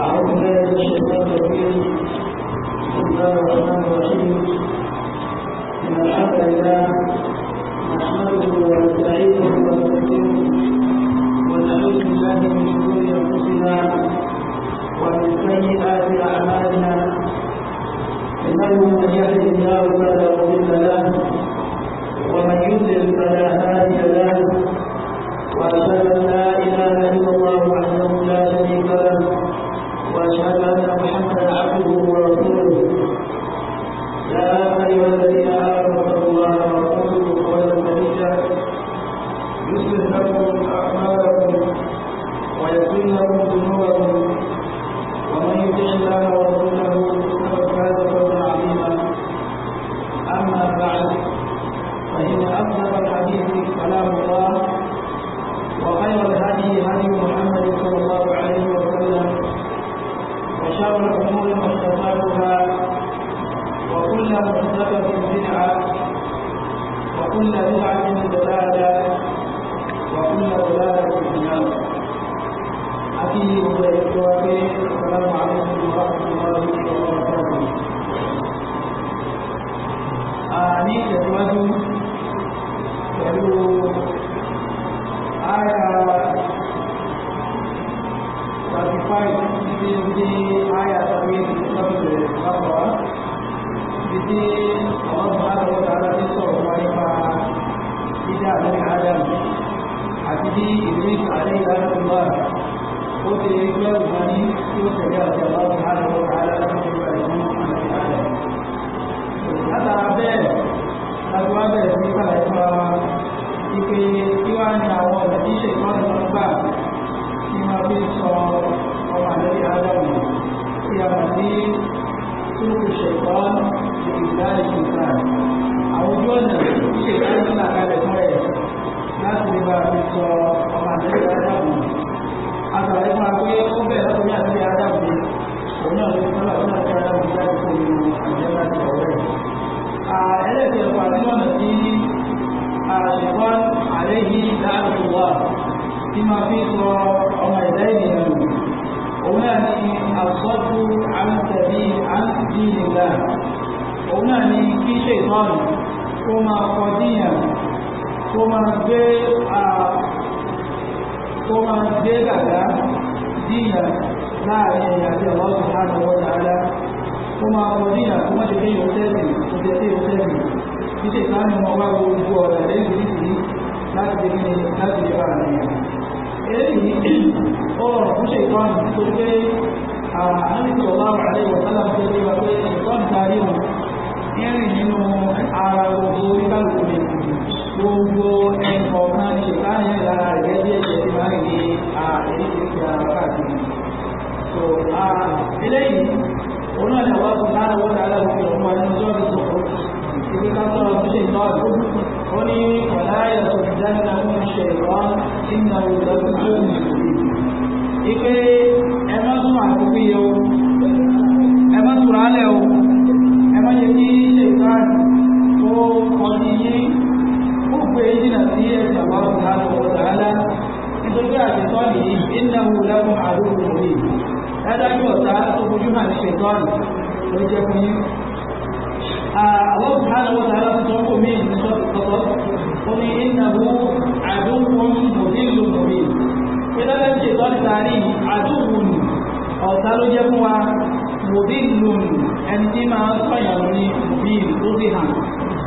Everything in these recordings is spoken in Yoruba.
أعوذ بالله من الشيطان الرجيم بسم الله الرحمن الرحيم الحمد لله نحمده ونستعينه ونعوذ بالله من أنفسنا ومن سيئات أعمالنا إنه من يهد الله فلا مضل له ومن يضلل فلا هادي له وأشهد أن kí ṣètọ́nù kó máa kọ díyàn kó máa gbé kó máa gbé gàgá díyàn láàrin ẹ̀yà àti Allah subhanahu wa ta'ala kó máa kọ díyàn kó má ṣe pé yóò tẹ́lẹ̀ kó jẹ́ pé yóò tẹ́lẹ̀ kí ṣètọ́nù wọn wá gbogbo ọ̀rọ̀ lẹ́yìn nídìí láti lè gbé láti lè bá àmì eléyìí ó rọrùn fún ṣètọ́nù nítorí pé àwọn àmì sọ̀rọ̀ àwọn àlẹ́ ìwọ̀sálà ń tẹ́lẹ̀ pé ṣètọ́nù ní rìn nínú ara gbogbo oníkàlùkù ni gbogbo ẹnìkọ̀ọ̀kan ní ìbáyẹn lára rẹ̀ bí ẹ̀jẹ̀ ti máa ń rí àìríṣiríṣi ara káàkiri so eléyìí òun náà ni àwọn ọkùnrin lára wọ́n dára òfin ọmọ ẹni tó ń sọ̀rọ̀ ibi ká sọ̀rọ̀ tó ṣe ìtọ́ àdúgbò ó ní ọ̀la ẹ̀sọ̀ ìdánilá ń ṣe ìwọ́n nínú ìlọ́gbọ̀n tó ń sọ̀rọ̀ ipe ẹ má sún àkókò yẹ o gbé jìnà sí ẹ̀sìn àwọn ọ̀tàlá ọ̀tàlá nítorí àṣetọ́ yìí ìnáwó lábọ̀ àdókò rẹ̀ dájú ọ̀tá tó fojú hàn ní ṣètọ́ rẹ̀ ló jẹ́ fún yín. àwọn ọ̀tàlá ọ̀tàlá tó tọ́ kò mí ìtọ́ tọ́tọ́ ó ní ìnáwó àdókò mòbí ló mòbí. pé dájú ṣètọ́ ní sàárì àdókò nù ọ̀tá ló jẹ́ fún wa mòbí lò nù ẹni tí máa ń sọ̀yàn ní mòbí tó sì hàn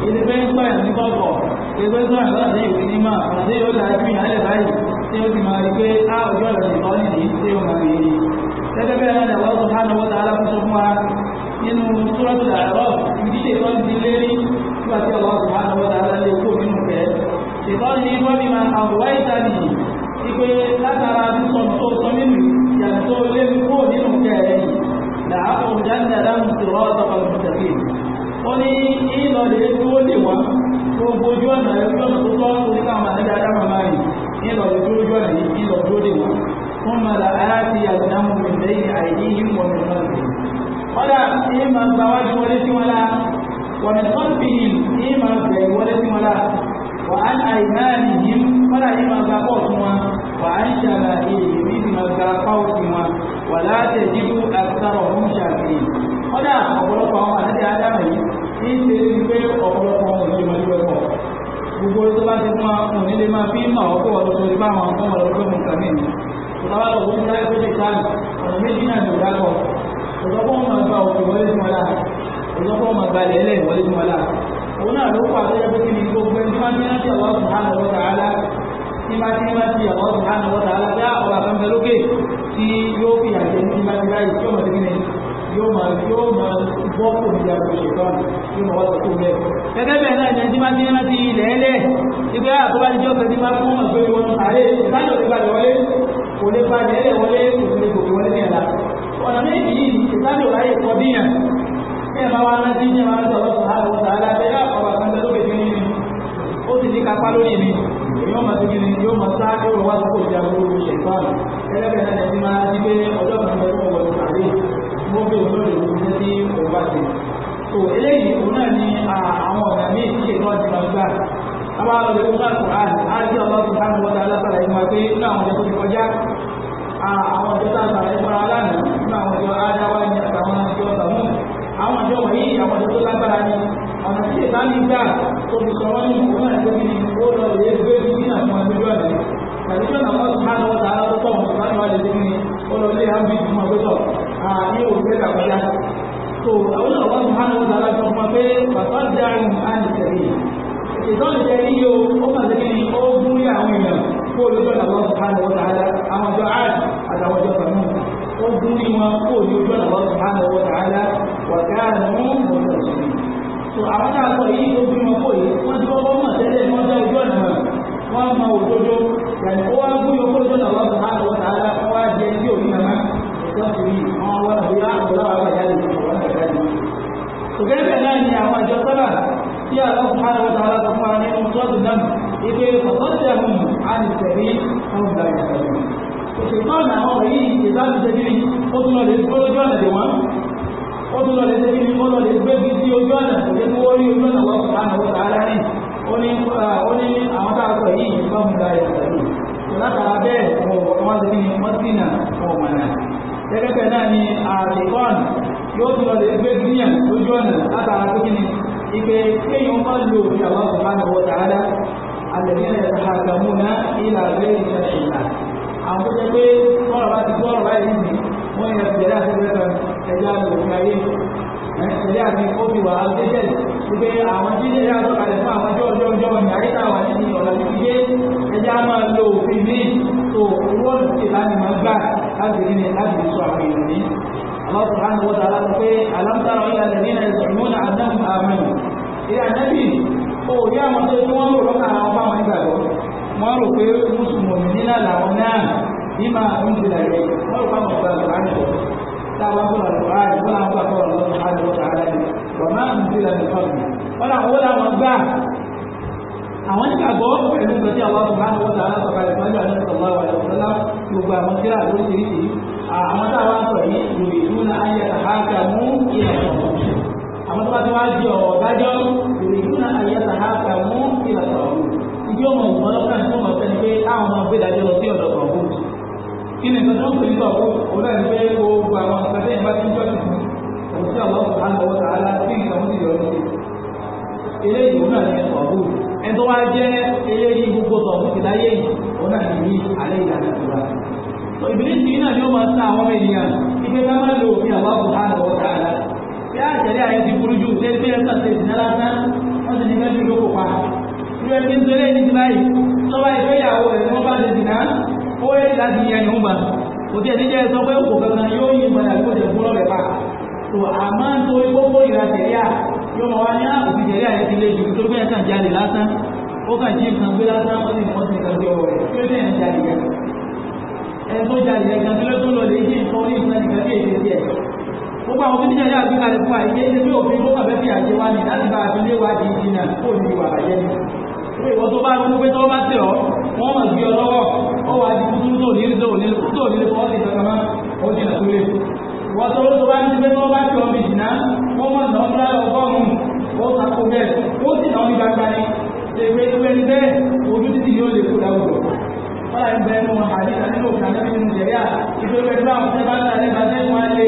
ìdíbẹ́ ń sọ̀yàn ní kọ̀ọ̀kọ̀ ẹgbẹ́ tó wà lọ́dẹ ìwé ní máa ọ̀dẹ́ yóò dájú ìyálẹ̀ báyìí tí ó ti máa rí pé á òjò ọ̀rọ̀ ti tọ́lì ní tí ó máa rí i gẹ́gẹ́ bẹ́ẹ̀ náà lọ́wọ́ tó hánà wọ́n tààlà fún fún wa di lérí nígbà tí ọlọ́wọ́ tó hánà wọ́n tààlà lé okó nínú fẹ́ ìtọ́lì ní wọ́n fi máa àwòwá ìtàní ìpè látara sísọ̀nù tó sọ nínú ìyàtọ̀ lé gbogbo ojú ọ̀nà ojú ọ̀nà tó tọ́ orí káwọn àdájọ́ adáma máa yìí ní lọ sí ojú ọ̀nà yìí ní lọ dúró dè wọ́n fún mọ̀lá aláàtì àdámù mẹ́lẹ́yìn àìdí yìí wọ̀n mi náà sí. kọ́dà ní máa gba wájú wọlé sí wọn lá wọ̀n mi tọ́ fi yìí ní máa bẹ̀ wọlé sí wọn lá wà á àìmáàlì yìí kọ́dà ní ṣe fún wa kò ní lè máa fi mọ̀ ọ́ pé wọ́n tuntun ti bá wọn fún wọn lọ́dún mi kàmí ni ìtawà lọ fún ìdájọ́ tó ti sáàlì ọ̀nà méjì náà ló dákọ̀ òṣọ́pọ̀ máa gba òkè wọlé sí wọn láà òṣọ́pọ̀ máa gba wọlé sí wọn òun náà ló pa àtẹ́jọ́ pé kí ni gbogbo ẹni máa ń ní láti àwọn ọ̀sán àná wọ́n tààlà tí máa ti máa ti àwọn ọ̀sán àná wọ́n tààlà dá ọ̀rọ̀ àbámbẹ lókè tí yóò fi àjẹ ní máa ti báyìí tí ó máa ti yóò máa yóò kò ní ìyàgò ṣètọ́nù yóò máa wá sọ fún mi. gẹ́gẹ́ bẹ́ẹ̀ náà ìyẹn tí máa ti ní láti ilẹ̀ ẹlẹ́ ibi ayà tó bá di jọ́sẹ̀ ní máa fún ọ̀gbẹ́ wọn ààrẹ ìdájọ́ ti balẹ̀ wọlé kò lè ba jẹ́lẹ̀ wọlé kò sì lè gòkè wọlé ní ẹ̀la ọ̀nà méjì yìí ìdájọ́ láyé kọ́ bíyàn ní ẹ̀ máa wá rántí ní ẹ̀ máa sọ̀rọ̀ sọ̀rọ̀ àwọn sàárà bẹ́ẹ̀ yá ọ̀bà kan tẹ́ lókè sí ní ó sì ní kápá lórí mi yóò máa tó kiri yóò máa sá yóò wá sókò ìjà gbogbo ṣèkọ́ọ̀nù àbá lọ lè kókó àkùrán á rí ọ̀gá ọ̀gá ọ̀gá ọ̀gá alásàlà yìí máa pé nínú àwọn ọjọ́ tó ti kọjá àwọn ọjọ́ tá a sàlà yìí máa lánàá nínú àwọn ọjọ́ adáwá ní àtàwọn ọjọ́ ọ̀gbàmù àwọn ọjọ́ wọ̀nyí àwọn ọjọ́ tó lágbára ni ọ̀nà tí èta ní gbà tó fi sọ wọ́n ní ìwọ́n náà tóbi ni ó lọ lè gbé ní àwọn ẹgbẹ́jọ́ rẹ̀ tàbí tí ọ̀nà wọn ti máa lọ́wọ́ tààrà tó pọ̀ wọn láti wá lè dé ní ó lọ lé àwọn ìdùnnú ọgbẹ́tọ̀ ní òwúrẹ́ kàkọjá. tó àwọn ọ̀wọ́n ti máa lọ́wọ́ tààrà tó pọ̀ pé bàbá dáhùn á ní tẹ̀lé ìtọ́nù jẹ́ ní yóò ó mà sí kíni ó gún lé àwọn èèyàn kó olójú ọ̀nà Allah subhanahu wa ta'ala àwọn ọjọ́ ààrẹ àtàwọn ọjọ́ pẹ̀lú ó gún lé wọn kó olójú ọ̀nà Allah subhanahu wa ta'ala wà káàánú mọ̀tò so àwọn náà sọ yìí ó gún wọn kó yìí wọ́n ti kọ́kọ́ mọ̀ tẹ́lẹ̀ wọ́n dá ojú ọ̀nà wọn mọ òdodo yàtí ó wá gún yóò kó olójú ọ̀nà Allah subhanahu wa ta'ala wọ́n wá jẹ ní òní màmá ìtọ́sí yìí wọ́n wá tí Allah subhanahu wa ta'ala fún ara nínú tọ́jú náà ibi ọ̀sọ́sẹ̀ ọ̀hún àìsẹ̀rí fún ìgbà ìṣẹ̀lẹ̀. òṣèlú náà ọ̀rọ̀ yìí ìdájú tẹ́jú ó tún lọ lè gbé ojú ọ̀nà dè wọ́n ó tún lọ lè tẹ́jú ní ó lọ lè gbé bí sí ojú ọ̀nà lè kó orí ojú ọ̀nà wọ́n subhanahu wa ta'ala ní ó ní àwọn táàkọ̀ yìí fún ìgbà ìṣẹ̀lẹ̀. látara bẹ́ẹ̀ wọ́n ti ní mọ́tínà ọmọ náà gẹ́gẹ́ bẹ́ẹ̀ náà ni àlìkọ́ọ̀nù yóò tún lọ lè gbé ipe kéèyàn máa lo òfin àwọn subhanahu wa ta'ala alladhina yatahakamuna ila ghayri shar'illah àwọn tó jẹ́ pé tọ́rọ̀ bá ti tọ́rọ̀ báyìí nìyí wọ́n yẹ fẹ̀rẹ̀ àti mẹ́ta ẹja ayé ẹ̀ẹ́dẹ́ àti kóbi wà á gbẹ́jẹ̀ wípé àwọn jíjẹ́ yà tó kalẹ̀ fún àwọn ọjọ́ ọjọ́ ọjọ́ ní àríkà wà nínú ọ̀la tó fi yé ẹja máa lo òfin míì tó wọ́n ti láti gbà láti rí ni láti sọ àwọn èèyàn ní Allah subhanahu wa ta'ala sọ pé alam tara ila alladhina yaz'umuna annahum amanu ilé ànábì ó rí àwọn tó tí wọ́n lò lọ́kàn àwọn bá wọn gbàgbọ́ wọ́n rò pé mùsùlùmí nílà làwọn náà ní máa ń ti dàgbé wọ́n rò fáwọn ọ̀gá àgbà ní ọ̀gá táwa fún àgbà àgbà àgbà àgbà subhanahu wa ta'ala ni wọ́n máa ń ti dàgbé fọ́ọ̀mù wọ́n làwọn wọ́n làwọn gbà àwọn nígbàgbọ́ pẹ̀lú pẹ̀lú àwọn subhanahu wa ta'ala sọ̀kalẹ̀ pẹ̀lú àdúgbò àwọn tá a wá sọ yìí lórí ìdúná ayẹyẹ àhákà mú ìyẹn sọ àwọn tó bá ti wá di ọ̀rọ̀ dájọ́ lórí ìdúná ayẹyẹ àhákà mú ìyẹn sọ ìdí ọmọ ògùn ọlọ́pàá ní ọmọ ọ̀fẹ́ ni pé káwọn máa gbé dájọ́ lọ sí ọ̀dọ̀ tọ̀kù kí ni nǹkan tó ń pè ní tọ̀kù òun náà ni pé gbogbo àwọn nǹkan tẹ́yìn bá ti ń jọ́ tuntun òun tí àwọn ọ̀sán lọ́wọ́ tààlà sí nǹkan mú ti yọ ọ́ eléyìí òun náà ni tọ̀kù ẹni tó wá jẹ́ eléyìí gbogbo ìbílẹ̀ sí náà ni ó máa sá àwọn ènìyàn ibi ká máa lo òfin àwọn àbùkù àná wọ́n bí a tẹ̀lé ayé ti burú jù ṣe pé ẹ̀ka ṣe ìdílé lásán wọ́n ti ní fẹ́ fi lóko pa ìwé fi ń tẹ́lẹ̀ ní ti báyìí tọ́ba ìgbéyàwó rẹ̀ wọ́n bá ti dìná ó yẹ láti yẹ ìhùn mà kò tí ẹ̀díjẹ́ sọ pé kò kankan yóò yí ìmọ̀ àgbo jẹ̀ fún ọ̀rẹ́ pa tó àmọ́ nítorí gbogbo ìra tẹ̀lé à yóò ẹni tó jalè ẹ̀kan tó lọ́tún lọ lè ṣe nǹkan orí ìfúnná nìkan bí èdè díẹ̀ gbogbo àwọn onídìí ẹ̀dá àgbékalẹ̀ fún àìyé ilé ní òfin ó kàfẹ́ fi àjẹ wa nì láti bá aṣọ ilé wa di ìdìnnà kó ní ìwà àjẹ ni pé ìwọ tó bá ronú pé tọ́wọ́ bá tẹ̀ ọ́ wọ́n mọ̀ sí ọ lọ́wọ́ ó wà á di tuntun tó ní tó ní tó ní fọ́ sí ìtàn kan ó di nà tó lé ìwọ tó ló tó bá ní pé tọ́wọ́ bá tẹ̀ ọ́ bí ìdìnnà wọ́n mọ̀ nà ọ́nà ọgọ́rùn-ún ó sàkó bẹ́ẹ̀ ó sì nà ọ́ ní gbangba ni ṣe pé ẹni bẹ́ẹ̀ ojú títì yóò lè kó dáwọ́ wọ́n láì bẹ̀rẹ̀ mọ́ àdé àdínú òkè àdé nínú ìjẹ̀rí à ìdókè tó àwọn tẹ́bá ní àdé bàtẹ́ ń wọ́n lé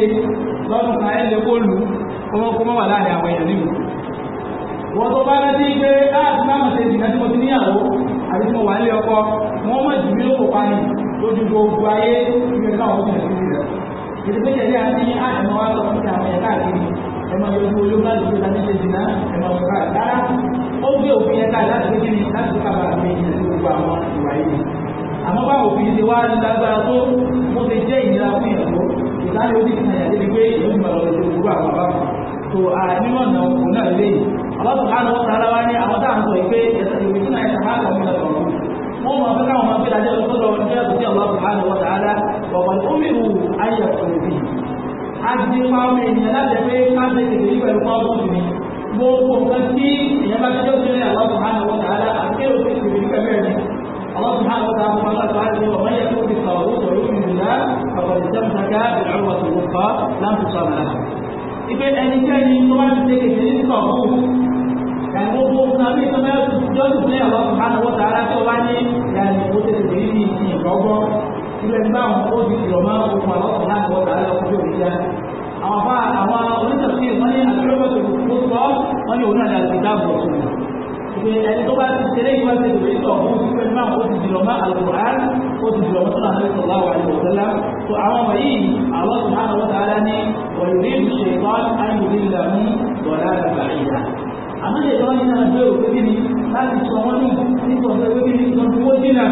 lọ́dún kan ẹ̀ lè kó lù kọ́mọ́ kọ́mọ́ wà láàrin àwọn èèyàn nínú. wọ́n tó bá rántí pé káàtì ah, máa mọ̀ ṣe ìdìgbà tí mo ti níyàwó àbí mo wà nílé ọkọ wọ́n mọ̀ jù mí lóko pani lójú gbogbo ayé ìgbẹ́ káwọn ti rẹ̀ ah, sí rẹ̀. ìdíkẹ́jẹ̀ ní àti àtìmọ́ wa lọ àmọ́ báwo fi ṣe wá lágbára tó mo ṣe jẹ́ ìnira fún ìyàwó ìdájọ́ ní ìsìnyà débi pé ìlú ìmọ̀ràn ló ti gbúrú àwọn bàbá tó àìmọ̀ náà kò náà lè àwọn tó hàn wọ́n tara wá ní àwọn tá à ń sọ ìpè ẹ̀sẹ̀ ìwé tí náà ẹ̀sẹ̀ máa kà mí lọ́tọ̀ wọ́n mọ̀ káwọn máa fi dájọ́ lọ́tọ̀ gbogbo nǹkan tí èèyàn bá ti jọ́ sílẹ̀ àwọn tó hàn wọ́n àti kéwòn tètè yí الله سبحانه وتعالى قال تعالى ومن يكفر بالطاغوت ويؤمن بالله فقد استمسك بالعروة الوثقى لا انفصام لها ife ẹnikẹ́ni tó bá ti ṣe kékeré nípa òun ẹ̀rọ gbogbo nàbí ìsọmọ ẹ̀sùn jọ́sùn fún ẹ̀rọ subhanahu wa ta'ala tó wá ní ìyàní ó ti tètè ní ìsìn ìgbọ́gbọ́ ilẹ̀ nígbà wọn ó di ìrọ̀ mọ́ okùn àlọ́ subhanahu wa ta'ala kó tó yẹ. àwọn afá àwọn onítàkùn yẹn wọ́n ní àtúrọ̀gbọ̀tò ó sọ wọ́n ní òun náà dàgbà ìdáàbò ọ̀tún pé ẹni tó bá ti ṣeré ìwà ṣe ìwé ìtọ̀ ọ̀hún sí pẹ̀lú àwọn ó ti dìrọ̀ mọ́ Al-Qur'an ó ti dìrọ̀ mọ́ sọ́nà àti sọ̀lá wà ní ọ̀sẹ́lá tó àwọn ọmọ yìí àwọn tó máa lọ́wọ́ sáárá ní wọ̀nyí ní ṣètò ayọ̀dé ìlànà dọ̀lá àgbà ìyá. àmọ́ lè lọ́ nínú àjọ òkú bí ni láti sọ wọ́n ní nítorí pé bí ni ìtọ́jú ó dínà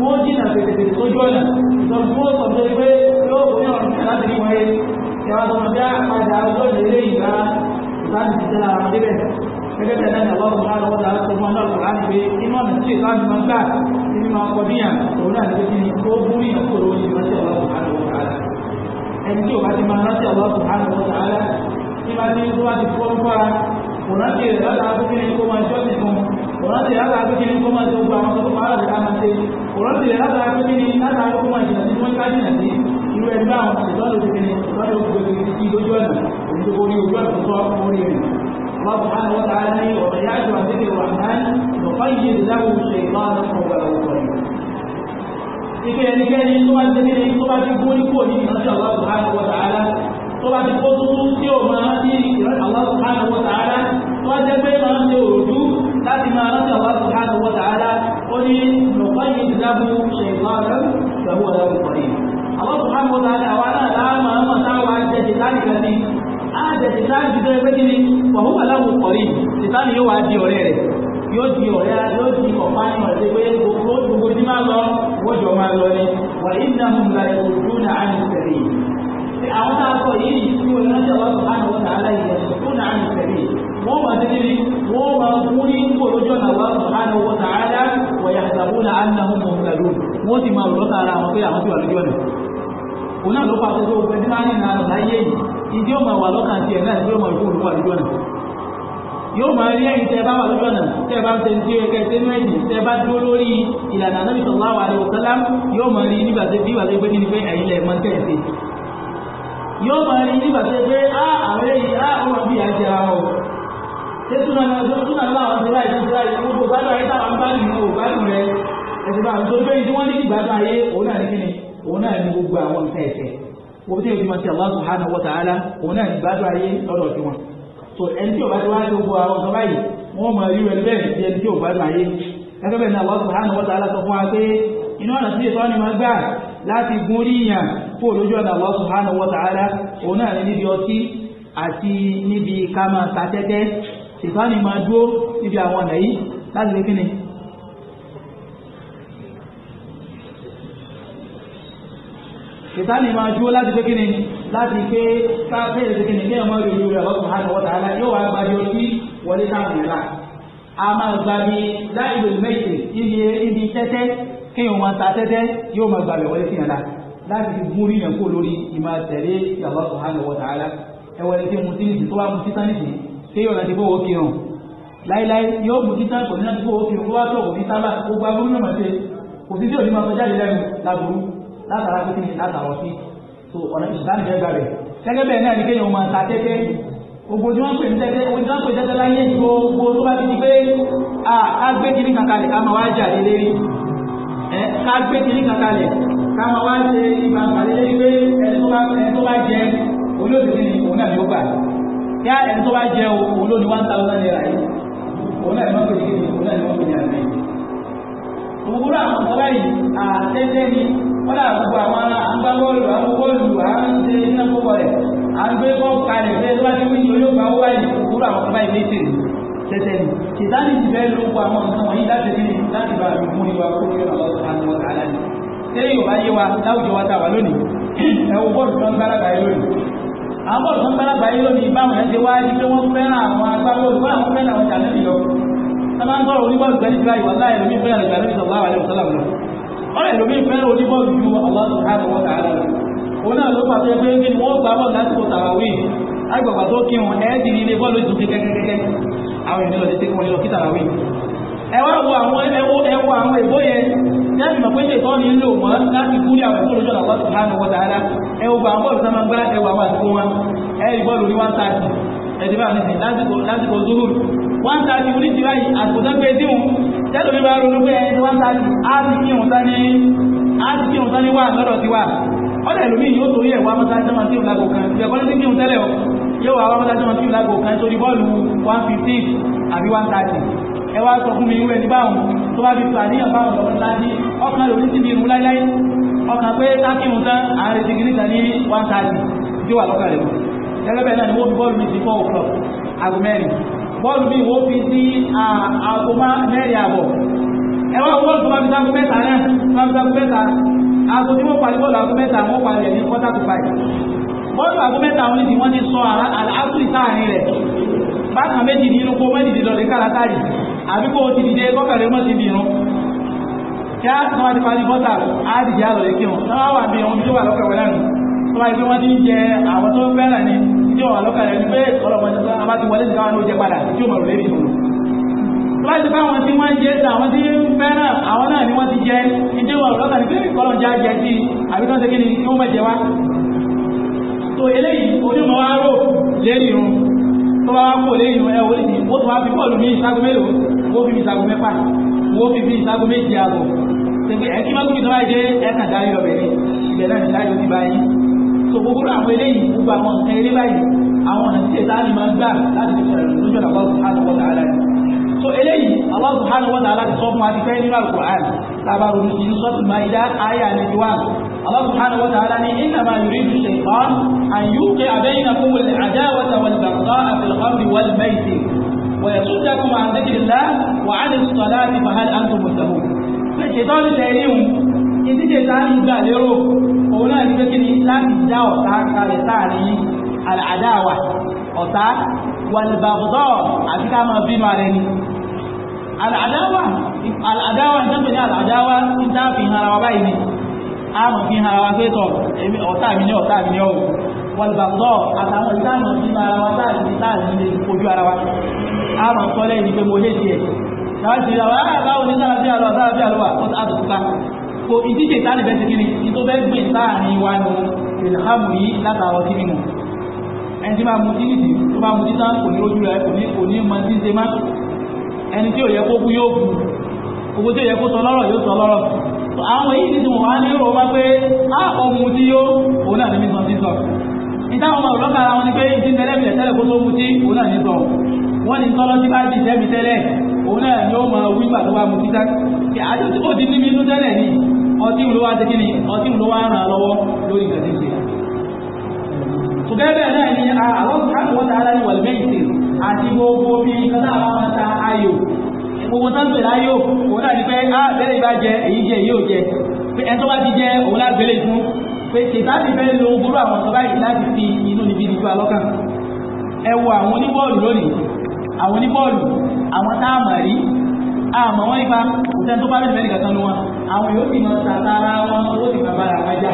wọ́n dínà pètèpè sójú ọ̀nà ìtọ́jú ó sọ pé pé yóò kó ní ọ̀rọ̀ láti rí wọ́n yé ìwà tó ń dá padà ọjọ́ ìdílé ìgbà láti ti tẹ́lá àwọn débẹ̀ gẹ́gẹ́ bí ẹ̀dá ìyàwó ọ̀rọ̀ láàrọ̀ ọ̀dà tó mọ́ náà kùrá ní pé inú ọ̀nà tí èkó àti máa gbà ní mímọ ọkọ̀ níyàn òun náà nígbè kíni ó bú ìyàn kúrò ní ìrántí ọlọ́run láàrọ̀ ọ̀dà ẹni tí ò bá ti máa rántí ọlọ́run láàrọ̀ ọ̀dà tí bá ti tó bá ti fọ́ fọ́ra òrántí rẹ̀ lọ́dà àbúkiri kó máa jọ́ sí fún òrántí rẹ̀ lọ́dà àbúkiri kó máa tó gba àwọn tó máa rà máa ṣe òrántí rẹ̀ lọ́dà àbúkiri lọ́dà kó máa jìnà sí wọ́n ká jìnà sí irú ẹgbẹ́ àwọn ìtọ́lù ti fi ní ìtọ́lù gbogbo ti lójú ọ̀nà òun tó borí ojú ọ̀nà tó tọ́ orí rẹ̀ الله سبحانه وتعالى ومن يعد عن ذكر الرحمن نقيد له شيطانا فهو له قريب ife ẹnikẹ́ni tó bá ti kéde tó bá ti gbóni kó ní ìránṣẹ́ Allah subhanahu wa ta'ala tó bá ti kó tuntun tí ó máa ní ìránṣẹ́ Allah subhanahu wa ta'ala tó bá jẹ́ pé máa ń ṣe òrùjú láti máa ránṣẹ́ Allah subhanahu wa ta'ala ó ní nùkọ́ yìí ti dábò ṣe ìlànà ìgbàgbọ́ ọ̀dọ́ ìkọ̀rí. Allah subhanahu wa ta'ala àwa náà láàmú àwọn táwọn ajẹ́jẹ́ láti kẹ́sí tẹ̀sí láti ti tẹ́lẹ̀ pé kí ni wàhùn wà láwùn kọ̀rí ìtàní yóò wá di ọ̀rẹ́ rẹ̀ yóò di ọ̀rẹ́ yóò di ọ̀pá ní ọ̀rẹ́ pé gbogbo gbogbo tí máa lọ wọ́n jọ máa lọ ni wà ní ìdáhùn àwọn tí wà tẹ́lẹ̀ ni wọ́n náà wọ́n sọ láti wọn tààlà wọ́n yà sàbó náà ìdí ó máa wà lọ́kàn tiẹ̀ náà ìgbé ọmọ ìfowópamọ́ wà lójú ọ̀nà yóò máa rí ẹ̀yin tẹ́ ẹ bá wà lójú ọ̀nà tẹ́ ẹ bá ń tẹ́ntí ẹ̀kẹ́ tẹ́nu ẹ̀yìn tẹ́ ẹ bá dúró lórí ìlànà Ànábì sallallahu alaihi wasallam yóò máa rí nígbà tẹ́ bí wà lójú ní pé ẹ̀yin lẹ̀ mọ́ tẹ̀sí yóò máa rí nígbà tẹ́ pé á àwẹ̀ yìí á ọmọ bí àjẹ ara o tẹ́tùnà náà tẹ́tùnà náà àwọn ti láì tẹ́tùnà yìí gbogbo gbádùn ayé táwọn bá nù ó gbádùn rẹ ẹ̀sìn bá àwọn tó gbé wọ́n tẹ́ ìdíma tí Allah subhanahu wa ta'ala òun náà ìgbádùn ayé lọ́dọ̀ sí wọn so ẹni tí ò bá ti wá gbogbo àwọn ọ̀sán báyìí wọ́n mọ̀ rí rẹ̀ bẹ́ẹ̀ sí ẹni tí ò gbádùn ayé gẹ́gẹ́ bẹ́ẹ̀ ni Allah subhanahu wa ta'ala sọ fún wa pé inú ọ̀nà sí ètò ọ̀nìmọ̀ gbà láti gun rí ìyàn kó lójú ọ̀nà Allah subhanahu wa ta'ala òun náà ní níbi ọtí ìtàní máa dúró láti pé kíni láti pé káfíìsì sí kíni kéèyàn máa rèé rẹ̀ lọ́sùn hàn wọ́n tààlà yóò wá gbadi orí wọlé táwọn ìlà a máa gbadi láìlò méjì ibi ibi tẹ́tẹ́ kéèyàn máa ta tẹ́tẹ́ yóò máa gbàgbé wọlé sí yàrá láti fi gún ríyàn kó lórí ìmọ̀ tẹ̀lé ìyàwó sùhàn wọ́n tààlà ẹ wọlé tí mo ti nìsí tó bá mu títán nìsí kéèyàn láti fowó kírun láíláí yóò mu títán kò ní láti fowó kírun kó wá tó òbí sábà gbogbo agbóhùn náà máa ṣe òbí tí òbí máa sọ jáde lẹ́nu láburú látara pé kí ni látàwọ̀ sí so ọ̀nà ìsìlámù jẹ́ gbàgbẹ́ gẹ́gẹ́ bẹ́ẹ̀ náà ni kéèyàn máa ta tẹ́tẹ́ gbogbo tí wọ́n pè ní tẹ́tẹ́ gbogbo tí wọ́n pè tẹ́tẹ́ láyé gbogbo tó bá ti di pé ká gbé kiri kankalẹ̀ ká máa wá jà lé lérí ká gbé kiri kankalẹ̀ ká máa wá ṣe ìbànújẹ́ lé pé ẹni tó bá jẹ olóòtú ni òun náà ni gbà yá ẹni tó bá jẹ òun ló ní one thousand naira yìí òun náà ni wọ́n pè ní òwúrọ̀ àwọn ọ̀gá yìí àtẹ́tẹ́ ni wọ́n dà gbogbo àwọn agbábọ́ọ̀lù àwọn bọ́ọ̀lù à ń ṣe iná púpọ̀ rẹ̀ à ń gbé bọ́ọ̀lù kalẹ̀ fẹ́ tó bá ti wíyìn olóògbé àwọn wáyé òwúrọ̀ àwọn ọ̀gá yìí létè tẹ́tẹ́ ni kìtàní ti fẹ́ ló gbọ́ àwọn nǹkan wọ̀nyí láti fi láti bá mi mú ìwà kó fi ọ̀rọ̀ àwọn ọ̀gá ni tẹ́lẹ̀ yóò bá yé wa láwùjọ wa ta wà lónìí ẹ̀wọ̀n bọ́ọ̀lù tó ń gbára àwọn bọ́ọ̀lù tó ń gbára gbáyé lónìí báwọn ẹ̀ ṣe wá ní pé wọ́n fẹ́ràn àwọn agbábọ́ọ̀lù báwọn fẹ́ràn àwọn jàǹdẹ́bì sábà ń sọ̀rọ̀ oníbọ́ọ̀lù gbẹ́ni kíláyì wà láì lómi fẹ́ràn ìgbà lórí sọ̀rọ̀ àwọn ọ̀sán làwọn ọ̀rẹ́ lómi fẹ́ràn oníbọ́ọ̀lù ju ọlọ́run káàdì wọn tààrà lọ. òun náà ló pàṣẹ pé kí wọ́n gbá bọ́ọ̀lù lásìkò tàràwí agbègbè tó kí wọn ẹ̀ẹ́dì ní ilé bọ́ọ̀lù ìdùnkẹ́ kẹ́kẹ́kẹ́ àwọn ènìyàn lọ sí wọn lọ kí tàràwí. ẹ wá wo àwọn ẹwọ ẹwọ àwọn èbó yẹn láti mọ̀ pé ṣe ìtọ́ ni lò wọ́n láti kúrò àwọn ìbò lójọ́ àwọn subhanahu wa ta'ala ẹwọ gba àwọn bọ́ọ̀lù sáma gbá ẹwọ àwọn àsìkò wọn ẹ̀ẹ́dì bọ́ọ̀lù ní one thirty ẹ̀dì bá ní lásìkò lásìkò zúrù one thirty oríṣi báyìí àsìkò tó pé díhùn tẹ́lẹ̀ mi bá ronú pé one thirty á ti kírun tán ní á ti kírun tán ní wà lọ́dọ̀ sí wa ọ̀dọ̀ ẹ̀lómi yóò torí ẹ̀wà mọ́tàjọ́ máa kírun lágbo kan ìyẹ̀kọ́ ní sí kírun tẹ́lẹ̀ o yóò wà mọ́tàjọ́ máa kírun lágbo kan torí bọ́ọ̀lù one fifty àbí one thirty ẹ wá sọ fún mi irú ẹni báwọn tó bá fi pàdéyàn báwọn lọ́wọ́ láti ọkàn lòdì sí ibi irun láíláí ọkàn pé tákìrun tán ààrẹ ti gíríta ní one thirty tí ó wà lọ́kàn rẹ̀ gẹ́gẹ́ bẹ́ẹ̀ náà ni wọ́n fi bọ́ọ̀lù mi sí four o'clock aago mẹ́rin bọ́ọ̀lù bí wọ́n fi sí aago mẹ́rin àbọ̀ ẹ wá bọ́ọ̀lù tó bá fi sáàgó mẹ́ta náà bá fi sáàgó mẹ́ta aago tí wọ́n parí bọ́ọ̀lù aago mẹ́ta wọ́n parí ẹ̀ ní quarter to five bọ́ọ̀lù aago mẹ́ta wọn ni wọ́n ti sọ àlásùrì sáàrin rẹ̀ bákan méjì ní inú kó mẹ́jì lọ lè kárátárì àbí kó o ti dìde kọ́kànlẹ̀ mọ́ ti bìrún kí á sọ wá ti parí bọ́ọ̀lù á dìde àlọ́ tó wáyé pé wọ́n ti ń jẹ àwọn tó fẹ́ràn ni tí wọ́n lọ́kà rẹ̀ pé ọlọ́mọdé tó bá ti káwọn ló jẹ padà tí ó mọ̀ lórí ìlú tó wáyé pé tí wọ́n jẹ àwọn tí fẹ́ràn àwọn náà ni wọ́n ti jẹ ìdí wọn lọ́kà pé kọ́lọ̀ já jẹ sí àbí tó ń segin ni ó mọ̀ jẹ wá tó eléyìí onímọ̀ wá rò lérí irun tó wá kó lérí irun ẹ̀ wọlé ó ti báyìí gbogbo àwọn eléyìí gbogbo àwọn nǹkan eré báyìí àwọn ọ̀nà tí ètò àná máa ń gbà láti fi sọ̀rọ̀ lójú ọ̀nà Allah subhanahu wa ta'ala ni so eléyìí Allah subhanahu wa ta'ala ti sọ fún wa ti fẹ́ nínú Al-Qur'an tábàrò ní ìlú sọ́tù Maida ayé àlejò wa Allah subhanahu wa ta'ala ni innama yuridu shaytan an yuqi'a bainakum al-adawata wal-baghdha'a fil-khamri wal-maysir wa yasuddakum an dhikrillah wa 'an as-salati fa hal antum muntahun òun náà ní pé kí ni láti dá ọ̀tá kalẹ̀ sáàrin àdáwà ọ̀tá wàlìbàbọ̀dọ̀ àti ká máa bímọ ara ẹni àdáwà àdáwà ìjọba ní àdáwà ń dá fi hara wa báyìí ni a mọ̀ fi hara wa pé tọ̀ ọ̀tá mi ní ọ̀tá mi ní ọ̀wọ̀ wàlìbàbọ̀dọ̀ àtàwọn ìdáhùn bímọ ara wa láàrin láàrin lè kojú ara wa a mọ̀ sọ́lẹ̀ ní pé mo lè tiẹ̀ láti ṣe àwọn aráàlú àwọn oníṣẹ́ àti àlọ́ kò ìdíje ìtàní bẹ́ẹ̀ ti kiri ní tó bẹ́ẹ̀ gbìn láàrin wa ní ìlhàmù yìí látara ọtí mímu ẹni tí máa mu tí nìdí tó bá mu tí sáà kò ní ojú rẹ kò ní kò ní mọ tí ń ṣe má ẹni tí ò yẹ kó kú yóò kú gbogbo tí ò yẹ kó sọ lọ́rọ̀ yóò sọ lọ́rọ̀ àwọn èyí ti dùn wá ní rò wá pé á ọmọ tí yó òun náà ní mi sọ sí sọ ìtàwọn ọmọ òlọ́kà ara wọn ni pé ìdí wọ́n ní tọ́lọ́ tí bá jì tẹ́mi tẹ́lẹ̀ òun náà ni ó mọ owó ìgbà tó bá mu títà àti ó ti níbi inú tẹ́lẹ̀ ni ọtí ìlú wa tẹ́kí ni ọtí ìlú wa ràn lọ́wọ́ lórí ìgbàdí ṣe ṣùgbẹ́bẹ̀ náà ni àwọn sùkánù wọ́n tààrà ní wàlúmẹ́ ìsìn àti gbogbo bí kọ́tà àwọn máa ta ayò gbogbo tó ń pè láyò òun náà ni pé á ah, bẹ́rẹ̀ ìbá jẹ èyí jẹ èyí ò jẹ pé ẹni tó bá ti jẹ òun náà gbélé fún pé ṣètàbí fẹ́ lo gbúrú àwọn sọ báyìí láti fi inú níbi ìdíjú alọ́kàn ẹ wo àwọn oníbọ́ọ̀lù lónìí àwọn oníbọ́ọ̀lù àwọn táàmà rí àmọ́ wọ́n nípa òṣèlú tó bá bẹ̀rẹ̀ mẹ́rin kankan ní wọn àwọn yóò sì máa tàtàrà wọn owó sì máa bára wọn já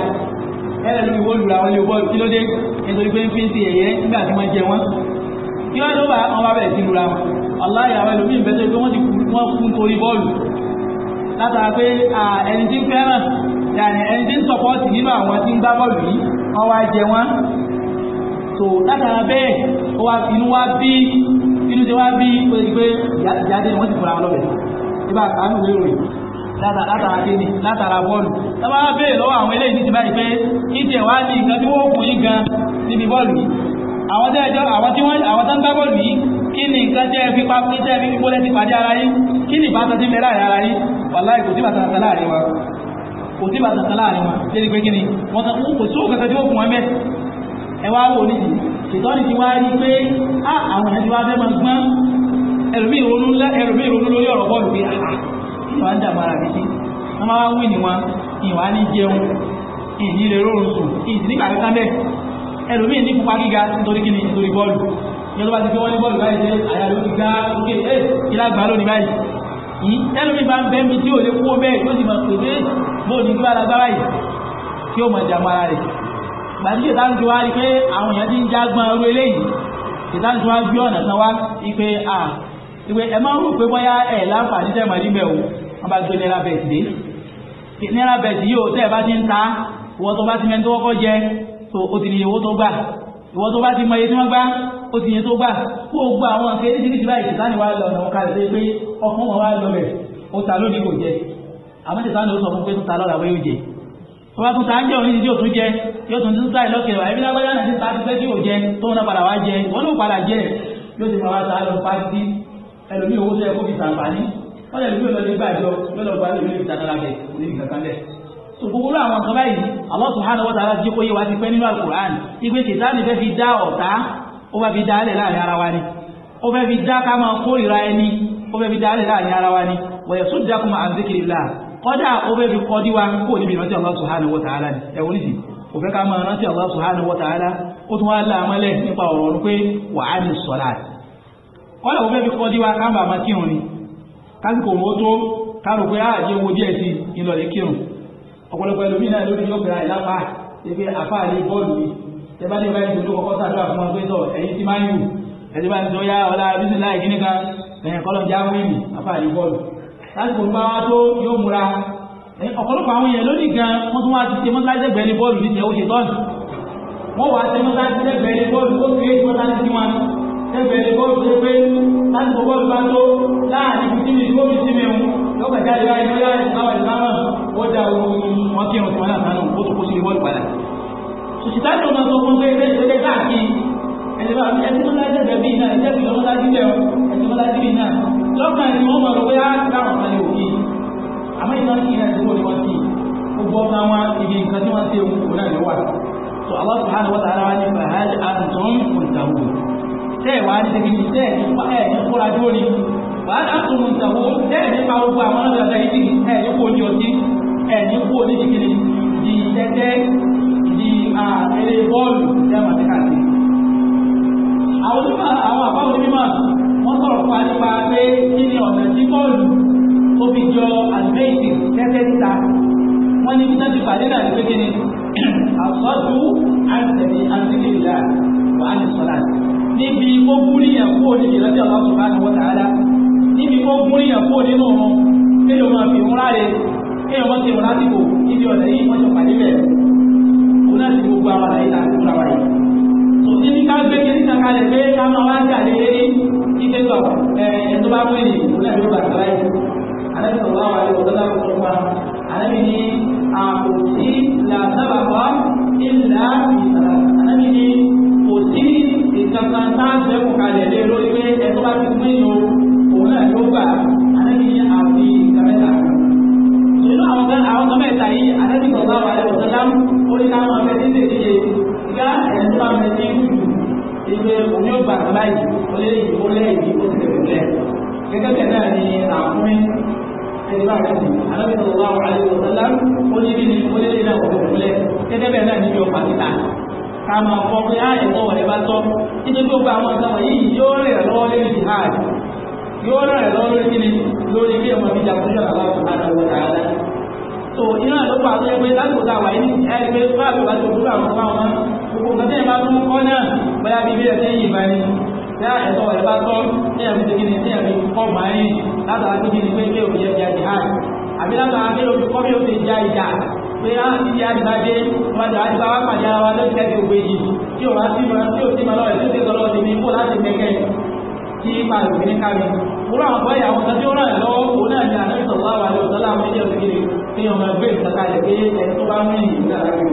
ẹlẹ́ lórí wọ́ọ̀lù àwọn ilé bọ́ọ̀lù kí ló dé nítorí pé ń fi ń ti ẹ̀yẹ nígbà tí wọ́n jẹ wọn kí wọ́n ló bá wọn bá bẹ̀rẹ̀ sí lura wọn ọ̀láyà àwọn ẹlòmíì bẹ́ẹ̀ tó wọ́n ti wọ́n kú torí bọ́ọ̀lù látara pé ẹni tí ń fẹ́ràn ẹni tí ń sọpọ́ọ̀tì nínú àwọn tí ń gbá bọ́ọ̀lù yìí wọ́n wá jẹ wọn so látara bẹ́ẹ̀ ó wá inú wá bí inú ti wá bí pé ìjáde wọ́n ti fura wọn lọ́bẹ̀ nígbà kánú lérò yìí látara kéde látara bọ́ọ̀lù tábà bèèrè lọ́wọ́ àwọn eléyìí ti báyìí pé ìjẹ̀ wá ní nǹkan tí wọ́n kù yín gan níbi bọ́ọ̀lù yìí àwọn tẹ́ ẹjọ́ àwọn tí wọ́n àwọn tán gbá bọ́ọ̀lù yìí kí ni nǹkan jẹ́ fi pa kí jẹ́ fi fi bọ́lẹ́ ti pàdé ara yín kí ni ìbátan ti mẹ́rà ara yín wàláì kò sí bàtà kan láàrin wa kò sí bàtà kan láàrin wa débi pé kí ni wọ́n tán kò sí òkè ṣètọ́ni ti wá rí pé á ah, àwọn èèyàn ti wá fẹ́ máa gbọ́n ẹlòmíì ronú ẹlòmíì ronú lórí ọ̀rọ̀ bọ́ọ̀lù pé àhà ìwà ń dàgbà rà bíbí wọ́n máa wí ni wọn ìwà ní jẹun ìní lè rọrùn sùn ìsìn nígbà kankan bẹ́ẹ̀ ẹlòmíì ní pupa gíga nítorí kíni nítorí bọ́ọ̀lù yẹn ló bá ti fi wọ́n ní bọ́ọ̀lù báyìí ṣe àyà ló ti ga òkè ẹ ìlà gbà lónìí báyìí hmm? ẹlòmíì bá ń bẹ́ mi tí ò lè kú gbàdí ìtàn tó wá rí pé àwọn èèyàn ti ń jágbọ́n ọrú eléyìí ìtàn tó wá gbé ọ̀nà tán wá ipe à ipe ẹ máa ń rò pé bóyá ẹ̀ láǹfààní tẹ̀ mọ́ níbẹ̀ o wọ́n bá gbé náírà bẹ̀ẹ̀sì dé náírà bẹ̀ẹ̀sì yìí ò tẹ́ ẹ bá ti ń ta wọ́n tó bá ti mẹ́ni tó kọ́kọ́ jẹ tó o ti níye owó tó gbà ìwọ́n tó bá ti mọ iye tí wọ́n gbá ó ti yẹ tó gbà kó o gba àwọn nǹkan eréjìrìjì báyìí tìtánì wa lọ ọ̀nà kalẹ̀ pé ọkàn wọn wá lọ bẹ̀ tọ́ba tún ta ń jẹ́ oníṣẹ́ tí yóò tún jẹ yóò tún tún sáì lọ́kẹ̀ wá ebi lágbájá náà ti ta ti fẹ́ tí yóò jẹ tó ń padà wá jẹ wọ́n ló padà jẹ yóò ti padà ta lọ pàtí ẹlòmíì owó sẹ́yẹ kó fi sàǹfààní wọ́n lè lóyún lọ́dún gbàjọ lọ́dún gbàjọ lórí ìtàkàlà bẹ̀ orí ìkàkà bẹ̀. tó gbogbo rú àwọn kan báyìí Allah subhanahu wa ta'ala jí kó yé wa ti pẹ́ nínú alukur'an igbe kìtàní fẹ́ fi dá ọ̀tá ó fẹ́ fi dá alẹ̀ láàrin ara wa ni ó fẹ́ fi dá ká máa kórìíra ẹni ó fẹ́ fi dá alẹ̀ láàrin ara wa ni wa yasuddakum an dhikrillah kọ́dà ó fẹ́ fi kọ́ díwa kó níbi ìrántí Allah subhanahu wa ta'ala ni ẹ̀wọ́n nìsí ó ká máa rántí Allah subhanahu wa ta'ala ó tún wá láàmọ́lẹ̀ nípa ọ̀rọ̀ ọ̀run pé wà á ní sọ̀rọ̀ àti kọ́ ká ma kírun ni kásìkò mọ́ tó kárò pé ah, owó díẹ̀ sí ìlọ̀lẹ̀ kírun ọ̀pọ̀lọpọ̀ lásìkò ń bá wá tó yóò múra ọ̀pọ̀lọpọ̀ àwọn èèyàn lónìí gan wọ́n tún wá ti ṣe mọ́tàlẹ́gbẹ̀ẹ́ ní bọ́ọ̀lù nídìí ẹ̀wọ́ ṣe tọ́ọ̀nù wọ́n wá ṣe mọ́tàlẹ́gbẹ̀ẹ́ ní bọ́ọ̀lù ó fi mọ́tàlẹ́ sí wọn ẹgbẹ̀ẹ́ ní bọ́ọ̀lù ṣe pé lásìkò bọ́ọ̀lù bá tó láàrin kùtì ní ìdúró mi sí mi hùn lọ́gbà jáde láì lọ́yà ìsáwà ìsáwà ó dá ohun wọn kí ọ̀sán náà sánú ó tó kó sí bọ́ọ̀lù padà òṣìṣẹ́ àti ọ̀nà tó fún pé ẹgbẹ́ káàkiri ẹ̀sìn mọ́tàlẹ́gbẹ̀ẹ́ bíi náà ẹ̀jẹ̀ bíi mọ́tàlẹ́gbẹ̀ẹ́ lọ́kàn ẹni wọ́n mọ̀ lọ pé á ti láwọn kan ní òkè àmọ́ ìtàn kí náà ìdúró ni wọ́n kì gbogbo ọ̀gá wọn ibi nǹkan tí wọ́n ṣe òun náà ló wà so Allah subhanahu wa ta'ala wa ni fahali antum muntahu tẹ́ ẹ̀ wá ní ṣe kí tẹ́ ẹ̀ ní kóra dúró ni fahali antum muntahu tẹ́ ẹ̀ ní pa gbogbo àwọn ọ̀dọ́ ọ̀dọ́ yìí ẹ̀ ní kó ní ọtí ẹ̀ ní kó ní ṣìkiri di tẹ́tẹ́ di àtẹ̀lé bọ́ọ̀lù tẹ́ àwọn àbáwọn onímọ̀ wọ́n sọ̀rọ̀ fún alipa pé kí ni ọ̀nà tí bọ́ọ̀lù tó fi jọ àlùmẹ́yìntì tẹ́tẹ́ta wọ́n ní bíjọ́ ti pàdé náà pé kí ni àsọ́jú àtẹ̀lé àtìlélá wà á ní sọ́lá níbi ó gúrí yàn kúrò níbi ìrántí Allah subhanahu wa ta'ala níbi ó gúrí yàn kúrò nínú wọn kéèyàn máa fi múra rẹ̀ kéèyàn wọ́n ti múra dìbò níbi ọ̀nà yìí wọ́n ti pàdé bẹ̀rẹ̀ òun náà ti gbogbo àwọn àlàyé láti múra níbi ká gbé kí níta kalẹ̀ pé ká máa wá jà lé ike tọ̀ ẹ̀ tó bá pè ní ìpínlẹ̀ ló bàtà láì alẹ́ sọ̀rọ̀ àwọn àlejò tó dábò tó pa alẹ́ mi ní àpò sí làbàbà ìlà ìlà alẹ́ mi ní kò sí ìkankan tá a fẹ́ kó kalẹ̀ lé lórí pé ẹ̀ bá ti pín in o òun náà ló gbà alẹ́ mi ní àfi ìkàmẹ́ta nínú àwọn kan àwọn kan mẹ́ta yìí alẹ́ mi sọ̀rọ̀ àwọn àlejò tó dábò ó ní ká máa fẹ́ sí ìdíje ìgbà ẹ̀ bá fẹ́ sí pé òun yóò gbà kọ́lá yìí ó lé yìí ó lé yìí ó ti tẹ̀lé lẹ̀ gẹ́gẹ́ bẹ́ẹ̀ náà ni àkúnrin ẹni bá kẹ́sì alábẹ́sẹ̀ wà wà lè wọ́n sálá ó lé bí ni ó lé náà kò tẹ̀lé lẹ̀ gẹ́gẹ́ bẹ́ẹ̀ náà ni yóò pa síta ká máa kọ́ pé á ẹ̀kọ́ wọ̀ ẹ bá tọ́ nítorí tó gba àwọn nǹkan wọ̀nyí yóò rẹ̀ lọ́wọ́ lórí jihad yóò rẹ̀ lọ́wọ́ lórí kíni lórí bí ọmọ mi jà fún yàrá tó iná ló pa tó yẹ pé láti òta wà ní ẹni pé bá àbẹ̀wò àti òkúrò àwọn ọmọ wọn gbogbo nǹkan tẹ́yìn bá tún kọ́ náà bóyá bíi bí ẹ̀sẹ̀ yìí báyìí bí ẹ̀sọ́ rẹ̀ bá tọ́ tẹ́yìn fi kíni tẹ́yìn fi kọ́ báyìí látara tó kíni pé ilé òkè yẹ jẹ́ jihad àbí látara pé òkè kọ́ bí ó ti já ìjà pé láti ti jáde bá dé àti bá wá pàdé ara wa lórí àwọn méjì ọ̀sẹ̀ kiri ní ọmọ ẹgbẹ́ ìtàkàlẹ̀ pé ẹni tó bá mí ìlú dára rí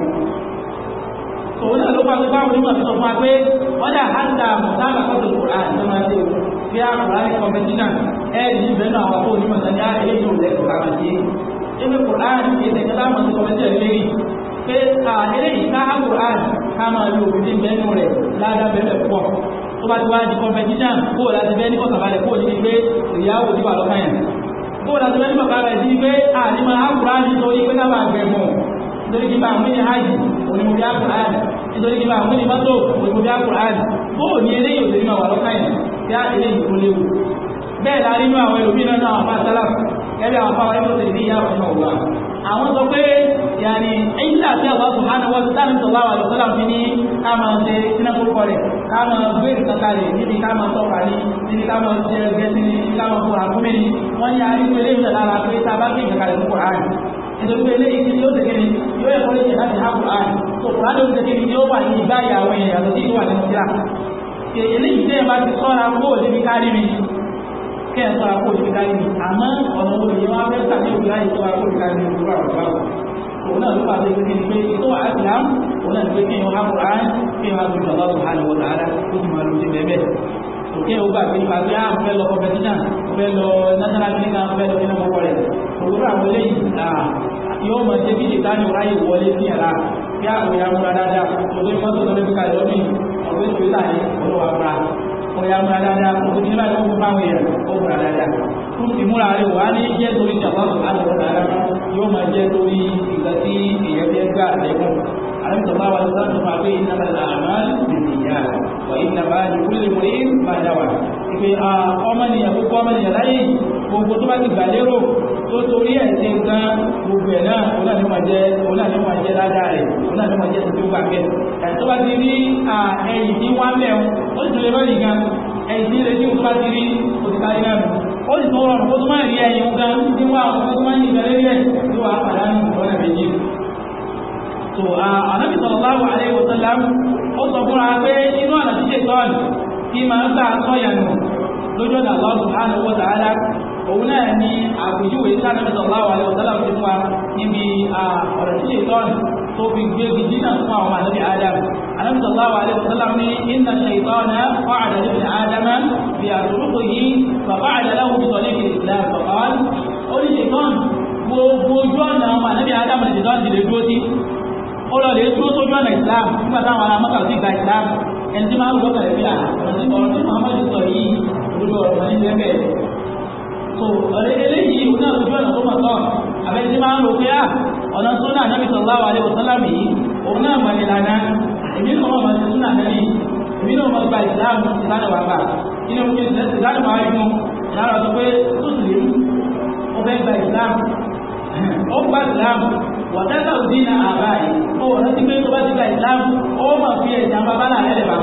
òun náà ló pàṣẹ báwọn onímọ̀ sọ fún wa pé wọ́n dà hàndà mùsàlá kọ́tù kùrà àti máa dé bí a kùrà ní kọ̀mẹ́tínà ẹ̀ẹ́dì ìbẹ́nu àwọn akó onímọ̀ sọ ní àárẹ̀ yóò lẹ́ kùrà máa dé ebi kùrà ní ìṣẹ̀lẹ̀ kẹta mọ̀ sí kọ̀mẹ́tínà lẹ́yìn pé eléyìí ká á kùrà ká máa lo òbí tó bá ti wá di kọ̀mẹ́tínà kó o láti bẹ́ẹ̀ ní kọ̀sàbálẹ̀ kó o ní pé ìyàwó ti wà lọ́kàn yẹn kó lọ́dọ̀ lẹ́nu bàbá rẹ̀ sí pé àdìmọ̀ àkùrá nítorí pé kábà gbẹ̀mọ̀ nítorí kí bá àwọn ènìyàn hajj onímọ̀bí àkùrá nítorí kí bá àwọn ènìyàn mọ́tò onímọ̀bí àkùrá bó ní eléyìí òṣèlú máa wà lọ́kàn yìí kí á eléyìí kó léwu bẹ́ẹ̀ la rí inú àwọn ẹlòmíràn náà àfa sálà kẹ́bí àwọn afáwọn ẹgbẹ́ òṣèlú yìí yá ọ̀nà òwúrọ̀ àwọn sọ pé yàní ẹ̀yìn àti àwọn sùhánà wọ́n ti dáná sọ̀rọ̀ àwọn àlùfọ́lá fi ní ká máa ṣe iná kókó rẹ̀ ká máa gbé ìtàkà rẹ̀ níbi ká máa tọ́pa ní níbi ká máa ṣe ẹgbẹ́ sí ní ká máa fọ àkúmẹ́ ni wọ́n ní àríwé eléyìí lára pé tá a bá gbé ìtàkà rẹ̀ fún kòrán nítorí pé eléyìí ti yóò tẹ̀lé yóò ẹ̀kọ́ lè ṣe láti há tẹ̀lé ni yóò wà ní ìgbáyà àwọn èèyàn àti kí ẹ̀ sọ́ra kó o ti kárí ni àmọ́ ọ̀nà wo lèyìn wá fẹ́ sàdé ìlú láyé sọ́ra kó o ti kárí ni ìlú àwọn ọ̀gá òun náà ló pàṣẹ pé kí ni pé tó wà láti láàmú òun náà ni pé kí ni wọ́n á kúrò án kí ni wọ́n á gbé ìjọba tó hàn wọ́n tààrà tó ti máa lo ti bẹ́ẹ̀ bẹ́ẹ̀ òkè ó gbà pé nípa pé á ah, fẹ́ lọ competition fẹ́ lọ national clinic fẹ́ lọ nínú ọkọ rẹ̀ òwúrọ̀ àwọn eléyìí yóò mọ̀ ṣe bí ìtàní ráyè wọlé sí ẹ̀rá bí àwọn ìyá múra dáadáa òṣèlú mọ́tò tó lè fi kalẹ̀ lọ́mìn ọ̀gbẹ́sì ọ̀yà múra dáadáa o ti bá yóò fún àwọn èèyàn ó múra dáadáa tó múra rẹ̀ wà ní jẹ́ torí ìjàmbá àwọn ọ̀rọ̀ dáadáa yóò máa jẹ́ torí ìgbà tí èèyàn fẹ́ gbà lẹ́kùn النبي صلى الله عليه وسلم فقال إنما الأعمال بالنيات وإنما لكل امرئ ما نوى ìpè ọmọnìyàn gbogbo ọmọnìyàn láyé gbogbo tó bá ti gbà lérò tó torí ẹ̀sìn nǹkan gbogbo ẹ̀ náà òun náà ni wọ́n jẹ́ òun náà ni wọ́n jẹ́ dáadáa rẹ̀ òun náà ni wọ́n jẹ́ tuntun gbà bẹ́ẹ̀. ẹ̀tọ́ bá ti rí ẹ̀yìn tí wọ́n á mẹ́ o ó sì tún lè rọ́ọ̀lì gan ẹ̀yìn tí lè ní òun bá ti rí òsì kárí náà ó sì tún rọrùn kó tó má rí ẹ̀yìn gan tí wọ́n á kó tó má yìn tó uh, ànábì sallallahu alaihi wasallam ó sọ fúnra pé inú ọ̀nà tí ṣètọ́ọ̀nù tí máa ń gbà sọ́yànù lójú ọ̀nà Allah subhanahu wa ta'ala òun náà ni àpèjúwe tí ànábì sallallahu alaihi wasallam fi fún wa níbi uh, ọ̀rọ̀ tí ṣètọ́ọ̀nù tó fi gbé gidi náà fún àwọn ànábì Adam ànábì sallallahu alaihi wasallam ní inna shaytana qa'ada li ibn Adama bi àtúrúkọ̀yí faqa'ada lahu bi tariqi al-islam faqala ó ní ṣètọ́ọ̀nù gbogbo ojú ọ̀nà àwọn ànábì Adam ó lọ lè dúró sójú ọ̀nà islam nígbà táwọn ará mọ́tà sí gba islam ẹni tí máa ń lọ́kàn ẹ̀mí à ọ̀rọ̀ tí muhammed sọ yìí lórí ọ̀rọ̀ ní lẹ́bẹ̀ so ọ̀rẹ́ eléyìí ó náà sójú ọ̀nà tó mọ̀ tán àbẹ́ tí máa ń lò pé à ọ̀nà súnà anábì sallallahu alaihi wasallam yìí òun náà mọ̀ ní lànà èmi náà mọ̀ sí súnà náà yìí islam ìlànà wà gbà kí ni yìí lára sọ pé islam ó islam wàtẹ́kà òdì ní àbá yìí ó wọ́n ti gbé tó bá ti gba ìsìláàmù ó máa fi ẹ̀sìn àwọn babalá rẹ̀ lẹ̀ bá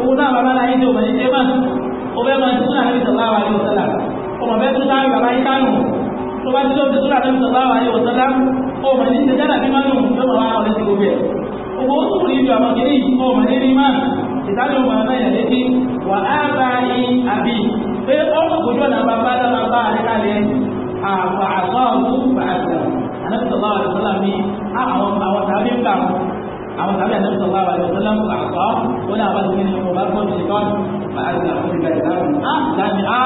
òun náà babalá yìí tó wọ̀nyí tẹ́mà ó fẹ́ máa tún àrẹ́bí sallallahu alaihi wasallam ó máa fẹ́ tún láàrin bàbá yìí kánù tó bá ti tó ti tún àrẹ́bí sallallahu alaihi wasallam ó máa ní sẹ́jà àbí mánù yóò máa wá ọ̀rẹ́ ti gbogbo ẹ̀ owó ó tún ìlú àwọn kiri ó máa ní rí máa ìdájọ́ máa náà yà létí wà á bá yí àbí pé ó kò jọ̀nà bàbá dáná bá àrẹ́kálẹ̀ àfààfà òkú bàtà Ànábì sallallahu alaihi wasallam ní àwọn àwọn tàbí ń bà wọn àwọn tàbí Ànábì sallallahu alaihi wasallam ń bà wọn ó ní àwọn àti nínú ọba tó ń ṣe kọ́ bá a gbà fún ìgbà ìgbà wọn á dání á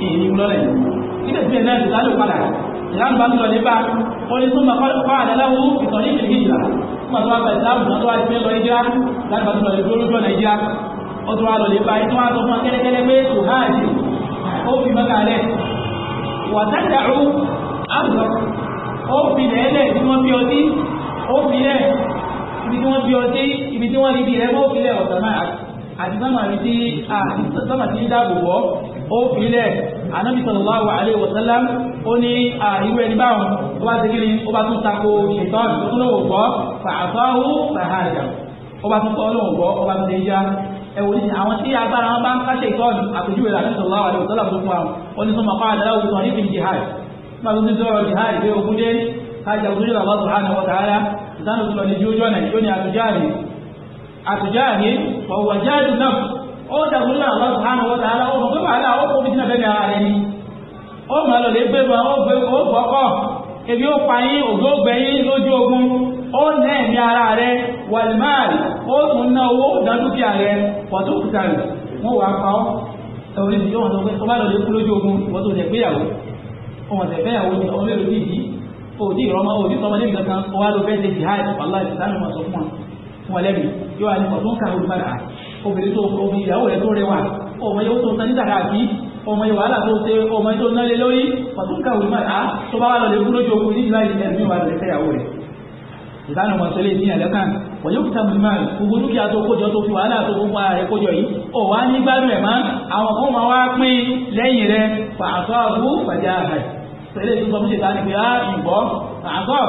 èyí lọ́lẹ̀ nígbà tí ẹ̀ náà padà ìlànà bá ń lọ nípa ó ní súnmọ́ kọ́ àdáláwó ìtọ́jú ìgbìyà fún àtúwà bẹ̀rẹ̀ ìsìláàmù náà tó wá ti lọ ìjírá láti bá tó lọ ìgbó lójú ọ̀nà ìjírá ó tó wá lọ nípa ìtọ́ wá sọ fún akẹ́lẹ́kẹ́lẹ́ pé kò háàjì ó fi mọ́kàlẹ̀ wà dájú àrùn àbùsọ̀ ó fi lẹ́lẹ̀ tí wọ́n bí ọtí ó fi lẹ̀ ibi tí wọ́n bí ọtí ibi tí wọ́n ríbi rẹ̀ ó fi lẹ̀ ọ̀sán náà àti sọ́mà ní tí sọ́mà tí ń dáàbò wọ́ ó fi lẹ̀ anábì sallallahu alaihi wasallam ó ní ìwé ẹni báwọn ó bá segin ní ó bá tún tako ṣètọ́ ìtọ́lọ́wọ̀ gbọ́ fàtọ́hù fàhàjà ó bá tún tọ́lọ́wọ̀ gbọ́ ó bá tún lè já ẹ̀wọ̀n ní àwọn tí agbára wọn bá ń káṣe ìtọ́jú àpèjúwe àti sallallahu alaihi wasallam tó fún wa ó ní sọ́mà fáwọn adáláwò sọ ní fi jihad pàtó tí sọ̀rọ̀ jihad pé ogun dé kájà òṣèlú Allah subhanahu wa ta'ala ìsánà tó lọ ní ojú ọ̀nà ìjọ ni àtújáàrí àtújáàrí ọ̀wọ̀ jáàrí náà ó dàgbù náà Allah subhanahu wa ta'ala ó mọ̀ pé wàhálà ó kó bìtínà bẹ́ẹ̀ ara rẹ̀ ni ó mọ̀ lọ lè gbé bọ́ ó gbé ó bọ́kọ̀ ebi ó pa yín ògbó gbẹ̀yìn lójú ogun ó nẹ́ ẹ̀mí ara rẹ̀ wàlmáàlì ó tún ná ọmọ tẹ̀ fẹ́ àwọn ọmọ mẹ́rin ti di òdì ìrọmọ òdì sọmọ níbi kankan wà ló fẹ́ ṣe jihad wàhálà ìsánù wọn sọ fún wọn fún ọlẹ́bi yóò wà ní ọ̀tún kan ló fara obìnrin tó obìnrin ìyàwó rẹ̀ tó rẹwà ọmọ yóò tó san nígbàdà àbí ọmọ yóò wàhálà tó ṣe ọmọ yóò tó nálé lórí ọ̀tún kan ló fara ah, tó bá wà lọ lè kúrò jókòó nígbà ìlẹ̀ wọ́n yóò tàbí máa gbogbo dúkìá tó kójọ tó fi wàhálà tó gbogbo ara rẹ̀ kójọ yìí ó wá ní gbádùn ẹ̀ máa àwọn kan máa wá pín lẹ́yìn rẹ̀ fàásọ́ àbú fàjá àhà tẹ̀lé tó sọ fún ṣètà ní pé á ìbọ́ fàásọ́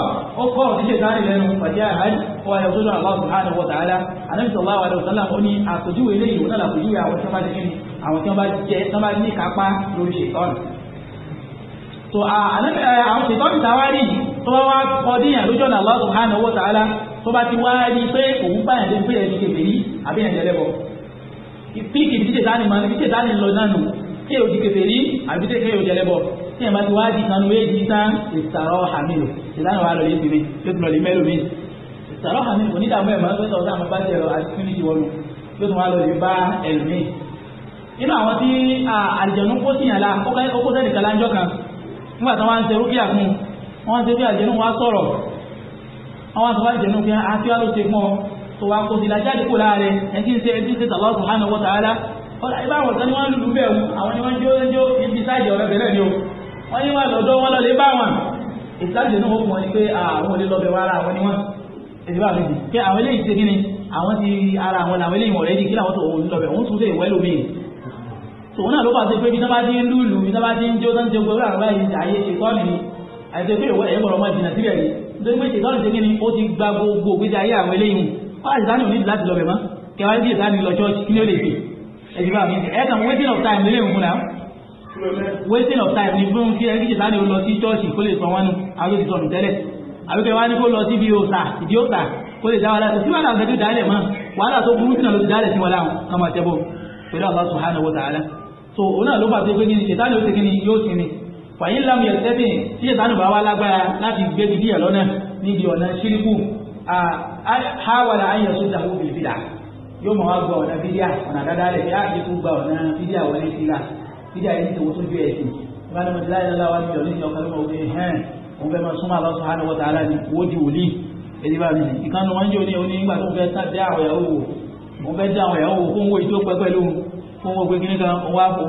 ó kọ́ ọ̀sí ṣètà ní lẹ́nu fàjá àhà ó wà yọ̀tọ́ náà Allah subhanahu wa ta'ala anábìsọ̀ wà wà lọ́sọ̀ náà ó ní àpèjúwe eléyìí wọn náà àpèjúwe àwọn tí wọ́n bá ti kíni àwọn tí wọ́n bá jẹ tí wọ́n bá ní kápá lórí ṣètọ́nù. tó àwọn ṣètọ́nù táwa rí tó bá wá kọdíyàn lójú ọ̀nà Allah subhanahu wa ta'ala tó bá ti wá rí pé òun báyàn dé pé ẹni kèfèrí àbí ẹni ẹlẹ́bọ píìkì bí tètàní máa bí tètàní lọ náà nù kí èyí ò di kèfèrí àbí tètè èyí ò jẹlẹ́bọ tí èyàn bá ti wá di kanu éjì tán ìsàrọ̀ hàmìlò tètàní wà lọ yébi mi tó ti lọ lé mẹ́lò mi ìsàrọ̀ hàmìlò onídààmú ẹ̀ máa ń sọ̀tọ̀ sáà bá jẹ̀rọ àti fínísì wọlù tó tún wà lọ lè bá ẹlòmí inú àwọn tí àlìjẹ̀nú wọ́n ṣe bí àjẹnú wa sọ̀rọ̀ àwọn àti wáyé jẹnu fihàn àti wá ló ṣe fún ọ tó wá kó sílá jáde kó láàrẹ ẹtí ń ṣe ẹtí ń ṣe tàbá subhanahu wa ta'ala kọ́lá ibà àwọn ọ̀sán ni wọ́n lùlù bẹ̀rù àwọn ni wọ́n jó jó ibi sáàjì ọ̀rẹ́ bẹ̀rẹ̀ ni o wọ́n ní wà lọ́dọ̀ wọn lọ́lẹ̀ bá wọn ìsáàjì náà wọ́n ní pé àwọn olè lọ́bẹ̀ wàrà àwọn ni wọ́n èdè bá mi pé àwọn eléyìí ṣe kíni àwọn ti ara àwọn làwọn eléyìí wọ̀rẹ́ di kí làwọn tó òun lọ́bẹ̀ òun tún lè tòun náà ló bá ṣe pé bí tábà ti lùlù bí tábà ti jó tó gbogbo àwọn báyìí àyè ṣe kọ́ nìyí àti pé ìwọ ẹ̀yẹ́gbọ̀rọ̀ máa jìnà síbẹ̀ rí nítorí pé ìtọ́nù ti kíni ó ti gba gbogbo ògbésí ayé àwọn eléyìí wọ́n àti sáni onídìí láti lọ bẹ̀ mọ́ kẹwàá sí ìsáni lọ church kí ni ó lè ṣe ẹ̀jì bá mi ẹ̀ kàn wasting of time lélẹ̀ fún náà wasting of time ni fún kí ẹ̀jì sáni ó lọ sí church kó lè sọ wọn àwọn tó ti sọnù tẹ́lẹ̀ àbí kẹwàá ní kó lọ síbi òòsà ìdí òòsà kó lè dá wàhálà tó sí wàhálà tó ti dálẹ̀ mọ́ wàhálà tó burú sínú ló ti dálẹ̀ sí wọn láwọn kọ́ máa Allah subhanahu wa ta'ala so òun náà ló bá tó pé kí ni ṣètánì ó fàyín lámù yẹtẹ́bì tí ìsánù bá wá lágbára láti gbé bíbí ẹ̀ lọ́nà níbi ọ̀nà ṣíríkù àháwàlà ayẹ̀sùn dàrú bìbìlà yóò mọ̀ wá gba ọ̀nà bídíà ọ̀nà dáadáa rẹ̀ yá ikú gba ọ̀nà bídíà wọlé síra bídíà yìí ti wo tó ju ẹ̀sìn ìbára mọ̀ síláyé lọ́la wá níbi ọ̀nà ìjọba lọ́wọ́ wọ́n hẹ́n òun fẹ́ máa súnmọ́ Allah subhanahu wa ta'ala ní owó di wòlíì èdè bá mi ìkànnì wọn jẹ́ oní oní nígbà tó ń fẹ́ dá àwọn ìyàwó wò òun fẹ́ dá àwọn ìyàwó wò fún owó ìjó pẹ́ pẹ̀lú òun fún owó pé kíníkan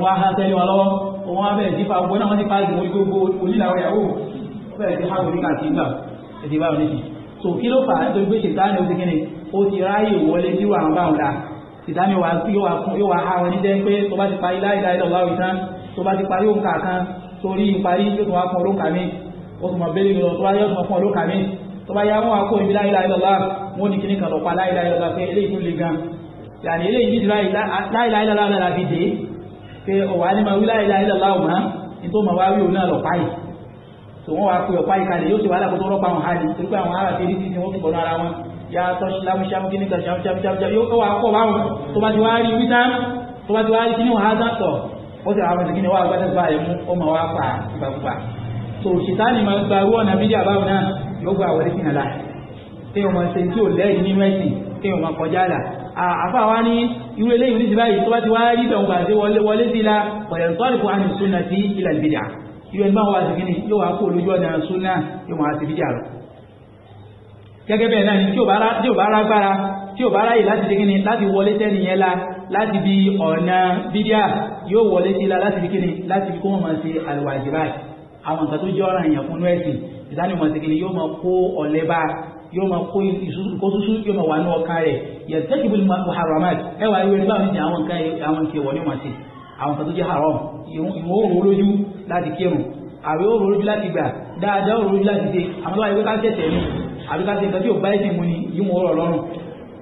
wá há sẹ́yìn wọn lọ́wọ́ òun wá bẹ̀rẹ̀ sí fa ọgbọ́n náà wọ́n ti pàdé orí gbogbo onílàwọ̀ ìyàwó bẹ̀rẹ̀ sí ha orí káàkiri gbà ẹ̀dì báwọn ní sí so kí ló fà á nítorí pé ṣètáni ó ti kíni ó ti ráyè wọlé sí wà ń báwọn dà ṣètáni wà sí yóò wà ha wọn ní jẹ́ pé tó bá ti parí láìláì lọ́wọ́ ìtàn tó bá ti parí òǹkà kan torí ìparí yóò tún wá fún olóǹkà mi ó tún mọ̀ bẹ́ẹ̀ lọ tó bá yóò tún mọ̀ fún olóǹkà mi tó bá yá wọn wá kó ibi láìláì lọ́wọ́ wọn ní kíní kan lọ́pa láìláì lọ́wọ́ pé eléyìí tún le gan yàrá eléyìí láìláì lọ́wọ́ pé ọ̀wá ní máa wí la ilaha illallah ọ̀mọ́ ní tó máa wá wí òun náà lọ páyì tó wọ́n wá pé ọ̀pá yìí kalẹ̀ yóò ti wá lákòó tó rọ́pá wọn há torí pé àwọn ará ti rí sí ni ti bọ̀ nára wọn ya tọ́ lámúṣámú kí ní kan ṣámú ṣámú ṣámú yóò kọ́ wá kọ́ wá wọn tó bá ti wá rí wí tán tó bá ti wá rí kí ní wọ́n há tán tọ̀ ó sì àwọn ìsìnkí ni wọ́n àgbàdo bá rẹ̀ mú ó máa wá pa ìgbàgbà tó ṣìtáni máa ṣe tí ò lẹ́yìn nínú ẹ̀sìn àfà wa ní irú eléyìí ní ti báyìí tó bá ti wá rí bẹ̀rù bá ti wọlé wọlé sí la ọ̀yẹ̀ tó lè kó àmì súnà sí ilẹ̀ ìbìdà irú ẹni máa wá sí kíni yóò wá kó lójú ọ̀nà súnà yóò máa ti bíjà lọ. gẹ́gẹ́ bẹ́ẹ̀ náà ni tí ò bá rágbára tí ò bá ráyè láti ṣe kíni láti wọlé sẹ́ni yẹn la láti bi ọ̀nà bídíà yóò wọlé sí la láti fi kíni láti fi kó wọn máa ṣe àlùwàjì báyìí àwọn nǹkan tó jẹ́ ọ̀ràn èèyàn fún nú ẹ̀sìn sí kíni yóò máa kó ìkóṣúṣú yóò máa wà ní ọkàn rẹ̀ yẹtẹ́kìbù muharramat ẹ wà ìwé nígbà wọn àwọn nǹkan àwọn nǹkan ìwọ ni wọn ti àwọn kan tó jẹ́ haram ìwọ òrò lójú láti kírun àwẹ̀ òrò lójú láti gbà dáadáa òrò lójú láti dé àwọn tó wà ìwé ká tẹ̀tẹ̀ ni àbí ká tẹ̀tẹ̀ tí ò bá ẹ̀sìn mu ni yìí mú ọ̀rọ̀ lọ́rùn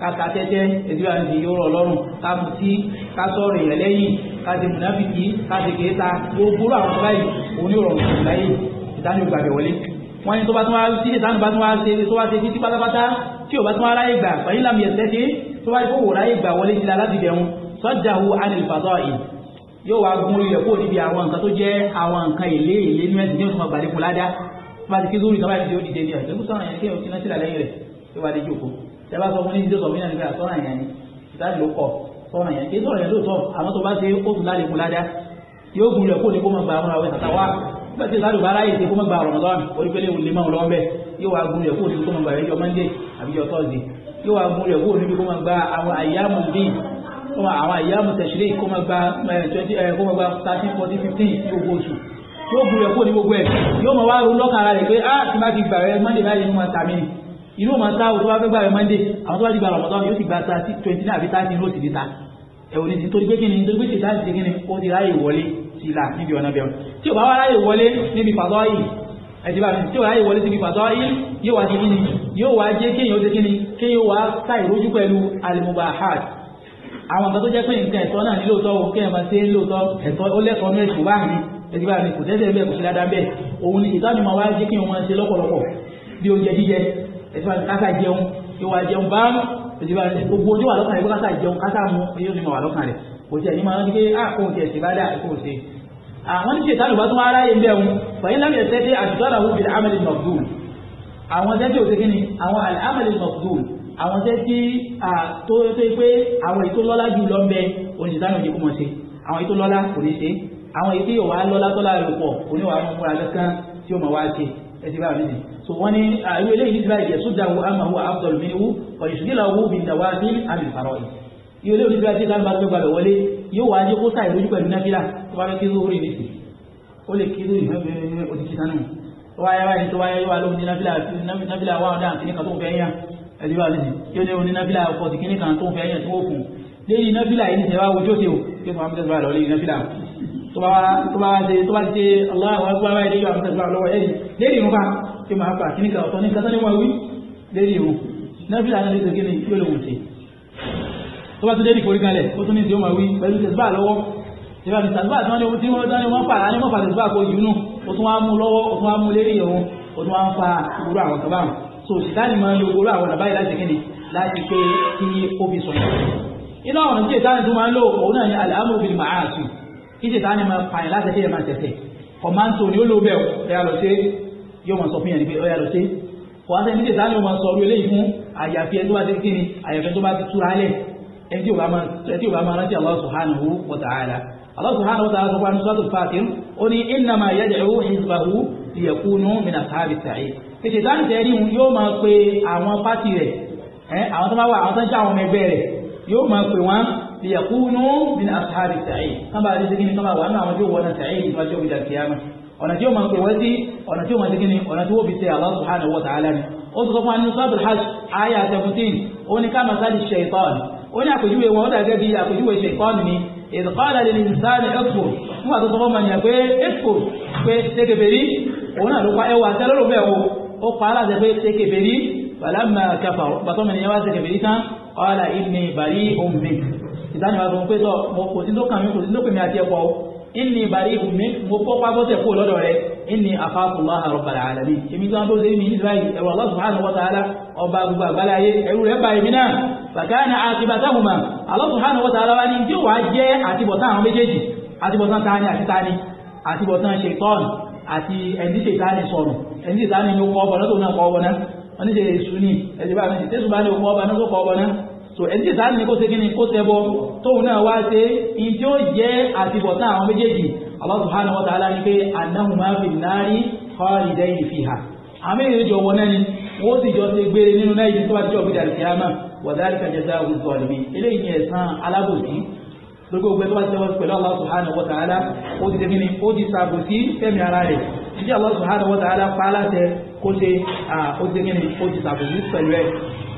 kaka tẹ́tẹ́ ètò ìwà nìyí yóò rọ̀ lọ́rùn ká mutí ká sọ̀rọ̀ èèyàn lẹ́yìn ká ti múnáfìkì ká ti kéta gbogbo àwọn ọ̀rọ̀ báyìí òun yóò rọrùn láyé ìdánilùgbàgbẹ̀ wọ́n ní tó bá tún wá sí ìsánù bá tún wá ṣe tó wá ṣe títí pátápátá tí ò bá tún wá ráyè gbà pẹ̀lú ìlànà ìyẹ̀sẹ̀ tó wá ikú wò ráyè gbà wọlé sílá láti bẹ̀rùn sọ́jà hu anil fàtọ́ yìí yóò wá gún orí rẹ̀ kó níbi àwọn nǹkan tó jẹ́ àwọn nǹkan èlé èlé ní ẹ̀sìn ní oṣù mọ̀gbàdé kò ládá tó bá ti kí zúrì tọ́ba ìdíje òdìdé ní ọ̀sẹ̀ sọ̀rọ̀ yẹn kí èèyàn tiná sílẹ̀ lẹ́yìn rẹ̀ tó bá dé jòkó tẹ́ bá sọ fún ní ìdíje sọ̀rọ̀ yẹn nígbà sọ̀rọ̀ yẹn ni ìtàdí ló kọ̀ sọ̀rọ̀ yẹn kí sọ̀rọ̀ yẹn lóòótọ́ àmọ́ tó bá ṣe ó tún lálẹ́ kò ládá yóò gún rẹ̀ kó ní kó mọ̀ gbà àwọn àwẹ̀ tàtàwá nígbà tí sáré bàrá yìí ṣe kó má gba Ramadan orí pé léwu lè máa lọ bẹ́ẹ̀ yóò wá gun rẹ̀ kó níbi kó má gba ẹjọ́ Monday àbí ọjọ́ Thursday yóò wá gun rẹ̀ kó níbi kó má gba àwọn àyàmù bíi àwọn àyàmù tẹ̀sílẹ̀ kó má gba kó má gba thirteen fourteen fifteen ní ogún oṣù yóò gun rẹ̀ kó ní gbogbo ẹ̀ yóò máa wá ronú lọ́kàn ara rẹ̀ pé ah, á ti má ti gbà rẹ̀ Monday láyé ní wọn tàmí ni irú ọmọ sáà tó bá fẹ́ gbà rẹ̀ Monday àwọn tó bá ti gba Ramadan yóò ti gba twenty nine àbí thirty ní oṣù níta ẹ̀wọ̀n nítorí pé kí ni nítorí pé ṣètà ti ṣe kí ni ó ti ráyè wọlé sí là níbi ọ̀nà bẹ̀rù tí ò bá wá ráyè wọlé níbi fàtọ́ yìí ẹ̀sì bá tí ò ráyè wọlé níbi fàtọ́ yìí yóò wá kíni yóò wá jẹ́ kéèyàn ó ṣe kíni kéèyàn wá ká ìrójú pẹ̀lú alimubahat àwọn nǹkan tó jẹ́ pé nǹkan ẹ̀tọ́ náà ní lóòótọ́ òun kéèyàn máa ṣe é lóòótọ́ ẹ̀tọ́ ó lẹ́tọ̀ọ́ mẹ́rin kò bá mi ẹ̀sì bá mi kò tẹ́sẹ̀ bẹ́ẹ̀ kò sí dáadáa bẹ́ẹ̀ òun ni ìtàn mi máa wá jẹ́ kéèyàn máa ṣe lọ́pọ̀lọpọ̀ bí oúnjẹ jíjẹ ẹ̀sì bá mi káká jẹun ìwà jẹun bá ẹ̀sì bá mi gbogbo ojú wà lọ́kàn rẹ̀ kó káká jẹun káká mu eyín ni mo wà lọ́kàn rẹ̀ kò tiẹ̀ ní máa rántí pé a ah, kò tiẹ̀ sí bá dà kò ṣe àwọn ah, tí ṣètàlù bá tún wá ráyè bẹ́ẹ̀ wọn fàyín lámì ẹ̀sẹ̀ tí àtúntàlà wù bí amẹ́lì mọ̀gbùl àwọn tẹ́ tí ò ṣe kí ni àwọn amẹ́lì mọ̀gbùl àwọn tẹ́ tí tó tó pé àwọn ètò lọ́lá jù lọ bẹ oníṣẹ́tàlù yìí kò mọ̀ ṣe àwọn ètò lọ́lá kò ní ṣe àwọn ètò ìwà lọ́lá tọ́lá rẹ̀ pọ̀ oníwà wọn múra kankan tí ó mọ̀ wá ṣe ẹtì bá mi so wọn ni àwọn eléyìí ní ti báyìí yẹ sódà wo amahu abdul minihu ọ̀yẹ̀sùn yóò lé oníbíra tí ìdáhùn bá tó gbàgbé wọlé yóò wá ajé kó sáì lójú pẹ̀lú náfìlà tó bá fẹ́ kí lóore ní sí ó lè kí lóore fẹ́ẹ́ ó ti kí sánú ó wáyé wáyé tó wáyé wá lóhun ní náfìlà náfìlà wà ọ̀dà àti níkan tó ń fẹ́ yàn ẹ̀dí wà lẹ́sìn yóò lé oní náfìlà ọkọ̀ ti kíní kan tó ń fẹ́ yàn tó ó fún lẹ́yìn náfìlà yìí ṣe wá wojó ṣe o kí fún amúṣẹ́ sọ́ra lọ́lẹ́ náfìlà tó bá tó bá tó dé ìforí kalẹ̀ ó tún ní tí ó máa wí pẹ̀lú tẹ̀síbà lọ́wọ́ ìbá mi tẹ̀síbà tí wọ́n ní tí wọ́n dání wọ́n fàrà ní wọ́n fà tẹ̀síbà kó yìí nù ó tún wá mú lọ́wọ́ ó tún wá mú lérí ìrún ó tún wá ń fa ìgboro àwọn kaba hàn so ìdáni máa ń lo ìgboro àwọn àbáyé láti kíni láti pé kí ó fi sọ̀rọ̀ iná ọ̀nà tí ìdáni tó máa ń lò òun náà ní àlàámù bíi màá sùn kí ti ìdáni máa pààyàn láti ẹ̀kẹ́ yẹn máa tẹ̀tẹ̀ kọ̀mántò ni ó lò bẹ́ẹ̀ ẹ̀yà lọ sí yóò máa sọ fún yẹn ni pé ọ̀yà lọ sí kọ̀mántò ni ìdáni ó máa sọ orí eléyìí fún àyàfi ẹni tó bá ti kíni àyàfi ẹni tó bá ti túra lẹ̀ ẹni tí ò bá máa rántí Allah subhanahu wa ta'ala Allah subhanahu wa ta'ala sọ pé àwọn sọ́tò fàtín ó ní innama yad'u hizbahu liyakunu min ashabi sa'id tètè láti tẹ̀rí wọn yóò máa pe àwọn pátì rẹ̀ àwọn tó bá wà àwọn tó ń jẹ́ àwọn ọmọ ẹgbẹ́ rẹ̀ yóò máa pè wọ́n liyakunu min ashabi sa'id kábà rí sí kíni kábà wà nínú àwọn tó wọ́n náà ọ̀nà tí ó máa pè wọ́n sí ọ̀nà tí ó máa ti kíni ọ̀nà tí ó fi ṣe Allah subhanahu wa ta'ala ni ó sọ fún anú sábìl hajj ayah seventeen ó ní ká máa sáré ṣe ìtọ́ni ó ní àpèjúwe wọn ó dàgẹ́ bí àpèjúwe ṣèkọ́ọ̀nù ni ìdọ̀kọ́ọ̀dà lè ní sáàni ẹ̀kọ́ nígbà tó sọ́kọ́ mọ̀nyà pé ẹ̀kọ́ pé tẹ́kẹ̀bẹ̀rí òun náà ló pa ẹwà tẹ́lọ́rọ̀ bẹ́ẹ̀ o ó pa aláṣẹ pé tẹ́kẹ̀bẹ̀rí bàlámà kẹfà bàtọ́ mẹ́rin yẹn wá tẹ́kẹ̀bẹ̀rí tán ọ̀ọ́là ìmì bàrí òmìnir ìdáni wa sọ pé tọ́ mo kò sí lókàn mi kò sí lókàn mi àti ẹ̀kọ́ inni ìbàrí ìhùnmí mo kọ́ pábọ́tẹ̀ kó lọ́dọ̀ rẹ̀ inni afáàkùnláhà rabbal alamin èmi tó ń tó sẹ́yìn ní israẹli ẹ̀wọ̀ Allah subhanahu wa ta'ala ọba gbogbo àgbáláyé ẹ̀rú rẹ̀ báyìí mìíràn bàkánà àtibàtàhùmà Allah subhanahu wa ta'ala wá ní tí ó wàá jẹ́ àtibọ̀tán àwọn méjèèjì àtibọ̀tán tani àti tani àtibọ̀tán ṣètọ́ọ̀nù àti ẹni ṣètánì sọnù ẹni ṣètánì ni ó kọ́ ọ so ẹni tí ìsáàlì ní kó ṣe kí ni kó ṣẹbọ tóun náà wá ṣe in tí ó jẹ́ àtibọ̀tán àwọn méjèèjì Allah subhanahu wa ta'ala ní pé annahuma fin nari khalidayni fiha àmì ìrìnjọ wọn náà ni wọ́n sì jọ ṣe gbére nínú náà ìdí tó bá ti jọ gbé dàrí sí àmà wa dhalika jazaa'u zalimin eléyìí ni ẹ̀san alábòsí gbogbo ogun tó bá ṣe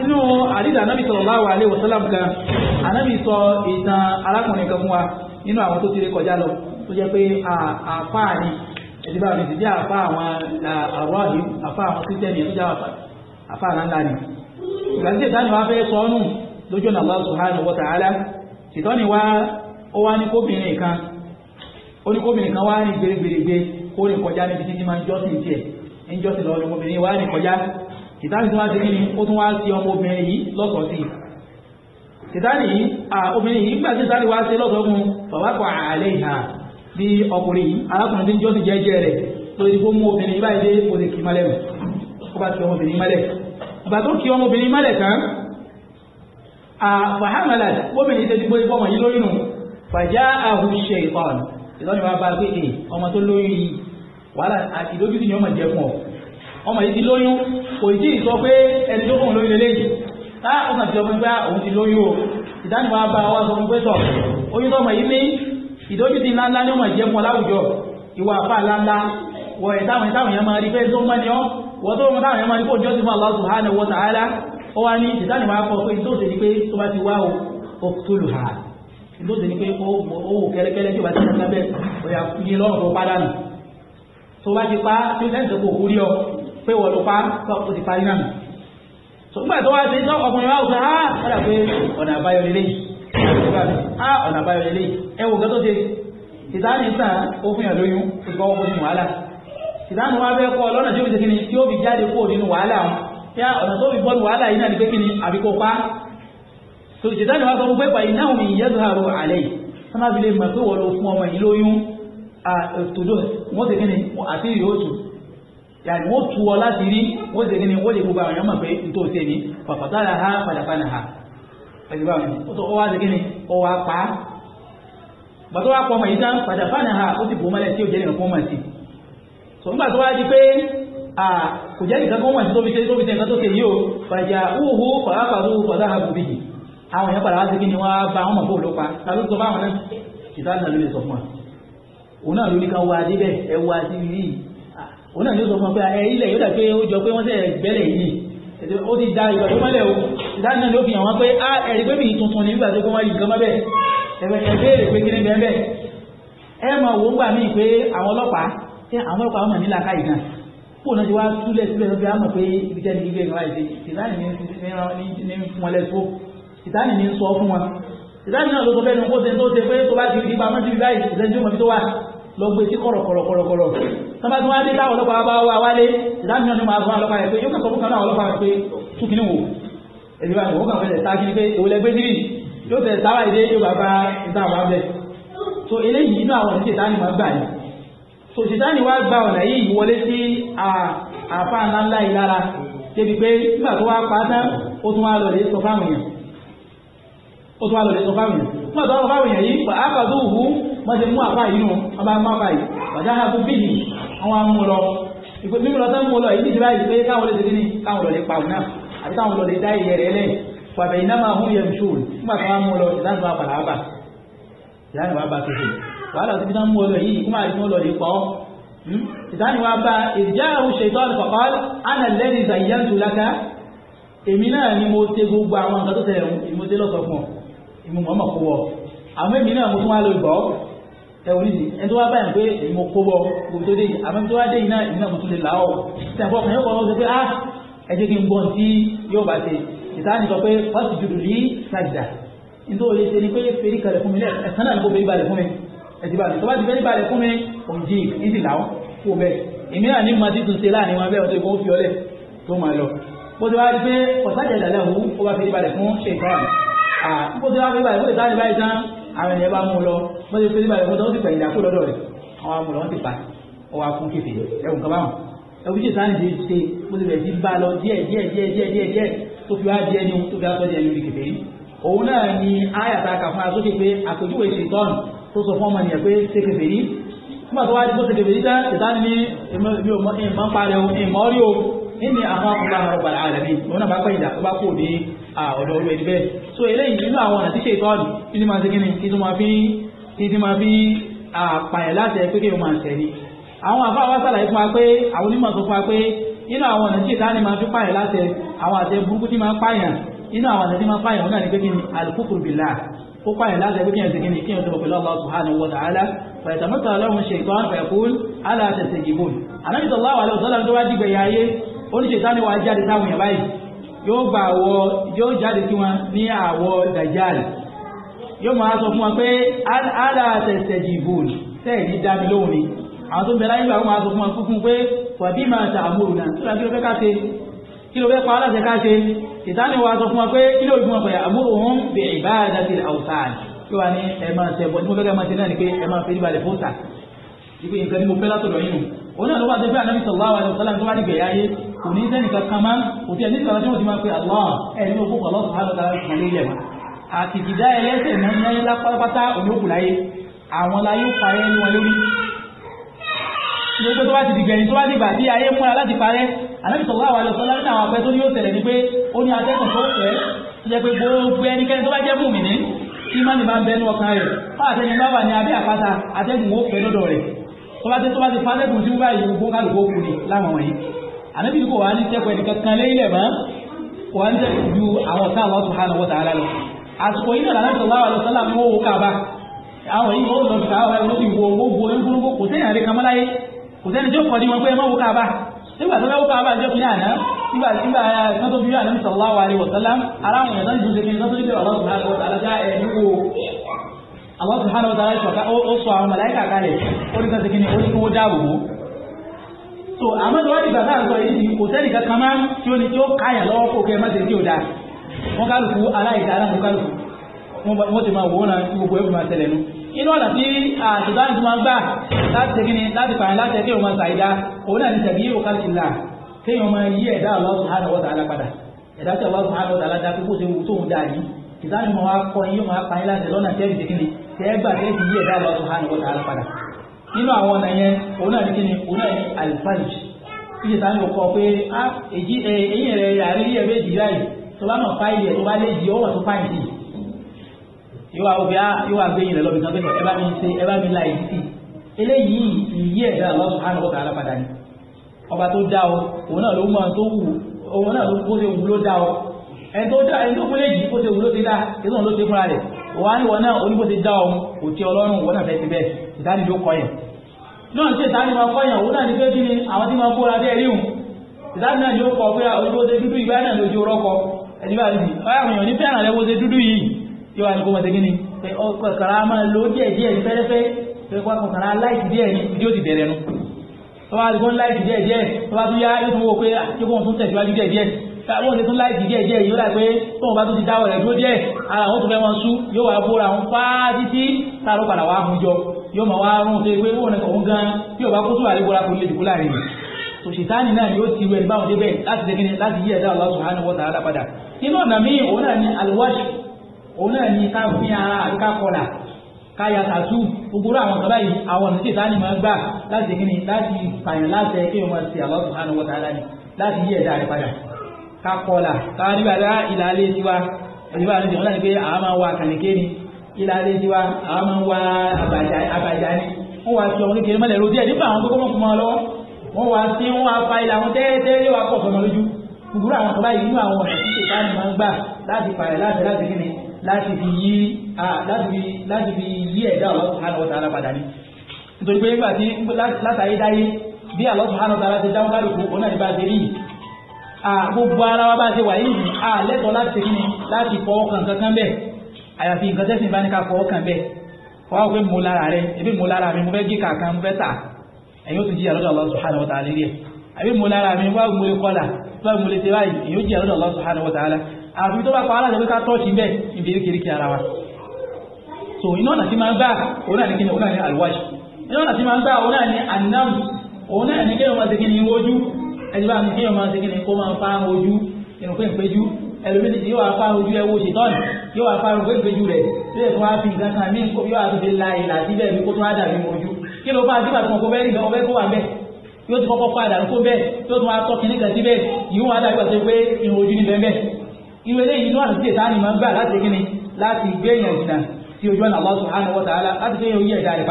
inú àdídà anábì sallallahu alaihi wasallam kan anábì sọ ìtàn arákùnrin kan fún wa nínú àwọn tó ti rí kọjá lọ tó jẹ́ pé àáfàá ni ẹ̀dí bá mi ti jẹ́ àáfàá àwọn àwọ̀dì àáfàá àwọn kírísítẹ́nì tó jẹ́ àáfàá náà ní. ìgbàlódé ìdáni wa fẹ́ sọ ọ́nù lójú ọ̀nà Allah subhanahu wa ta'ala ṣètọ́ni wa ó wá ní kóbìnrin kan ó ní kóbìnrin kan wá ní gbèrègbèrègbè kó ní kọjá níbi títí máa ń jọ́sìn tiẹ̀ ń jọ́sìn lọ́wọ́ ní kóbìnrin wá ní kọjá sìtáàni tó wá sí kíni ó tún wá sí ọmọ obìnrin yìí lọ́sọ̀ọ́ sí sìtáàni yìí obìnrin yìí nígbà tí sìtáàni wá sí lọ́sọ̀ọ́ fún bàbá kọ àlẹ́ ìhà bí ọkùnrin yìí arákùnrin tí ń jọ́sìn jẹ́jẹ́ rẹ̀ tó ti kó mú obìnrin yìí báyìí dé òde kì í mọ́lẹ̀ mọ́ ó bá ti ọmọbìnrin mọ́lẹ̀ ìgbà tó kì ọmọbìnrin mọ́lẹ̀ tán fàhámàlà gómìnà tẹ́tí bó ibọ́ wọ̀nyí lórí nù fàjá àhùṣe ìtọ́n ìtọ́ni wàá bá a pé ọmọ tó lóyún yìí wàhálà àti ìdójútì ni ọmọ jẹ fún ọ ọmọ yìí ti lóyún kò tí ì sọ pé ẹni tó fóun lóyún lélẹ́yìí tá ó kàn ti sọ fún ah, òun ti lóyún o ìdánimọ̀ abá wa sọ fún pé sọ oyún tó ọmọ yìí ní ìdójútì ńláńlá ní ọmọ ìjẹun ọláwùjọ ìwà àpá ńláńlá wọ ìtàwọn ìtàwọn yẹn máa rí pé tó ń mọ́ni ọ́ wọ́n tó ń mọ́ni yẹn máa rí pé òjò ti fún Allah subhanahu wa ta'ala ó wá ní ìdánimọ̀ akọ pé tó ṣe ni pé tó bá ti wá o uqtuluha tó ṣe ni pé ó wò kẹ́lẹ́kẹ́lẹ́ tó padà nù tó bá ti pa tó fẹ́ǹsì kò kúrí ọ pé wọ́n ló pa ó ti parí náà sọgbà tó wá sí tó ọkùnrin wa sọ ah ọ̀dà pé ọ̀nà àbáyọ lélẹ̀ ah ọ̀nà àbáyọ lélẹ̀ ẹ wò gẹ́tọ́ ṣe ìdáni sàn ó fún yàn lóyún ìgbà wọn kó sínú wàhálà ìdáni wa bẹ́ẹ̀ kọ́ lọ́nà tí ó fi ṣe kíni tí ó fi jáde kúrò nínú wàhálà wọn yá ọ̀nà tó fi bọ́ nínú wàhálà yìí náà ni pé kíni àbí kó pa tó ìdáni wa sọ fún pé pa iná omi ìyẹ́dù àrò àlẹ́ yìí sọ́nà fi lè mọ̀ pé wọ́n lọ fún ọmọ yìí yàrá wọ́n tu ọ láti rí wọ́n ṣe kíni wọ́n lè gbogbo àwọn èèyàn pé nítorí ṣe ni fàfàtàlà ha fàdàfàlà ha ẹ̀sìn báwọn ni ó tó ọwọ́ ṣe kíni ọwọ́ ha ó ti bò mọ́lẹ̀ tí ó jẹ́ nìkan fún ọmọ sí so nígbà tó wá di pé kò jẹ́ uhu fàáfàrú fàdáhàbùbì àwọn èèyàn padà wá sí kíni wọ́n bá wọn mọ̀ fóònù pa tàbí sọ fáwọn náà kìtà náà òun náà ní ó sọ fún ọ pé ẹ ilẹ̀ yóò dà pé ó jọ pé wọ́n sẹ̀ gbẹ́lẹ̀ yìí ó ti da ìgbà tó mọ́lẹ̀ o ìdájọ́ náà ló fi hàn wọ́n pé á ah, ẹ̀rí pé bìí tuntun ní ìgbà tó kọ́ wọ́n yìí gánmọ́ bẹ́ẹ̀ ẹ̀fẹ́ ẹ̀bẹ́ẹ̀rẹ̀ pé kíní bẹ́ẹ̀ bẹ́ẹ̀ ẹ mọ̀ wò ń gbà mí pé àwọn ọlọ́pàá tí àwọn ọlọ́pàá mọ̀ nílà káyì náà kó náà ti wá túlẹ̀ síbẹ̀ ló fi á mọ̀ pé ibi tẹ́ ní ilé ìgbà ìṣe ìdáni ní fún wọn lẹ́sọ́ ìdáni ní sọ fún wọn ìdáni náà ló sọ bẹ́ẹ̀ ni kó ṣe tó ṣe pé tó bá ti rí pamọ́ síbi báyìí kò sẹ́ni tó mọ̀ tó lọ gbé sí kọ̀rọ̀kọ̀rọ̀kọ̀rọ̀ tọ́ba tí wọ́n á dé táwọn ọlọ́pàá bá wá wálé ìdáhùn ni máa fún ọlọ́pàá rẹ̀ pé yóò kẹ́kọ̀ọ́ fún àwọn ọlọ́pàá rẹ̀ pé tún kìíní wò èdè bá wọ́n kàn fẹ́ tẹ̀ tá kí ni pé èwo lẹ́gbẹ́ sí yóò tẹ̀ sáwà ìdé yóò bá bá ìta wà bẹ̀ so eléyìí inú àwọn ìdíje tání máa gbà yìí so sìtáni wá gba ọ̀nà yìí wọlé sí àfa ńláńlá yìí lára débi pé nígbà tó wá pa tán ó tún wá lọ lè sọ fáwọn èèyàn ó tún wá lọ lè sọ fáwọn èèyàn nígbà tó wá lọ fáwọn èèyàn yìí pàápàá tó wù ú wọ́n ti mú àbá yìí nù wọ́n bá mú àbá yìí bàjá ha fún bíyì àwọn amú lọ ìpè mímú lọ sẹ́nu mú lọ yìí ti báyìí pé káwọn lè ṣe ní káwọn lọ lè pa òun náà àti káwọn lọ lè dá ìyẹn rẹ lẹ pàbẹ iná máa hún yẹn ṣùgbọ́n nígbà tí wọ́n mú lọ ìdáhùn bá padà bá ìdáhùn bá bá tuntun wàhálà tí wọ́n mú lọ yìí kó máa rí mú lọ lè pọ̀ hmm? ìdáhùn wa bá ìjà àwọn nǹkan tó ẹ̀wọ̀n nìyí ẹni tó wá báyìí pé èyí mo kó bọ̀ kò tó dé àmọ́ tó wá dé iná iná mo tún lè là ọ́ sẹ́ńpọ̀ kan yóò kọ́ ọ́ sọ pé ah ẹ jẹ́ kí n bọ̀ tí yóò bá ṣe ìtaàní sọ pé wọ́n ti jùlù ní sàjìdà nítorí òye ṣe ni pé fèrè kalẹ̀ fún mi ẹ̀sán náà ló fèrè balẹ̀ fún mi ẹ̀sìn balẹ̀ tó bá ti fẹ́ẹ́ balẹ̀ fún mi òjì ìdí làwọn kò bẹ́ẹ̀ èmi náà ní mo ti tún ṣe láàrin wọn bẹ́ẹ̀ wọ́n tó kó fi ọlẹ̀ tó máa lọ bó ti wá rí pé ọ̀sájà ìdàlẹ́ òun ó bá fèrè balẹ̀ àwọn ènìyàn bá mú lọ wọ́n ti fẹ́ẹ́ balẹ̀ fún tó ń ti pẹ̀yìn dàkú lọ́dọ̀ rẹ̀ àwọn amúlọ wọn ti pa ọwọ́ akún kẹfẹ́ ẹ̀wù kan báwọn ẹ̀wù tí sàn ti ṣe mo ti bẹ̀ sí bá lọ díẹ̀ díẹ̀ díẹ̀ díẹ̀ díẹ̀ díẹ̀ tó fi wá di ẹni tó fi aṣọ di ẹni olùkè fèrè òun náà ni ayàtà kà fún asókè pé àpèjúwe ṣètọ́nù tó sọ fún ọmọnìyàn pé ṣe kẹfẹ́ rí nígbà tó wá di tó ṣe kẹfẹ́ rí tán ìtàn ní ìmọ̀ ń parẹ́ o ìmọ̀ rí o Ah, ọ̀dọ̀ olú ẹni bẹ́ẹ̀ so eléyìí nínú àwọn ọ̀nà tí ṣe ìtọ́ọ̀dù títí máa ṣe kí ni títí máa fi títí máa fi àpàyàn láti ẹ pé kí wọ́n máa ṣẹ̀ ni àwọn àbá wa sàlàyé fún wa pé àwọn onímọ̀ tó fún wa pé nínú àwọn ọ̀nà tí ìtaní máa fi pààyàn láti àwọn àti burúkú tí máa pààyàn nínú àwọn àti tí máa pààyàn náà ni pé kí ni al-kufru billah ó pààyàn láti ẹ pé kí ni ṣe kí ni kí ni tó pẹ̀lú Allah tó wá dìgbẹ̀yà ayé yóò gba àwọ̀ yóò jáde sí wọn ní àwọ̀ dàjáàlì yóò máa sọ fún wọn pé aláàtẹ̀sẹ̀ jìbò tẹ́ẹ̀ní dámi lóhùn ni àwọn tó ń bẹ láyé ìgbà wọn máa sọ fún wọn fúnfún pé fàbí máa ta àmúrù náà tó dájú ló fẹ́ ká ṣe kí ló fẹ́ pa aláṣẹ ká ṣe ìtàní wa sọ fún wọn pé kí ló fún wọn pẹ̀lú àmúrù òun bẹ̀ ìbáradà ti àwùsàn kí wàá ní ẹ máa ṣẹ̀bọ̀ tí mo fẹ́ kẹ́ máa ṣe náà ni pé ẹ máa fẹ́ níbalẹ̀ fóòtà ìpè nǹkan ni mo fẹ́ látọ̀dọ̀ yìí òun náà ló bá dẹ́gbẹ́ ànábì sallallahu alaihi wasallam tó bá dìgbẹ̀ yáyé kò ní sẹ́ni kankan máa kò tí ẹ̀ nítorí tí wọ́n ti máa pe Allah ẹni ó kókò Allah subhanahu wa ta'ala kan lé ilẹ̀ wa àtìgídá ẹlẹ́sẹ̀ náà ní lápátápátá òun ó kù láyé àwọn láyé parẹ́ ní wọn lórí gbogbo tó bá ti dìgbẹ̀ yìí tó bá dìgbà tí ayé múra láti parẹ́ fẹ́ tó tó bá ti tó bá ti falẹ́kùn sí wúbá yìí gbogbo kálukú ó kú ni láwọn wọ̀nyí ànábì kò wá ní tẹ́kọ̀ ẹnì kankan lé ilẹ̀ mọ́ kò wá ní tẹ́kọ̀ ju àwọn ọ̀tá Allah subhanahu wa ta'ala lọ àsìkò yìí nàlá sallallahu alaihi wasallam mọ́ owó káàbá àwọn yìí wọ́n lọ sí káàbá wọ́n sì wo gbogbo ẹgbogbo kò sẹ́yìn àrí kamaláyé kò sẹ́ni tí ó kọ́ ni wọn pé ẹ má wo káàbá nígbà tó lọ́wọ́ káàbá jẹ́ fún yàrá nígbà nígbà kan tó fi yàrá sallallahu alaihi wasallam aráwọn yàrá ìdúnṣe kí n tó tó Allah subhanahu wa ta'ala ìṣọ̀ká ó sọ àwọn màláìkà kalẹ̀ ó ní sọ́sẹ̀ kíni ó ní kí dáàbò wò so àmọ́ tó wá di bàbá àgbà yìí ni kò sẹ́ni kankan máa tí ó ní tí ó káyàn lọ́wọ́ kó kẹ́ mọ́tẹ́ tí ó dáa wọ́n kálukú aláìsá aláàmú kálukú wọ́n ti máa wò ó náà tí gbogbo ẹ̀kú máa tẹ̀lé nu inú ọ̀nà tí àṣìbáyìí tó máa gbà láti ṣe kíni láti fààyàn láti ẹ̀kẹ́ òun máa ṣàìdá òun náà ní tẹ̀bí yóò kálukú là kéèyàn máa kọ́ yín yóò máa pa yín láti lọ́nà tẹ́lifíṣẹ́ kíni tẹ́gbà tẹ́ ti yí ẹ̀dá Allah subhanahu wa ta'ala padà nínú àwọn ọ̀nà yẹn òun náà ní kí ni òun náà ní alifalj ìṣe tàbí ọkọ pé èyí ẹ̀yìn rẹ̀ yàrá ilé ẹ̀bẹ̀ ìdílá yìí tó bá náà fáìlì ẹ̀ tó bá lé yìí ó wà tó fáìlì sí yóò wá obìá yóò wá gbé yìí rẹ̀ lọ́bìkan pé ẹ bá mi ṣe ẹ bá mi la èyí sí eléyìí ìyí ẹ̀dá Allah subhanahu wa ta'ala padà ni ọba tó dá o òun náà ló mọ tó wù òun náà ló kó ṣe wù ló dá o ẹni tó dá ẹni tó kó lè yìí kó ṣe wù ló ti dá ètò òun ló ṣe fúnra rẹ̀ wọ́n á ní wọn náà oníbó ti dá òun kò tí ọlọ́run wọn náà fẹ́ ti bẹ́ẹ̀ ìtàní ló kọyàn náà ṣe ìtàní máa kọyàn òun náà ní pé kí ni àwọn tí máa kóra bẹ́ẹ̀ ríhùn ìtàní ah, náà ló kọ pé oníbó ti dúdú ìgbà náà lójú rọ́kọ ẹni bá rí ọyàwó ah, èèyàn ní fẹ́ràn rẹ̀ dúdú yìí yóò wá ní kó mọ̀ ṣe ni oh, kàrà máa lo díẹ̀ díẹ̀ fẹ́rẹ́fẹ́ pé kàrà láìsí díẹ̀ ni ìdí ó ti bẹ̀rẹ̀ nu tó bá rí kó ń láìsí díẹ̀ díẹ̀ tó bá tún yá yóò tún wò pé ah, wọ́n ti tún láì dì díẹ̀ díẹ̀ yóò dà pé tóun bá tún ti dáwọ̀ rẹ̀ dúró díẹ̀ ara àwọn tó fẹ́ wọn sú yóò wá bóra wọn fá títí táàrọ̀ padà wá hun jọ yóò máa wá rún un pé pé wọ́n kàn ń gan bí òun kó tó àlè bóra kò lè dùkú láàrin rẹ̀ sòṣìtáàní náà yóò ti wẹ̀ báwọn débẹ̀ láti ṣe kíni láti yí ẹ̀dá Allah subhanahu wa ta'ala padà inú ọ̀nà míì òun náà ni alwashi òun náà ni ká fi ara àti ká kọlà káyà tàtú gbogbo àwọn ọ̀sán báyìí àwọn ọ̀nà tí ìtaní máa gbà láti kíni láti pààyàn láti ẹ̀kẹ́ wọn sí Allah subhanahu wa ta'ala ni láti yí ẹ̀dá rẹ̀ padà kakọlà táwọn nígbà tá ìlàlẹ́ tiwa ìdíbà ló ti wọ́n láti pé àwọn máa ń wa kànìkẹ́ ni ìlàlẹ́ tiwa àwọn máa ń wa àbàjá ni wọ́n wá sí ọmọ kékeré mọ́lẹ̀ ro díẹ̀ nípa àwọn tó kọ́mọ́ fún wọn lọ́wọ́ wọ́n wá sí wọ́n wá fa ìlà wọn tẹ́tẹ́ yóò wá pọ̀ sọmọ lójú gbogbo àwọn ọ̀pọ̀ báyìí inú àwọn ọ̀nà tí ìta ni máa ń gbà láti fààyè láti láti kíni láti fi yí láti fi yí ẹ̀dá Allah subhanahu wa ta'ala padà ní nítorí pé nígbà tí látàyé dáyé bí Allah subhanahu wa ta'ala ti dáwọn kálukú òun gbogbo ara wa bá ṣe wà yìí lẹ́tọ̀ọ́ láti kí ni láti fọwọ́ kan kankan bẹ́ẹ̀ àyàfi nǹkan tẹ́sìn bá ní ká fọwọ́ kan bẹ́ẹ̀ fọwọ́ pé mo lára rẹ ebi mo lára mi mo fẹ́ gé kàkan mo fẹ́ tà ẹ̀yin ó ti jí àlọ́dọ̀ Allah subhanahu wa ta'ala lérí ẹ̀ àbí mo lára mi wá mo lè kọlà wá mo lè ṣe báyìí ẹ̀yin ó jí àlọ́dọ̀ Allah subhanahu wa ta'ala àfi tó bá pa aláṣẹ pé ká tọ́ọ̀ṣì bẹ́ẹ̀ níbi erékèrékè ara wa so iná ọ̀nà tí máa ń gbà òun náà ní kí ni òun náà ní alwash iná ọ̀nà tí máa ń gbà òun náà ní anam ẹni bá mi kí èèyàn máa ṣe kí ni kó máa fáwọn ojú ìrùn pé ìpéjú ẹlòmíì yóò wá fáwọn ojú ẹwọ́ ṣètọ́nì yóò wá fáwọn pé ìpéjú rẹ̀ yóò tún wá fi nǹkan kan mí yóò wá fi la ìlà síbẹ̀ mi kó tún wá dàbí ojú kí ló bá sígbà tí wọn kó bẹ́ẹ̀ nìkan ọbẹ̀ kó wà bẹ́ẹ̀ yóò tún kọ́kọ́ padà kó bẹ́ẹ̀ yóò tún wá tọ́ kínní kan síbẹ̀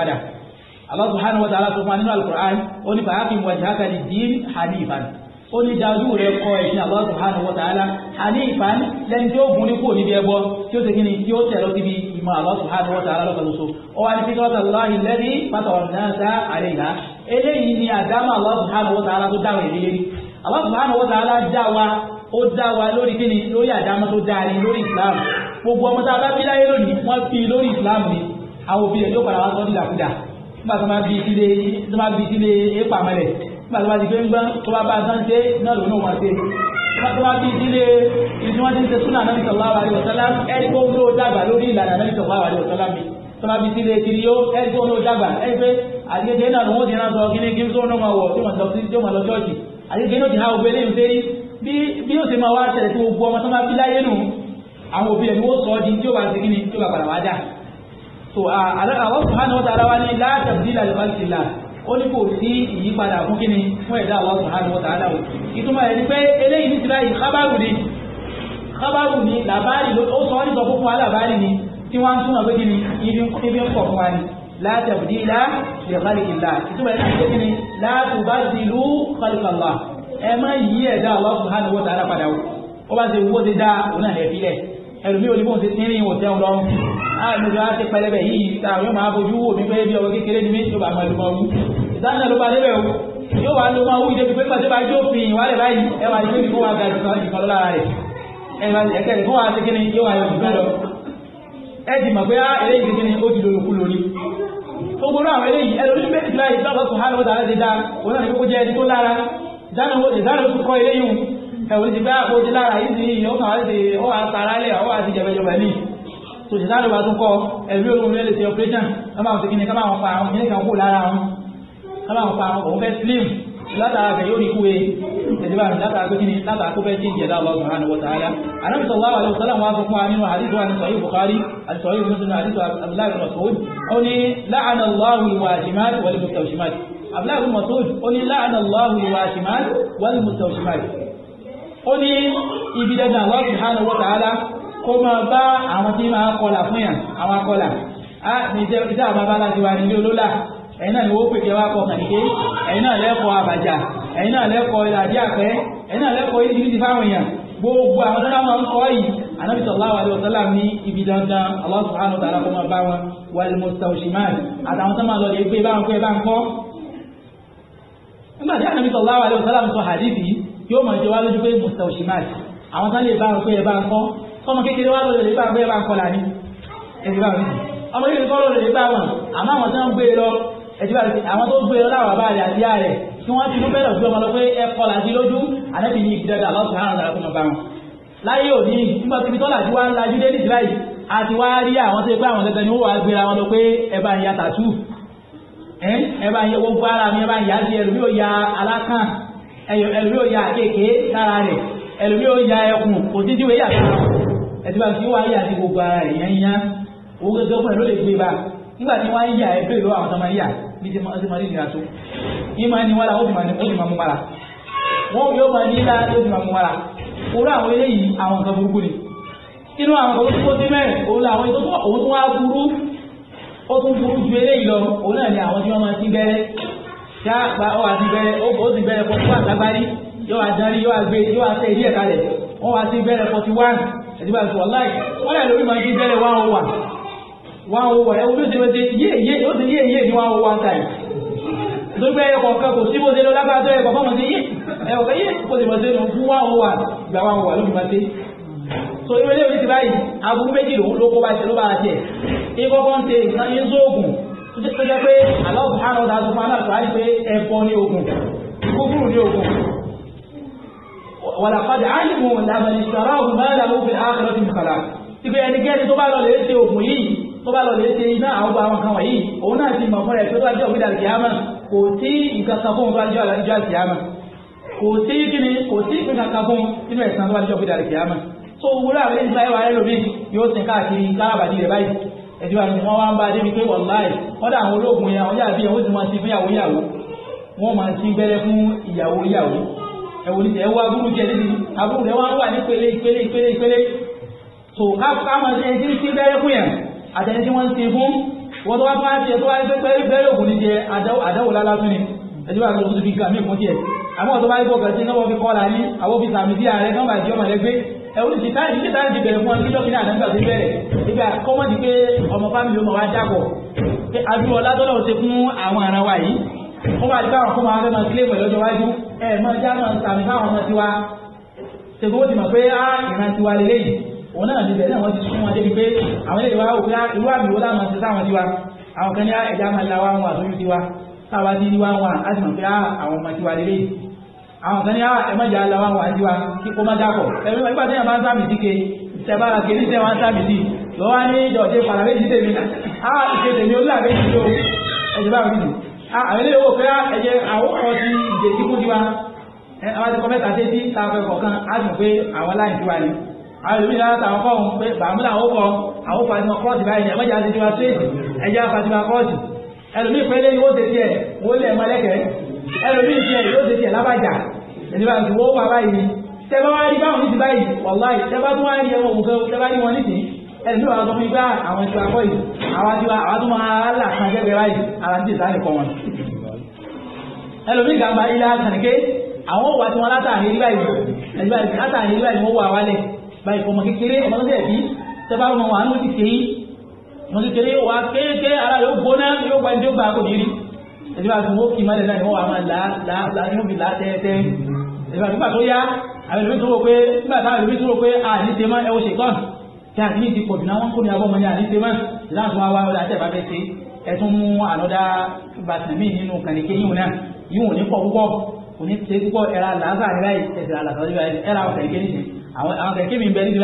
yìí Allah subhanahu wa ta'ala sọ fún wa nínú al-Qur'an ó ní fàákì wajhaka lid-din hanifan ó ní dájú rẹ kọ ẹ̀sìn Allah subhanahu wa ta'ala hanifan lẹ́ni tí ó gun ní kúrò níbi ẹbọ tí ó ti kí ni tí ó tẹ̀ lọ síbi ìmọ̀ Allah subhanahu wa ta'ala lọ́kàn lóso ó wà ní fitrata Allahi allati fatara an-nasa 'alayha eléyìí ni àdámà Allah subhanahu wa ta'ala tó fi lórí islam ni àwọn òbí rẹ̀ yóò padà nígbà tó máa bí sílé tó máa bí sílé épa mẹ́lẹ̀ nígbà tó máa di pé ń gbọ́n tó bá bá a sáńté náà lòun náà wọ́n ṣe nígbà tó máa bí sílé ibi tí wọ́n ti ń ṣe súnà Ànábì sallallahu alaihi wasallam ẹni tó ń lò dàgbà lórí ìlànà Ànábì sallallahu alaihi wasallam mi tó máa bí sílé kiri yó ẹni tó ń lò dàgbà ẹni pé àdìgẹ́gẹ́ náà lòun ti rán sọ kíní kí tó ń wọ̀ tí wọ́n lọ ṣọ́ọ̀ṣì àdìgẹ́gẹ́ náà ti ha ògbé lẹ́yìn ọmọ tó tí ó so àwọn uh, subhanahu wa ta'ala wá ní la tabdila li khalqillah ó ní kò sí ìyípadà fún kíni fún ẹ̀dá àwọn subhanahu wa ta'ala o ìtumọ̀ ẹni pé eléyìí ní ti báyìí kábàrù ni kábàrù ni làbárì ó sọ ọ́ ní sọ fún wa làbárì ni tí wọ́n ń túnmọ̀ pé kíni ibi ń pọ̀ fún wa ni la tabdila li khalqillah ìtumọ̀ ẹni pé kíni la tubaddilu khalqallah ẹ má yí ẹ̀dá àwọn subhanahu wa ta'ala padà o ó bá ti wó ẹlòmí ò ní bóun ṣe ti rí ìwò tẹ́wọ̀n lọ́rùn àìlójú á ṣe pẹlẹbẹ yìí táwọn yóò máa bójú wò mí pé bí ọmọ kékeré ni mí yóò bá máa lùmọ̀ wú ìdáná ló bá débẹ̀ o yóò wá lùmọ̀ wú ìdẹ́bi pé pàṣẹ bá jó fi ìwálẹ̀ báyìí ẹ wá ìgbé ìfowó àga ìkan lọ́la rẹ̀ ẹ̀kẹ́ ìfowó àti kíni yóò wá yọjú bẹ́ẹ̀ lọ ẹ ti mọ̀ pé á ah, eléyìí ti kíni ó ti lòlùkú lórí gbogbo náà àwọn eléyìí ẹlòmí bẹ́ẹ̀ ti láyé ìtọ́kọ̀ sùn hánà ó dára ti dá òun náà ní kókó jẹ́ ẹni tó lára ìdáná ó ti kọ́ eléyìí ẹ̀wọ̀n ti bá àpòjì lára yìí sí yóò kàn wáyé sí ó wà sára lẹ̀ ó wà sí jẹ̀bẹ̀jẹ̀bẹ̀ ní tòṣì sáré wa tún kọ́ ẹ̀mí olóhùn lè ṣe operation ká máa ń sèkínì ká máa ń pa àwọn kìnìún kan kú lára wọn ká máa ń pa àwọn òun fẹ́ slim látara fẹ̀ yóò ní kú e ìjọba mi látara pé kíni látara kó fẹ́ tí ìjẹ̀dá Allah subhanahu ó ní la'ana Allahu al-washimat wal-mustawshimat abdullahi ó ní ibi dandan Allah subhanahu wa ta'ala kó máa bá àwọn tí máa kọlà fún yàn àwọn akọlà á ní iṣẹ́ àwọn bàbá láti wà nílé olólà ẹ̀yin náà ni wọ́n pèké wá kọ kàníké ẹ̀yin náà lẹ́kọ̀ọ́ àbàjá ẹ̀yin náà lẹ́kọ̀ọ́ ìlàjì àpẹ́ ẹ̀yin náà lẹ́kọ̀ọ́ ìdí ti fáwọn èèyàn gbogbo àwọn tọ́lá máa ń kọ́ yìí anábì sallallahu alaihi wasallam ní ibi dandan Allah subhanahu wa ta'ala kó máa bá wọn wal mustawshimat àtàwọn tó máa lọ lè gbé báwọn pé bá ń kọ́ nígbà tí anábì sallallahu alaihi wasallam sọ hadithi yóò máa jẹ wá lójú pé mustawshimat àwọn tán lè bá ń pé ẹ bá ń kọ́ ọmọ kékeré wá lọ́dọ̀ lè bá ń pé ẹ bá ń kọ́ làní ẹ̀dùbà mi ọmọ kékeré kọ́ lọ́dọ̀ lè bá wọn àmọ́ àwọn tán gbé e lọ ẹ̀dùbà mi àwọn tó gbé e lọ láwọn bá rẹ̀ àti ààrẹ tí wọ́n ti ló bẹ̀rẹ̀ sí ọmọ lọ pé ẹ kọ́ làdí lójú ànábì ní ya tàtú ẹ bá ya gbogbo ara mi ya sí ẹlòmíì ya alákàn ẹlòmí ò ya àkéèké lára rẹ̀ ẹlòmí ò ya ẹkùn kò sí tí wọ́n yà sí ẹtí bá ti wá yà sí gbogbo ara rẹ̀ yẹn yá owó gẹ́gẹ́ fún ẹ ló lè gbé bá nígbà tí wọ́n yà ẹ bẹ́ẹ̀ àwọn tó yà bí ti máa ti máa nira tó ìmọ̀ ni wọ́n la ó ti máa ó ti máa mú mara wọ́n yóò máa ní ilá ó ti máa mú mara òru àwọn eléyìí àwọn nǹkan burúkú ni inú àwọn nǹkan burúkú ti mẹ́rin ṣá gba ọ àti bẹ̀rẹ̀ ó ti bẹ̀rẹ̀ forty one lágbárí yóò adarí yóò àgbé yóò àtẹ ìdí ẹ̀ka rẹ̀ wọ́n wá ti bẹ̀rẹ̀ forty one ẹ̀dí bá ti wà láì wọ́n lè lórí máa ti bẹ̀rẹ̀ one oh one one oh one ẹ̀wọ́n ló ti ṣe yé yé ó ti yé yé ní one oh one time nítorí pé ẹ̀yọkọ̀ kan kò sí bó ṣe lọ lágbára tó ẹ̀yọkọ̀ fọ́mọ ti yé ẹ̀yọkọ̀ kan yé kó ti mọ̀ sí ẹ̀yọ̀ fún one oh one ìgbà one oh one ló fi so ìwé ilé ìwé ti báyìí aburú méjì ló kó bá ṣe ló bá ṣe é kọ́kọ́ ń ṣe ìsanyé sóògùn tó jẹ́ pé aláwọ̀ àrọ̀ ọ̀dà tó fana tó á pé ẹ̀fọ́ ní ogun kúkúrú ní ogun wàlàkọ́dà áyìnbó làbẹ̀lì sọ̀rọ̀ ọ̀hún máa làwọn òfin àkàrọ̀ ti kàlà ìgbé ẹnikẹ́ni tó bá lọ lè ṣe ogun yìí tó bá lọ lè ṣe iná àwọn àwọn kan wọ̀nyí òun náà ti mọ̀ fún ẹ̀ pé tó bá jẹ́ òkúta kìámà kò sí nǹkan kan fún bá jẹ́ àlàjọ kìámà kò sí kíni kò sí nǹkan kan fún nínú ẹ̀sán tó bá jẹ́ òkúta tó wúlò àwọn ẹni báyìí wà lẹ́lòmíì yóò sin káàkiri káàbàdì rẹ̀ báyìí ẹ̀sìn bá wọn wá ń bá débi pé wàláì wọ́n dà àwọn olóògùn ya àwọn yàbí yẹn ó sì máa ti fún yàwó yàwó wọ́n máa ti gbẹ́rẹ́ fún ìyàwó yàwó ẹ̀wọ̀n ìjẹ́ wá burú jẹ níbi àbúrò rẹ̀ wá wà ní pélé ìpélé ìpélé ìpélé so ká máa ṣe ẹni tí gbẹ́rẹ́ fún yẹn àtẹni tí wọ́n ti fún wọ́n tó wá fún àti ẹ̀tọ́ wáyé pẹ́ẹ́rẹ́ bẹ́ẹ̀rẹ́ ògùn ní jẹ àdáwò lálá tún ni ẹjọ́ àti ọdún fi gbà mí fún tiẹ̀ àmọ́ ọ̀tọ́ wáyé bọ̀ kẹ́sí náà wọ́n fi kọ́ la ní àwọn fi sàmì sí ààrẹ nọ́mbà ẹ̀wọ́n ti táyì ti táyì ti bẹ̀rẹ̀ fún ọ níjọ́ kí ní àdáńgbà ti bẹ̀rẹ̀ nígbà kọ́mọ́ ti pé ọmọ fámìlì ọmọ wa jábọ̀ pé adúlọ ládọ́lọ́ ṣe fún àwọn ará wa yìí wọ́n bá ti bá àwọn kọ́mọ akẹ́kọ̀ọ́ máa kílé pẹ̀lú ọjọ́ wájú ẹ̀ máa já máa sàmì fáwọn ọmọ tiwa ṣègbè ó ti mọ̀ pé á ìran tiwa lélẹ́yìí òun náà níbẹ̀ náà wọ́n ti sún wọn débi pé àwọn ilé wa ó pé irú àmì wo láwọn àwọn kan ní ah, ẹmọ́jà aláwọ̀ àwọn àjíwá kí kó má dákọ̀ ẹ̀rọ ìgbà tí ẹ̀mọ́ sáàmì sí ke ìṣẹ̀bá kìí sí ẹ̀wọ̀n sáàmì sí lọ́wọ́ ní ìjọ̀dé pàlàbẹ́jì tèmi náà ah, ìṣẹ̀tẹ̀ mi ó lábẹ́jì tó ẹ̀jẹ̀ bá rí nì ah, àwọn ilé owó fẹ́ ẹ̀jẹ̀ àwòkọ́ ti ìjẹ̀sí fún tiwa àwọn ti kọ́ mẹ́ta dé sí tààfẹ́ kọ̀ọ̀kan á sì pé àwọn láì tiwa ni àwọn ìlú ìlànà tàwọn kọ́ ọ̀hún pé bàmú làwọn kọ́ àwọn fatima kọ́ọ̀tì báyìí ni ẹ̀mọ́jà ti tiwa sí ẹ̀jẹ̀ fatima kọ́ọ̀tì ẹlòmíì pẹ́lẹ́ ni ó ti tiẹ̀ wọ́n lé ẹ̀mọ́ lẹ́kẹ̀ẹ́ ẹlòmíì tiẹ̀ yóò ti tiẹ̀ lábàjá ẹni bá ti wọ́n wà báyìí tẹ́bá wá rí báwọn níti báyìí wàláì tẹ́bá tó wá rí ẹwọ̀n nǹkan tẹ́bá rí wọn níti ẹni tó wà sọ fún igbá ah, àwọn ìtura kọ́ yìí àwọn àti àwọn tó máa là kan jẹ́gbẹ́ báyìí ara ti sáré kọ́ wọn. ẹlòmíì gàmbá ilé àtànìké àwọn òwà tí wọn látàrí rí báyìí ẹni báyìí látàrí rí báyìí wọn wà wálẹ̀ báyìí ọmọ kékeré ọmọ tó tẹ̀ bí tẹ́bá wọn wà ní ti mo kékeré wa kéèké ara yóò gbóná yóò gba ẹni tó gba kò ní rí ẹni bá ìgbà nígbà tó yá àwọn ìlú tó rò pé nígbà táwọn ìlú tó rò pé a ní tèmọ́ ẹ wo ṣe kọ́ọ̀nù tí a ti ní ti pọ̀ jù náà wọ́n kó ní abọ́ ọmọ yẹn a ní tèmọ́ ìlànà tó wá wá ọ̀dà àtẹ̀bá fẹ́ ṣe ẹ tún mú ànọ́dá bàtàn míì nínú kànìké yìí náà yìí wò ní pọ̀ púpọ̀ kò ní ṣe púpọ̀ ẹ̀rà làásà ní báyìí ẹ̀sẹ̀ àlàsà ní báyìí ẹ̀rà àwọn kànìké nìyí àwọn kànìké mi bẹ níbi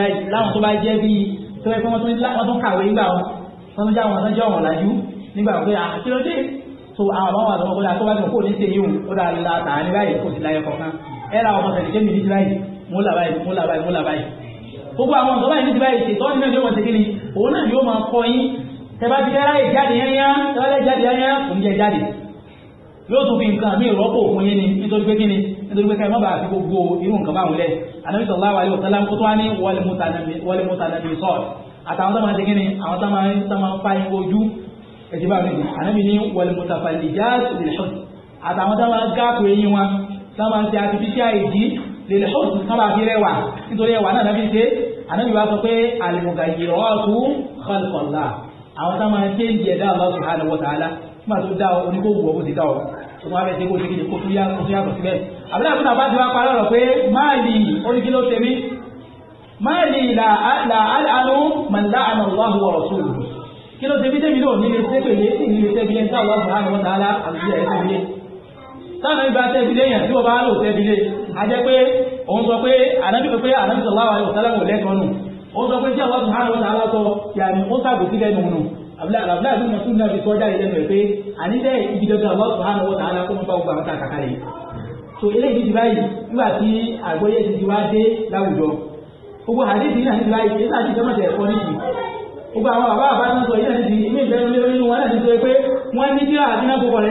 báyìí ẹ̀rà ọmọ tẹ̀lẹ̀kẹ́ mi níbi báyìí mo là báyìí mo là báyìí mo là báyìí gbogbo àwọn ọ̀dọ́ báyìí níbi báyìí ṣètọ́ nínú ìwọ̀n ṣe kíni òun náà yóò máa kọ́ yín tẹ́bá ti dára ìjáde yẹn yá tẹ́bá lẹ́ jáde yẹn yá kò ní jẹ jáde yóò tún fi nǹkan mi rọ́pò fún yín ni nítorí pé kíni nítorí pé ká má bàa fi gbogbo irú nǹkan báwọn lẹ̀ Ànábì sallallahu alaihi wasallam kó tó wá ní wal mutanammisat àtàwọn tó máa ṣe kíni àwọn tó máa ń tó máa ń fa yín ojú ẹ̀sìn bá mi ní Ànábì ní wal mutafallijat lil husn àtàwọn tó máa gáàkó eyín wọn sábà ń ṣe artificial èjì lèlè ó sì sábà fi rẹwà nítorí ẹwà náà dábí ṣe ànábì wa sọ pé àlùmọ̀gà yìí ọ̀ọ́tù kọlùkọ̀lá àwọn sábà ń ṣe ń jẹ dáhùn lọ́sùn hàn wọ́n tààlà nígbà tó dá ọ oníkóòwò ọ̀bùn ti dá ọ tó máa bẹ ṣe kó ṣe kí ni kó tún yàtọ̀ síbẹ̀ àbúrò àbúrò àbá ti wá parí ọ̀rọ̀ pé máàlì oníkí ló tẹ̀mí máàlì làálàánú màlá àná ọlọ́hùn ọ̀rọ̀ sóòlù kí ló tẹ̀mí tẹ̀mí náà nílé tẹ́pẹ̀lẹ́ nílé tẹ́pẹ̀lẹ́ ń sáànà ìbá tẹ́bílé yàn tí wọ́n bá lò tẹ́bílé a jẹ́ pé òun sọ pé ànábì pé ànábì sallallahu alaihi wasallam lẹ́kọ̀ọ́ nù ó sọ pé tí Allah subhanahu wa ta'ala sọ yàní ó sàbò sí lẹ́nu nù àbúlá àbí mọ̀tún náà fi sọ́jà ilẹ̀ nù pé àníjẹ́ ibi gẹ́gẹ́ Allah subhanahu wa ta'ala kó ń bá gbogbo àwọn tá a kàkà rè so eléyìí ti báyìí nígbà tí àgbọ́yé ti wá dé láwùjọ gbogbo àdéhìí náà ti báyìí èyí láti dẹ́mọ̀tẹ̀ ẹ̀kọ́ níbi gbogbo àwọn bàbá àbá náà sọ yìí náà ti ilé ìfẹ́ lórí wọn náà ti sọ wọ́n ní tíra àti náà kókọ̀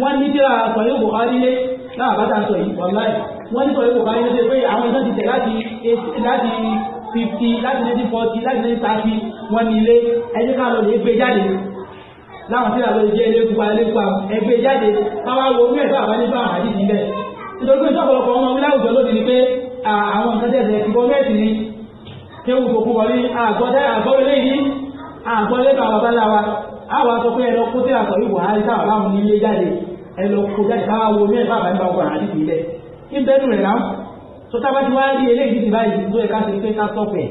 wọ́n ní tíra sọ̀yìn Bukhari lé náà bá ta sọ yìí wàláì wọ́n ní sọ̀yìn Bukhari lé pé àwọn ìtàn ti tẹ̀ láti láti fifty láti nineteen forty láti nineteen thirty wọ́n ní ilé ẹjẹ́ ká lọ lè gbé jáde láwọn tíra lọ lè jẹ́ ilé gbogbo alẹ́ gbà ẹgbẹ́ jáde káwá wo ní ẹ̀fọ́ àbájá bá àwọn àdìsí bẹ́ẹ̀ nítorí pé ìjọpọ̀lọpọ̀ wọn wí láwùjọ lóde ni pé àwọn nǹkan tẹ̀sẹ̀ ti bọ́ mẹ́ẹ̀sì ni kéwù tó kú wọlé àgbọ̀dẹ́ àgbọ̀rẹ́ lẹ́yìn àgbọ̀lẹ́gbà babaláwa àwọn àtọ́kùn ẹ̀rọ kó tí àtọ̀ ìwà àìsàn àbáwọn nílé jáde ẹ lọ kó wo ní ẹ̀fà àbáyé bá wọ àdí ìbílẹ̀ ìbẹ́nu rẹ̀ náà tó tábà ti wá rí eléyìí ti báyìí tó ẹ̀ka ti pé ká sọ̀fẹ̀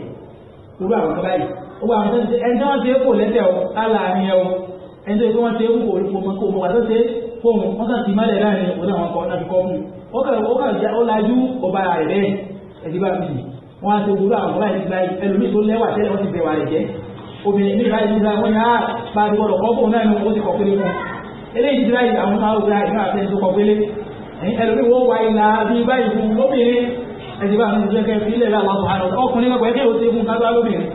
irú àwọn tó báyìí ó wà àwọn tẹ́lẹ̀ ẹni tí wọ́n ṣe é kò o lálà ni ẹ o ẹni tó yẹ kó wọ́n ṣe é kò orí fòmọ́ kò mọ̀ wà tó ṣe fóun wọ́n sàn ti mọ́lẹ̀ láàrin òun àwọn kan náà fi kọ́ fún un ó kàn ó lajú ọba rẹ̀ bẹ́ẹ̀ ẹ̀dí bá mi wọ́n á ṣe àwọn ọba báyìí ti bẹ̀wà rẹ̀ jẹ́ obìnrin eléyìí ti báyìí àwọn máa wúra ìmọ̀ àti ẹni tó kọ gbélé ẹlòmí wọ́n wá ìlà bíi báyìí fún lóbìnrin ẹ̀sì bá mi jẹ́ kẹ́ fi ilẹ̀ láwọn àwọn àrùn ọkùnrin lọ́pọ̀ ẹ̀kẹ́ òsè fún kábà lóbìnrin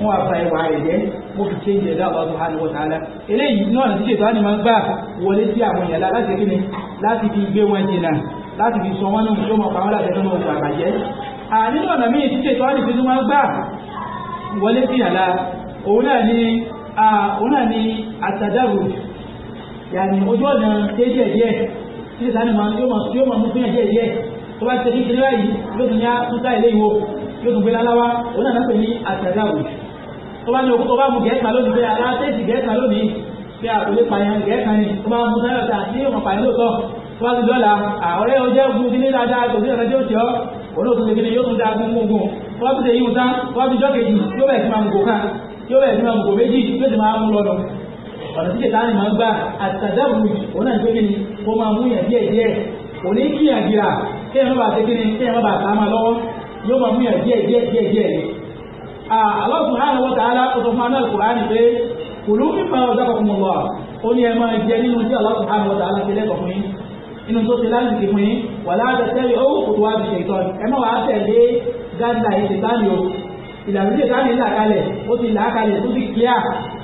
wọn àbá ìwà ẹ̀jẹ̀ mo fi ṣe ìjẹ̀dá àwọn àwọn àwọn àlá eléyìí náà ti ṣètò àni máa ń gbà wọlé sí àwọn èèyàn láti kí ni láti fi gbé wọn jìnnà láti fi sọ wọn ní ìṣó pàmò láti yàní ojú ọ̀nà déédéé díẹ̀ tí sani máa yóò máa mú fún ẹ̀jẹ̀ díẹ̀ tó bá ti ṣe kékeré báyìí yóò tún yá tún ilé ìwo yóò tún gbé láláwá òun náà pè ní àtàdá òjò tó bá ní òkú tó bá mú gẹ̀ẹ́sà lónìí pé ara tẹ́sì gẹ̀ẹ́sà lónìí pé àkọlé pààyàn gẹ̀ẹ́sà ni tó bá mú sáyọ̀ tà sí ìwọ̀n pààyàn lóòótọ́ tó bá ti dọ́là ọ̀nà tí ṣètánì máa ń gbà àtàdáwùj òun náà gbé ó máa mú yàn díẹ̀ díẹ̀ òní kíyàn dìrà kí ẹ̀mọ́ bá ṣe kíni kí ẹ̀mọ́ bá sàmà lọ́wọ́ yóò máa mú yàn díẹ̀ díẹ̀ díẹ̀ díẹ̀ ni. Allah subhanahu wa ta'ala ó sọ fún aná al-Qur'ani pé kulu mimma razaqakumullah ó ní ẹ máa jẹ nínú tí Allah subhanahu wa ta'ala ṣe ti là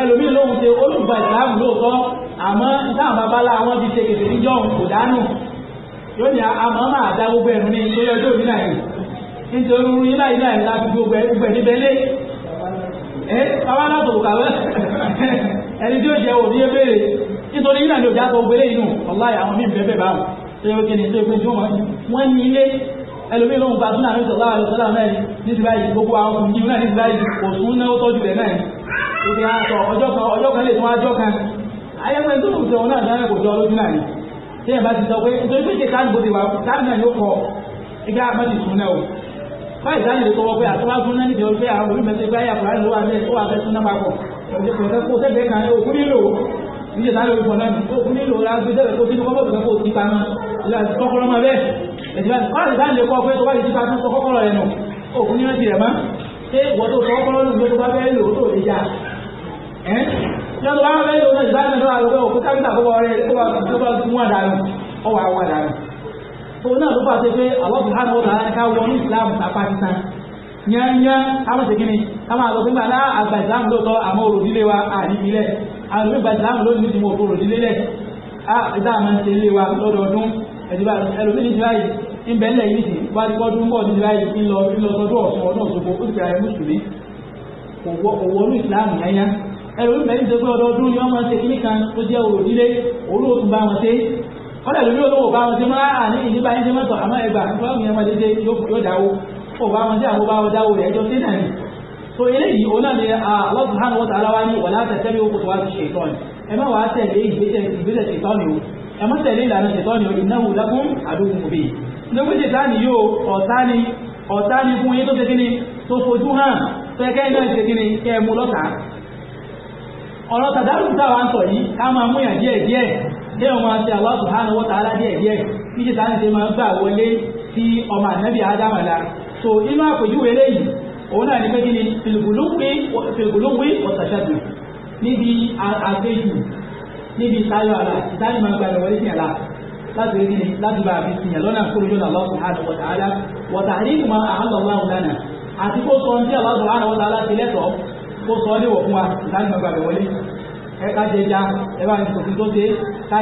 ẹlòmíì lóhun ṣe olùgbà ìsìláàmù lóòótọ́ àmọ́ ìtàn bàbá la wọn ti ṣe kèsì níjọ́ kò dánù yóò ní àmọ́ máa dá gbogbo ẹ̀rù ní nítorí ọjọ́ òní náà yìí nítorí orí náà yìí náà láti gbogbo ẹ̀rù níbẹ̀ lé ẹ bàbá náà tó kàwé ẹni tí ó jẹ òní ebéèrè nítorí yìí náà ni òjá tó gbélé inú ọláyà àwọn mí ẹlòmí lóhun pa súnà àmì sọ̀lá àlọ́ sọ́lá mẹ́rin ní ti báyìí gbogbo àwọn ọkùnrin yìí náà ní ti báyìí kò sún náà ó tọ́jú rẹ̀ náà ó fi hàn sọ ọjọ́ kan ọjọ́ kan lè tún ajọ́ kan ayẹ́pẹ́ tó kù sẹ́wọ̀n náà dáná kò jọ lójú náà ni tí ẹ̀ bá ti sọ pé nítorí pé ṣètàn bó ti wà táàmì náà yóò kọ ẹgbẹ́ àmọ́ ti sún náà o báyìí sáà lè tọwọ́ pé àtọ́wá sún náà ní ìjọba lórí fún ọlọ́run ó fún nílò ra gbé dẹ́rẹ̀ kó sínú kọ́kọ́rọ́ ìgbà kó ti pa mọ́ ìlà kọ́kọ́rọ́ máa bẹ́ẹ̀ ẹ̀sìn báyìí kọ́lá ìdá lè kọ́ pé tó bá ti pa tó sọ kọ́kọ́rọ́ rẹ̀ nù ó fún nílò tirẹ̀ mọ́ pé wọ́n tó sọ kọ́kọ́rọ́ nù tó bá bẹ́ẹ̀ lò tó lè jà ẹ́ lọ́dọ̀ bá bẹ́ẹ̀ lò náà ìbá náà lọ́wọ́ àlọ́wọ́ òkú káńtà kọ́kọ́ rẹ̀ tó bá mú àdánù ọ wà wà dánù òun náà ló fà ṣe pé àwọn buhari wọn kà ká wọ ní Islam ta Pakistan yányá káwọn ṣe kíni káwọn àgbẹ̀ fún gbàdá àgbà Islam lóòótọ́ àmọ́ òròdílé wa àní ilẹ̀ àwọn ìgbà ìsìlámù lónìí ti mú òkúrò nílé lẹ̀ ìdá máa ń ṣe ilé wa lọ́dọọdún ẹ̀dùbà ẹlòmíì ní tíráyì ń bẹ̀ ńlẹ̀ yìí wá ní pọ́dún bọ̀ ní tíráyì ń lọ ń lọ sọdún ọ̀sán ọdún òṣogbo ó sì fi ààrẹ mùsùlùmí òwò olú ìsìlámù yányá ẹlòmíì bẹ̀ ń ṣe pé ọdọọdún ni wọ́n máa ń ṣe kíní kan tó jẹ́ òrò nílé òrò òtún bá wọn ṣe kọ́lá so eléyìí òun náà ni ah, Allah subhanahu wa ta'ala ní wala tattabi'u khutuwati shaytan ẹ má wàá tẹ̀lé ìgbésẹ̀ ṣètọ́ ni o ẹ má tẹ̀lé ìlànà ṣètọ́ ni o innahu lakum aduwwun mubin nígbà tí táà ní yóò ọ̀tá ni ọ̀tá ni fún yín tó ṣe kíni tó fojú hàn fẹ́kẹ́ náà ṣe kíni kẹ́ ẹ mú lọ́tà ọ̀rọ̀ tàdárù táwa ń sọ yìí ká máa mú yàn díẹ̀ díẹ̀ dé ọmọ Allah subhanahu wa ta'ala díẹ̀ díẹ̀ kí ṣe táà ń ṣe máa gbà wọlé sí ọmọ ànábì ádámà so inú àpèjúwe eléyìí òun náà ní pé kí ni fìlùgùlùwé ọ̀sàṣàdù níbi àgbéjù níbi ìtayọ̀ àlà ìtayọ̀ máa gba ìwọlé sí àlà láti rí ni láti bá àfi sìyàn lọ́nà kúrò yóò lọ́wọ́ subhanahu wa ta'ala wọ̀tà àríwú máa àhàlọ́ láwùn lánàá àti kó sọ ní Allah subhanahu wa ta'ala ti lẹ́tọ̀ọ́ kó sọ ní wọ̀fún wa ìtayọ̀ máa gba ìwọlé ẹ ká jẹ ẹja ẹ bá ní tòfin tó ṣe ká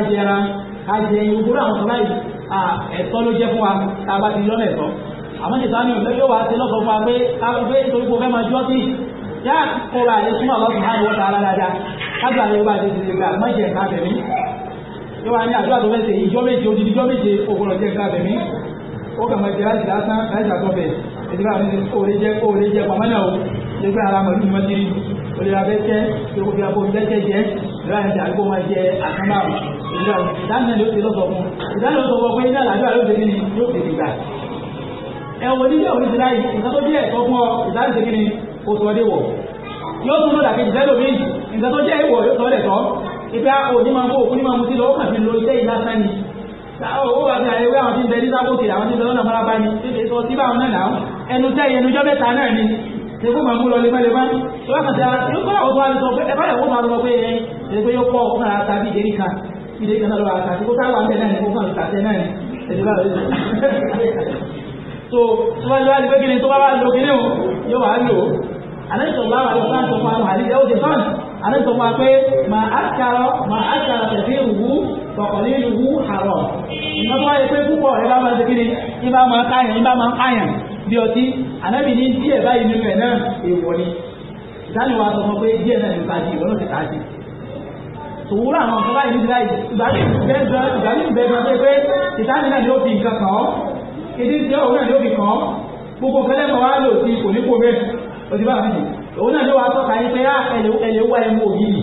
jẹ àmọ́ ṣètánì ò yóò wá sí lọ́sọ̀ fún wa pé káwé nítorí pé o fẹ́ máa jọ́ sí yá kó ra ẹ̀ súnmọ́ lọ́sùn hàn wọ́n tààrà dáadáa kájà rẹ̀ bá ti ti ti gbà mọ́ ìjẹ̀ nǹkan abẹ̀mí yóò wá ní àdúrà tó fẹ́ ṣe ìjọ́ méje odidi ìjọ́ méje ògbọ́dọ̀ jẹ́ nǹkan abẹ̀mí ó kàn máa jẹ láti lásán láti àtọ́fẹ̀ ìdílé àmì òòlé jẹ́ òòlé jẹ́ pàmánà o jẹ́ ìròkò fi àpò ẹ̀wọ̀n ní ìyàwó ìdílá yìí nǹkan tó jẹ́ ẹ̀tọ́ fún ọ ìdáhùn ṣe kí ni o sọ dé wọ̀ yóò tún lọ́dà kejì sẹ́lò mi nǹkan tó jẹ́ ìwọ̀ yóò sọ lẹ̀tọ́ ìfẹ́ òní máa ń kó òkú ní máa mutí lọ ó kàn fi lo iṣẹ́ yìí lásán ni ó wà bíi àyẹ̀wé àwọn tí ń bẹ ní sábòkè àwọn tí ń bẹ lọ́nà faraba ni ètò ọtí bá wọn náà ẹnu tẹ́ ẹnu jọ́ mẹ́ta náà ni ṣèkú màmú lọ lépẹ́lépẹ́ tó bá kàn sí ara yóò kọ́ àwọn tó wà ní sọ pé ẹ bá yẹ kó máa lọ pé ẹ ẹ pé náà lọ́wọ́ àtàkì kó táwọn àbẹ̀ náà ni kó kàn tàṣẹ náà ni ẹ̀dùn bá rẹ̀ so tó bá lọ́wọ́ àdìgbé kìíní tó bá wà lò kìíní o yóò wà lò àlẹ́sọ̀ bá wà lọ́wọ́ àti ọ̀pọ̀ àwọn àdìgbé ó ti tán àlẹ́sọ̀ bá pé mà á kàrọ̀ mà á kàrọ̀ tẹ̀sí ìwú kọ̀kọ̀lé ìwú àrọ̀ ìmọ̀ tó bá yẹ pé púpọ̀ ẹ bá máa ṣe kìíní ní bá máa káyàn ní bá máa káyàn bí ọtí ànábì ní díẹ̀ báyìí nínú ẹ̀ náà èèwọ̀ ni ìdánilwà sọ fún pé díẹ̀ náà nípa ti ìwọ́n ti káàdì tòwúrò àwọn ọ̀sán báyìí níbi láì ìgbà tí ìgbà tí ìgbà tí èdè tí ọ̀hún náà ló fi kàn án gbogbo kẹlẹ́ kan wá lò sí kò ní kó bẹ́ẹ̀ òtí bá mi òun náà ló wá tọ́ka yín pé ah, ẹ̀lẹ́ wá ẹmu ògiri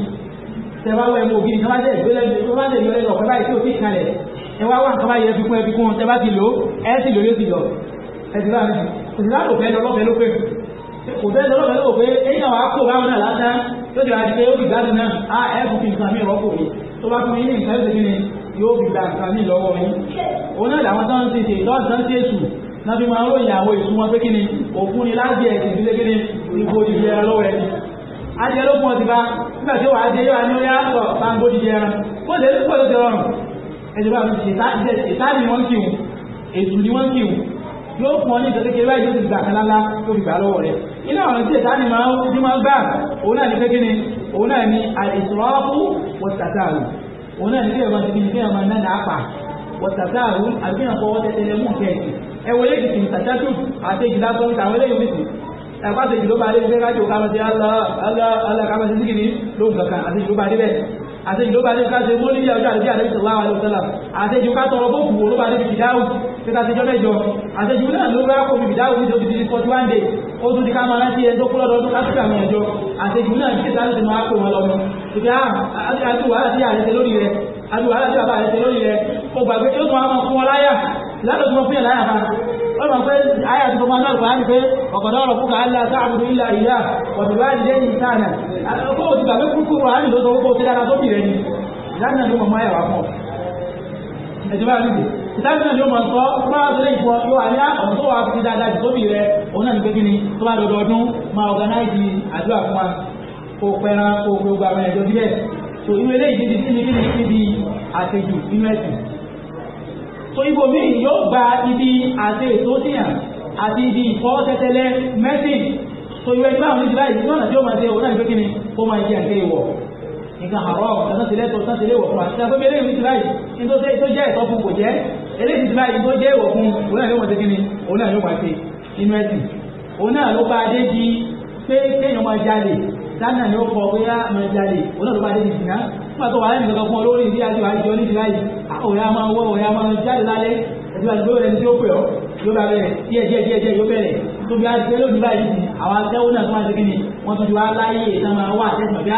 tẹ bá wá ẹmu ògiri tó bá dẹ̀ gbé lẹ́nu tó bá dẹ̀ yọ lẹ́nu ọ̀pẹ́ báyìí tí ò sí kalẹ̀ ẹ wá wá nǹkan báyìí ẹ fi kún ẹ fi kún tẹ bá ti lò ẹ sì lò yóò ti lọ ẹtì bá mi òtí bá lò fẹ́ lọ lọ́fẹ́ ló pé kò fẹ́ lọ lọ́fẹ́ ló pé eyín àwọn akó báwọn náà lásán yóò ti wá di pé ó fi gbádùn náà á ah, ẹ fún fi nǹkan mi rọ́pò mi tó bá fún yín ní nǹkan yóò òun náà làwọn tán ti tètè lọ́sàn tí èsù náà fi máa ń ròyìn àwọn èsù wọn pé kíni òfun ni láti ẹ̀sìn sílé kíni ìbò ìdíje ẹran lọ́wọ́ ẹni ajẹ́ ló fún ọ ti bá nígbà tí wàá jẹ yóò ní ó yá sọ bá ń bó ìdíje ẹran bó ṣe pọ̀ ló ti rọrùn ẹ̀sìn bá mi ìtàní wọn kì wọn èsù ni wọn kì wọn yóò fún ọ ní ìtọ́ kékeré báyìí tó ti gbà kan lálá tó fi gbà lọ́wọ́ rẹ̀ ilé ọ̀rọ̀ tí ìtàní máa ń gbà òun náà ní pé kíni òun náà ní àìsàn ọ̀pù wọ́n ti tàtà rẹ̀ òun náà ní pé ọmọ ti fi ní pé ọmọ náà nà á pa wọ̀tàtà àrùn àbí àfọwọ́ tẹ́tẹ́lẹ́ mú kẹ́ẹ̀kì ẹ wọlé kìkì tàtàtù àtẹ́jì lásán tàwọn eléyìí nìkú ẹ̀kọ́ àtẹ́jì ló bá dé ṣe rájò kámẹ́sì alákàmẹ́sì síkìní lóhùn kankan àtẹ́jì ló bá dé bẹ́ẹ̀ àtẹ́jì ló bá dé ká ṣe mú nílé ọjọ́ àdébí àdébí sọ̀rọ̀ àwọn ọ̀sẹ̀lá àtẹ́jì ká tọrọ bó kùwò ló bá dé bìdáwù kíkà ṣe jọ́mẹ́jọ àtẹ́jì náà ló bá kó bìdáwù ní ojú ti forty one day ó tún ti ká máa rántí ẹni tó kúrọ̀ lọ́dún ká síkà mẹ́jọ àtẹ́jì náà ti ṣe sáré ti máa kó wọn lọ́mọ ìgbà àti wàhálà sí àrẹ́sẹ̀ lórí rẹ̀ àti wàhálà tí bàbá rẹ̀ ṣe lórí rẹ̀ ó gbàgbé yóò tún àwọn fún ọ láyà lálẹ́ tí wọ́n fún yàn láyà bá wọ́n mọ̀ pé àyà tó máa náà kọ́ á ní pé ọ̀kọ̀dọ̀ ọ̀rọ̀ fún kàálà sáàbùdù ilà ìyá ọ̀dùnlá ìdílé ní ìtànà kó o ti gbàgbé kúkú wà á nílò tó kó o ti dára tó bì rẹ ni ìdáná ló mọ̀ mọ́ ẹ̀wà fún ọ. ẹ̀jẹ̀ bá mi dì ìdáná ló mọ̀ sọ bá a sọlé ìfọ yóò àyà ah, ọ̀n tó wà fi dáadáa tó bì rẹ òun náà ní pé kíni tó bá dọdọọdún máa ọ̀gánáìdì àdúrà fún wa kó pẹ́ran kó gbogbo àwọn ẹ̀jọ́ so irú eléyìí níbi sí níbi níbi àtẹjù nínú ẹ̀sìn so ibo míì yóò gba ibi àti ètò síyàn àti ibi ìfọwọ́tẹ́tẹ́lẹ́ mẹ́sìn so irú ẹgbẹ́ àwọn ìdílé yìí lọ́nà tí ó máa ṣe òun náà ní pé kí ni ó máa jẹ àti ìwọ̀ nǹkan àrọ́ ọ̀tọ́sílẹ̀ tó sásílẹ̀ wọ̀ fún àti àgbẹ̀mí eléyìí ti báyìí nítorí tó jẹ́ ẹ̀tọ́ fún kò jẹ́ eléyìí ti báyìí tó jẹ́ ìwọ̀ fún òun náà ló wọ́n ti kíni òun náà ló wà sí inú ẹ̀sìn òun náà ló bá dé di pé kéèyàn máa jalè dáná ni ó kọ bóyá mẹjáde olóòlùbádé ti sìnà nígbà tó wà lẹ́nu kankan fún olórí ìdí àjọ àjọ ní ìdílá yìí òyà máa wọ òyà máa jáde lálẹ́ ẹ̀dùn àti gbóyò lẹ́ni tí ó pè ọ́ yóò bá bẹ̀rẹ̀ díẹ̀ díẹ̀ díẹ̀ díẹ̀ yóò bẹ̀rẹ̀ tó bí adé lónìí báyìí àwọn akẹ́wò náà tó máa ṣe kí ni wọ́n tún ti wá láyé ìtàn máa wá àtẹ̀sán bí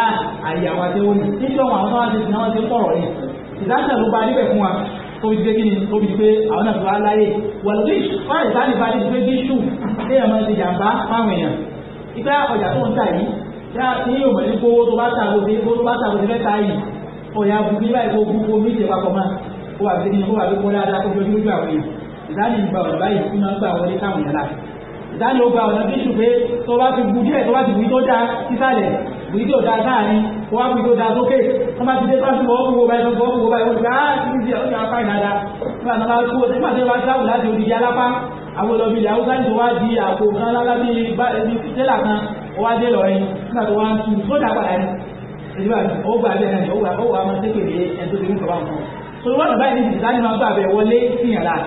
àyè àwọn akẹ́wò ni nítorí àwọn tó máa ṣe sìn àwọn ti ń pọ̀rọ̀ ni ìdáṣà ló ba níbẹ̀ fún wa tó fi ṣe kí ni tó fi pé àwọn náà tó wá láyé ti pé gíṣù tí èèyàn máa ti jàǹbá fáwọn èèyàn ìgbà ọjà tó ń tà yìí já ní yóò mọ̀ ní gbówó tó bá ta kó ti gbówó tó bá ta kó ti fẹ́ ta yìí ọ̀yà bùkún ní báyìí kó gbogbo mí ìjẹ́ papọ̀ máa kó wà sí ní kó wà ló kó dáadáa kó jọjú lójú àwọn èèyàn ìdáni ìgbà ọ̀nà báyìí tí máa ń gbà wọlé káwọn yàrá ìdáni ó gba ọ̀nà bí ṣùgbé tó bá ti bu díẹ̀ tó bá ti bu tó dáa sísàlẹ̀ bu tí ò dáa sáàrin kó wá bu tó dáa sókè tó bá ti dé sáà fún ọkùnrin báyìí tó fún ọkùnrin di àpò kan wá dé lọ́rin nígbà tó wá ń tu padà ní ìdíbà ó gbà bẹ́ẹ̀ náà ó wà ó wà máa tẹ́kẹ̀ lé ẹni tó ti ní kọ̀ọ̀bá nǹkan so wọ́n bá yìí nìyí láti máa gbà bẹ̀ wọlé síyàn láà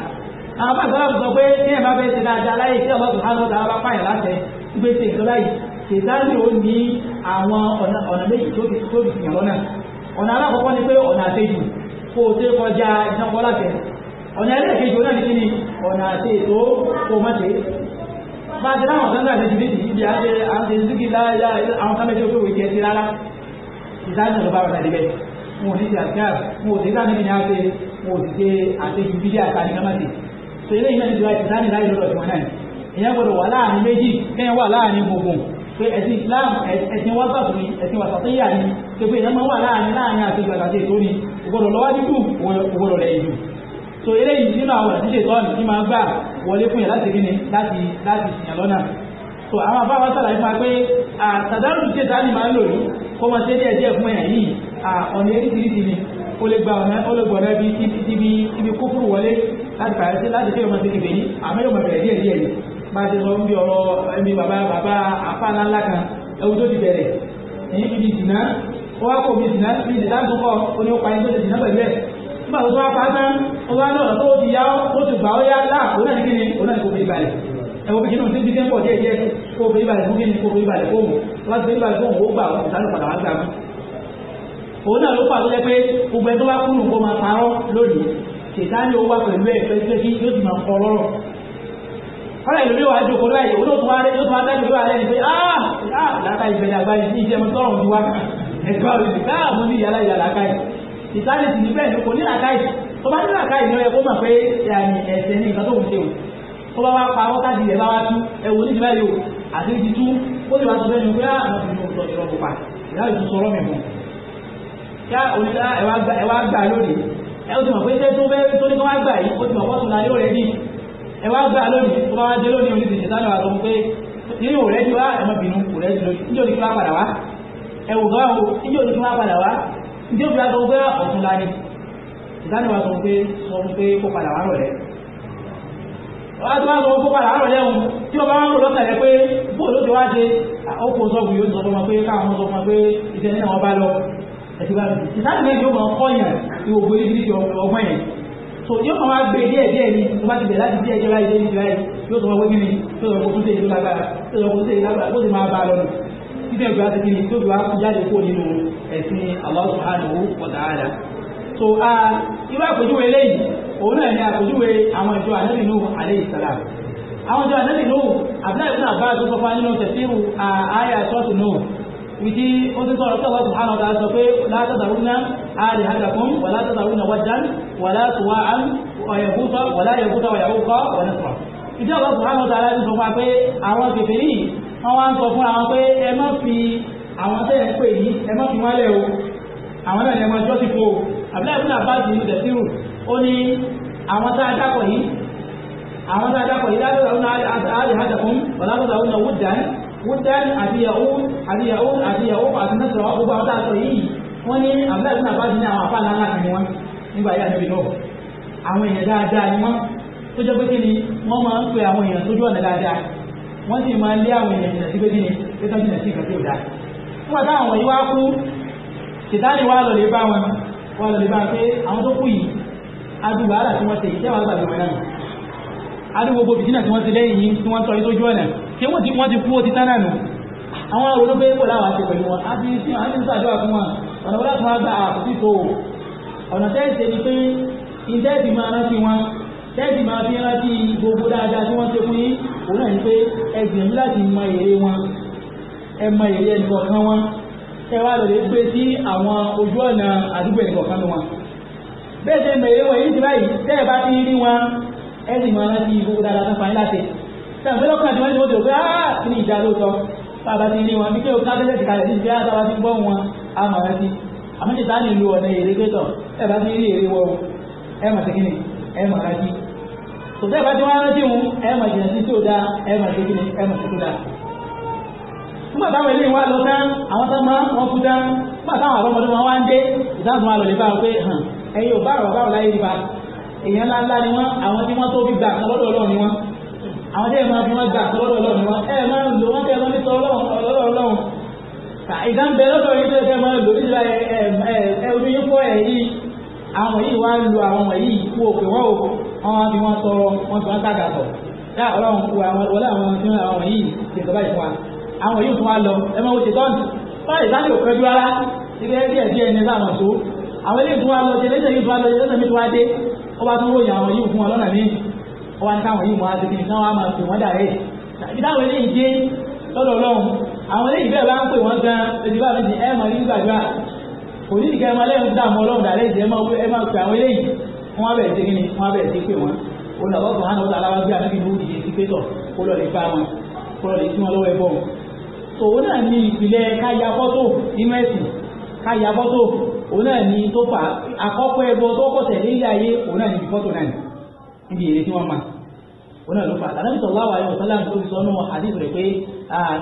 àwọn bá gbọ́dọ̀ sọ pé ní ẹ̀bá bẹ́ẹ̀ ṣe dáadáa láyé tí ọlọ́dún hánú dáa bá pààyàn láti gbé ṣe nǹkan láyé ṣètàlì ó ní àwọn ọ̀nà méjì tó ti tó ti yàn lọ́nà ọ̀nà alákọ̀ọ́kọ́ ni pé ọ̀nà àtẹ́jù kó o ṣe kọjá ìsanwó láti ọ̀nà ẹlẹ́ẹ̀kejì ó náà ní kí ni ọ̀nà àti kó o má ṣe bá ti láwọn ọ̀sán náà lẹ́jì méjì ibi àti àti ìzúkì láyà àwọn kan méjì olówó ìjẹ ti rárá ìdájọ́ ló bá wà láti bẹ́ẹ̀ wọn ò ní ti àṣkáà wọn ò sí sáà nínú àti wọn ò sì ṣe àtẹ̀jú bídí àtàní kámásì so eléyìí náà ti wá ti sáà nínú láyé lọ́dọ̀ tiwọn náà ìyẹn gbọdọ̀ wà láàrin méjì kẹ́yìn wà láàrin gbogbo pé ẹ̀sìn Islam ẹ̀sìn wọ́sàtù ni ẹ̀sìn wàsàtìyà ni pé pé ìyẹn máa wà láàrin láàrin àti ìgbàgbàsẹ̀ tó ni ògbọdọ̀ lọ́wọ́ dídùn ògbọdọ̀ lẹ́yìn dùn so eléyìí nínú àwọn àtúnṣe ìtọ́ni tí máa gbà wọlé fún yẹn láti gbìn láti láti ṣìyàn lọ́nà so àwọn àbá wa sàlàyé fún wa pé àtàdárù ṣe tání máa ń lò yìí kó máa ṣe díẹ̀ díẹ̀ fún ẹ̀yà yìí ọ̀nà eréṣiríṣi ni ó lè gba ọ̀nà ó lè gbọ̀nà ibi ibi ibi kúkúrú wọlé láti fàyà sí láti fẹ́ ọmọ sí ibẹ̀ yìí àmọ́ yóò máa bẹ̀rẹ̀ díẹ̀ díẹ̀ ni bá a ti sọ ń bí ọ̀rọ̀ ẹni bàbá bàbá apá ńláńlá kan ẹwù tó ti bẹ̀rẹ̀ ní ibi ìsìná ó wá kó omi ìsìná bí ìsìná tó kọ́ ó ní ó pa ẹni tó ti ìsìná pẹ̀lú ẹ̀ nígbà tó wá pa tán ó wá ní ọ̀nà tó ti yá ó ti gbà ó yá láàkó náà ní kíni ó náà ní kò fi balẹ̀ ẹ̀wọ̀n bí kíni ó ti fi tẹ́ńpọ̀ díẹ̀ díẹ̀ kó fi balẹ̀ fún kíni kó fi balẹ̀ fóun wá sí balẹ̀ fóun ó gbà òun ìtàn padà wá gbà mú. òun náà ló pàtó jẹ pé gbogbo ẹ tó bá kúrò kó máa parọ́ lónìí ṣètánì ó wà pẹ̀lú ẹ̀ pẹ́ẹ́sẹ́ kí yóò ti máa kọ lọ́rọ̀ kọ́lá ìlúlé wa jòkó láyé ó lóòtú wáré lóòtú wáré lóòtú wáré ní pé ah, ah, wá ẹ̀gbọ́n rẹ̀ káà ah, mú ní ìyá ìsáàlì sì níbẹ̀ ní kò ní làákàyè tó bá ní làákàyè ní ọ̀yẹ́ kó mọ̀ pé ẹ̀sẹ̀ ní nǹkan tó ń ṣe o tó bá wá pa wọ́tá di ẹ̀bá wá tú ẹ̀wò ní ìdíbà yìí o àti ti tú ó lè wá tó fẹ́ni pé àwọn ah, ti mú sọ ìrọ̀ pupa ìyá ìtú sọ̀rọ̀ mi mọ̀ yá oníṣẹ́ ẹ̀wà gbà lónìí ẹ̀ ó ti mọ̀ pé iṣẹ́ tó fẹ́ tó ní kó wá gbà yìí ó ti mọ̀ pọ́sùn láyé rẹ̀ ní ẹ̀wà gbà lónìí tó bá wá dé lónìí oníṣẹ́ ìṣẹ́ sáà lọ́wọ́ pé ní òrẹ́jú wá ẹ̀mọ́bìnrin òrẹ́jú lónìí níjọ́ ni kí wá padà wá ẹ̀wò o níjọ́ ni kí wá ìdí òbí aṣọ pé ọ̀tún la ni ìdáni wa sọ pé sọ pé kó padà wà rọ̀ lẹ́ wọ́n ti wá sọ kó padà wà rọ̀ lẹ́hùn tí ọba wà rọ̀ lọ́sẹ̀ rẹ pé bó ló ti wá ṣe ọkọ̀ sọ́ọ̀bù yóò sọ fún wọn pé káwọn sọ fún wọn pé ìṣẹ́ nínú ọba lọ ẹ̀sìn bá bìí ìsáàtì mẹ́rin yóò máa kọ́ yàn ní gbogbo ìdílé ọgbọ́n yẹn so yóò máa gbé díẹ̀ díẹ̀ ni tó bá ti bẹ̀rẹ̀ láti díẹ̀ díẹ̀ láì díẹ̀ díẹ̀ láì yóò tí ẹ̀jọ́ àti kìíní tó jùlọ á jáde kó nínú ẹ̀sìn Allah subhanahu wa ta'ala so irú àpèjúwe eléyìí òun náà ní àpèjúwe àwọn ìjọ ànábì Nuhu alayhi salam àwọn ìjọ ànábì Nuhu Abdullahi ibn Abbas tó sọfá nínú ìdí ó ti sọ̀rọ̀ pé Allah subhanahu wa ta'ala sọ pé la tadharunna alihatakum wa la tadharunna waddan wa Allah subhanahu wa ta'ala àwọn kèfèrí wọ́n wá ń sọ fún àwọn pé ẹ má fi àwọn tẹ́ ẹ pè yìí ẹ má fi wọ́n lẹ̀ o àwọn náà ni ẹ máa jọ́ sí fo àbúlá ìbúlá bá ti ní tẹ̀síwù ó ní àwọn tá a dákọ̀ yìí àwọn tá a dákọ̀ yìí lábẹ́ àwọn àlè hàjà fún ọ̀làbọ̀dà àwọn wúdàn wúdàn àti yahoo àti yahoo àti yahoo àti nẹ́sọ̀rọ̀ wọn gbogbo àwọn tá a sọ yìí wọ́n ní àbúlá ìbúlá bá ti ní àwọn àfáàlà ńlá kan ni wọ́n nígbà yà níbi náà àwọn èèyàn dáadáa ni wọ́n tó jẹ́ pé kí ni wọ́n máa ń pe àwọn èèyàn sójú ọ̀nà dáadáa wọ́n sì máa lé àwọn èèyàn jìnà sí pé kíni pé tán jìnà sí nǹkan tí ò dáa fún àtà àwọn yìí wá kú ṣètánì wá lọ lè bá wọn wá lọ lè bá pé àwọn tó kú yìí adu wàhálà tí wọ́n ṣe ìṣẹ́ wàhálà tí wọ́n yà adu gbogbo bìtínà tí wọ́n ṣe lẹ́yìn yìí tí wọ́n tọ́ yìí sójú ọ̀nà ṣé wọ́n ti wọ́n ti kú ó ti tán náà nù àwọn arúgbó pé kò láwọn àti pẹ̀lú wọn á ti sí àwọn àti sàdúrà fún wọn ọ̀nà wọlé tí òun náà pé ẹ láti mọ èrè wọn ẹ mọ èrè ẹnìkọ̀ọ̀kan wọn ẹ wá lọ lè sí àwọn ojú ọ̀nà àdúgbò ẹnìkọ̀ọ̀kan wọn bẹ́ẹ̀ ṣe mọ èrè wọn èyí ti báyìí tẹ́ ẹ bá ti rí wọn ẹ sì máa rántí gbogbo dáadáa tó fani láti tẹ̀wé lọ́kàn tí wọ́n ti wọ́n ti rò pé áá kí ni ìdá lóòótọ́ bàbá ti rí wọn bí kí o ká tẹ́lẹ̀ ti kalẹ̀ tó bẹ́ẹ̀ bá ti wá rántí mu ẹ mà jìnà sí tí ó da ẹ mà sí kíni ẹ mà sí tó da. nígbà táwọn ilé wa lọ tán àwọn tán máa wọn kú tán nígbà táwọn àrọ́mọdé wọn wá ń dé ìdáhùn wa lọ lè bá wọn pé hàn ẹ̀yin ò bá ọ̀rọ̀ báwọn láyé nípa èèyàn ńláńlá ni wọn àwọn tí wọn tó fi gbà kan lọ́dọ̀ Ọlọ́run ni wọn àwọn tí ẹ máa fi wọn gbà kan lọ́dọ̀ Ọlọ́run ni wọn ẹ máa ń lò wọn kẹ ẹ máa ń tọ Ọlọ́run Ọlọ́run ìdá ń bẹ lọ́dọ̀ yìí tó ẹ máa lò nígbà ẹ ẹ ẹ omi yín fọ ẹ yìí àwọn yìí wá ń lo àwọn wọ̀nyí kú òkè wọn o wọ́n bí wọ́n tọrọ wọ́n fi wọ́n sàgàtọ̀ dá ọlọ́run kú àwọn wọlé àwọn tí wọ́n àwọn yìí ṣe ìjọba ìfún wa àwọn yìí tún wá lọ ẹ máa wo ṣe tọ́ǹtì báyìí sáà ní òkèjú ara ilé díẹ̀ díẹ̀ ní sáà mọ̀ tó àwọn ilé ìfún wa lọ ṣe lẹ́sẹ̀ yìí tún wá lọ ṣe lẹ́sẹ̀ mi tún wá dé ó bá tún ròyìn àwọn yìí fún wa lọ́nà míì ó wá ní káwọn yìí mọ̀ wọ́n bẹ̀rẹ̀ sí kí ni wọ́n bẹ̀rẹ̀ sí pé wọ́n òun àbọ̀ sọ̀hánà ọ̀tà alábàgbé àti ìlú ìdíje sí pé tọ̀ kó lọ lè bá wọn kó lọ lè sí wọn lọ́wọ́ ẹ̀bọ̀ òun náà ní ìpìlẹ̀ káyà fọ́tò nínú ẹ̀sìn káyà fọ́tò òun náà ní tó fà àkọ́kọ́ ẹbọ tó kọ̀sẹ̀ nílé ayé òun náà níbi fọ́tò náà níbi èrè tí wọ́n máa òun náà ló fà àtàlẹ́bí sallallahu alaihi wasallam tó fi sọ́nù hadith rẹ̀ pé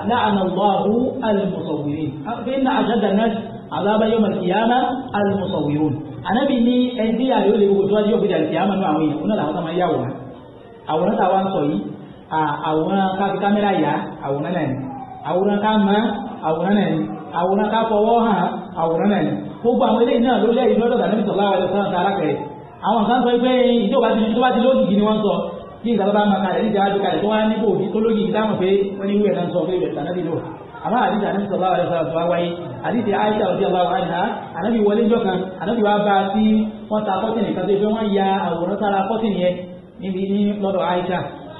la'anallahu al-musawwirin fa inna ashadda an-nas 'adaban yawm ànábì ní ẹdí àlè ó lè gbogbo tó wájú òkúta ìṣẹ́ àmọ́ àwọn èèyàn náà làwọn tó máa yàwò wọn àwòrán táwa ń sọ yìí àwòrán ká fi kámẹ́rà yà àwòrán náà ni àwòrán ká mọ àwòrán náà ni àwòrán ká fọwọ́ hàn àwòrán náà ni gbogbo àwọn eléyìí náà ló lẹ́yìn lọ́dọ̀ ànábì sọ̀lá àwọn ẹ̀sán ta alákẹ̀rẹ̀ àwọn kan sọ pé ìjọba ti lóògì ni wọ́n sọ bí ìgbà tó bá máa kalẹ̀ níjà wájú kalẹ̀ tó wá níbo tó lóògì dáhùn pé wọ́n ní wúwẹ̀ náà sọ pé ìwẹ̀ tànábì àmọ́ àdìsí ànábì sọ̀rọ̀ àwọn ẹ̀sọ́ àti wá wáyé àdìsí àìsà òdi ọ̀la wà ní ànábì wọlé jọ kan ànábì wá bá sí wọ́n ta kọ́tìnì kan tó fẹ́ wọ́n ya àwòrán sára kọ́tìnì yẹn níbi ní lọ́dọ̀ àìsà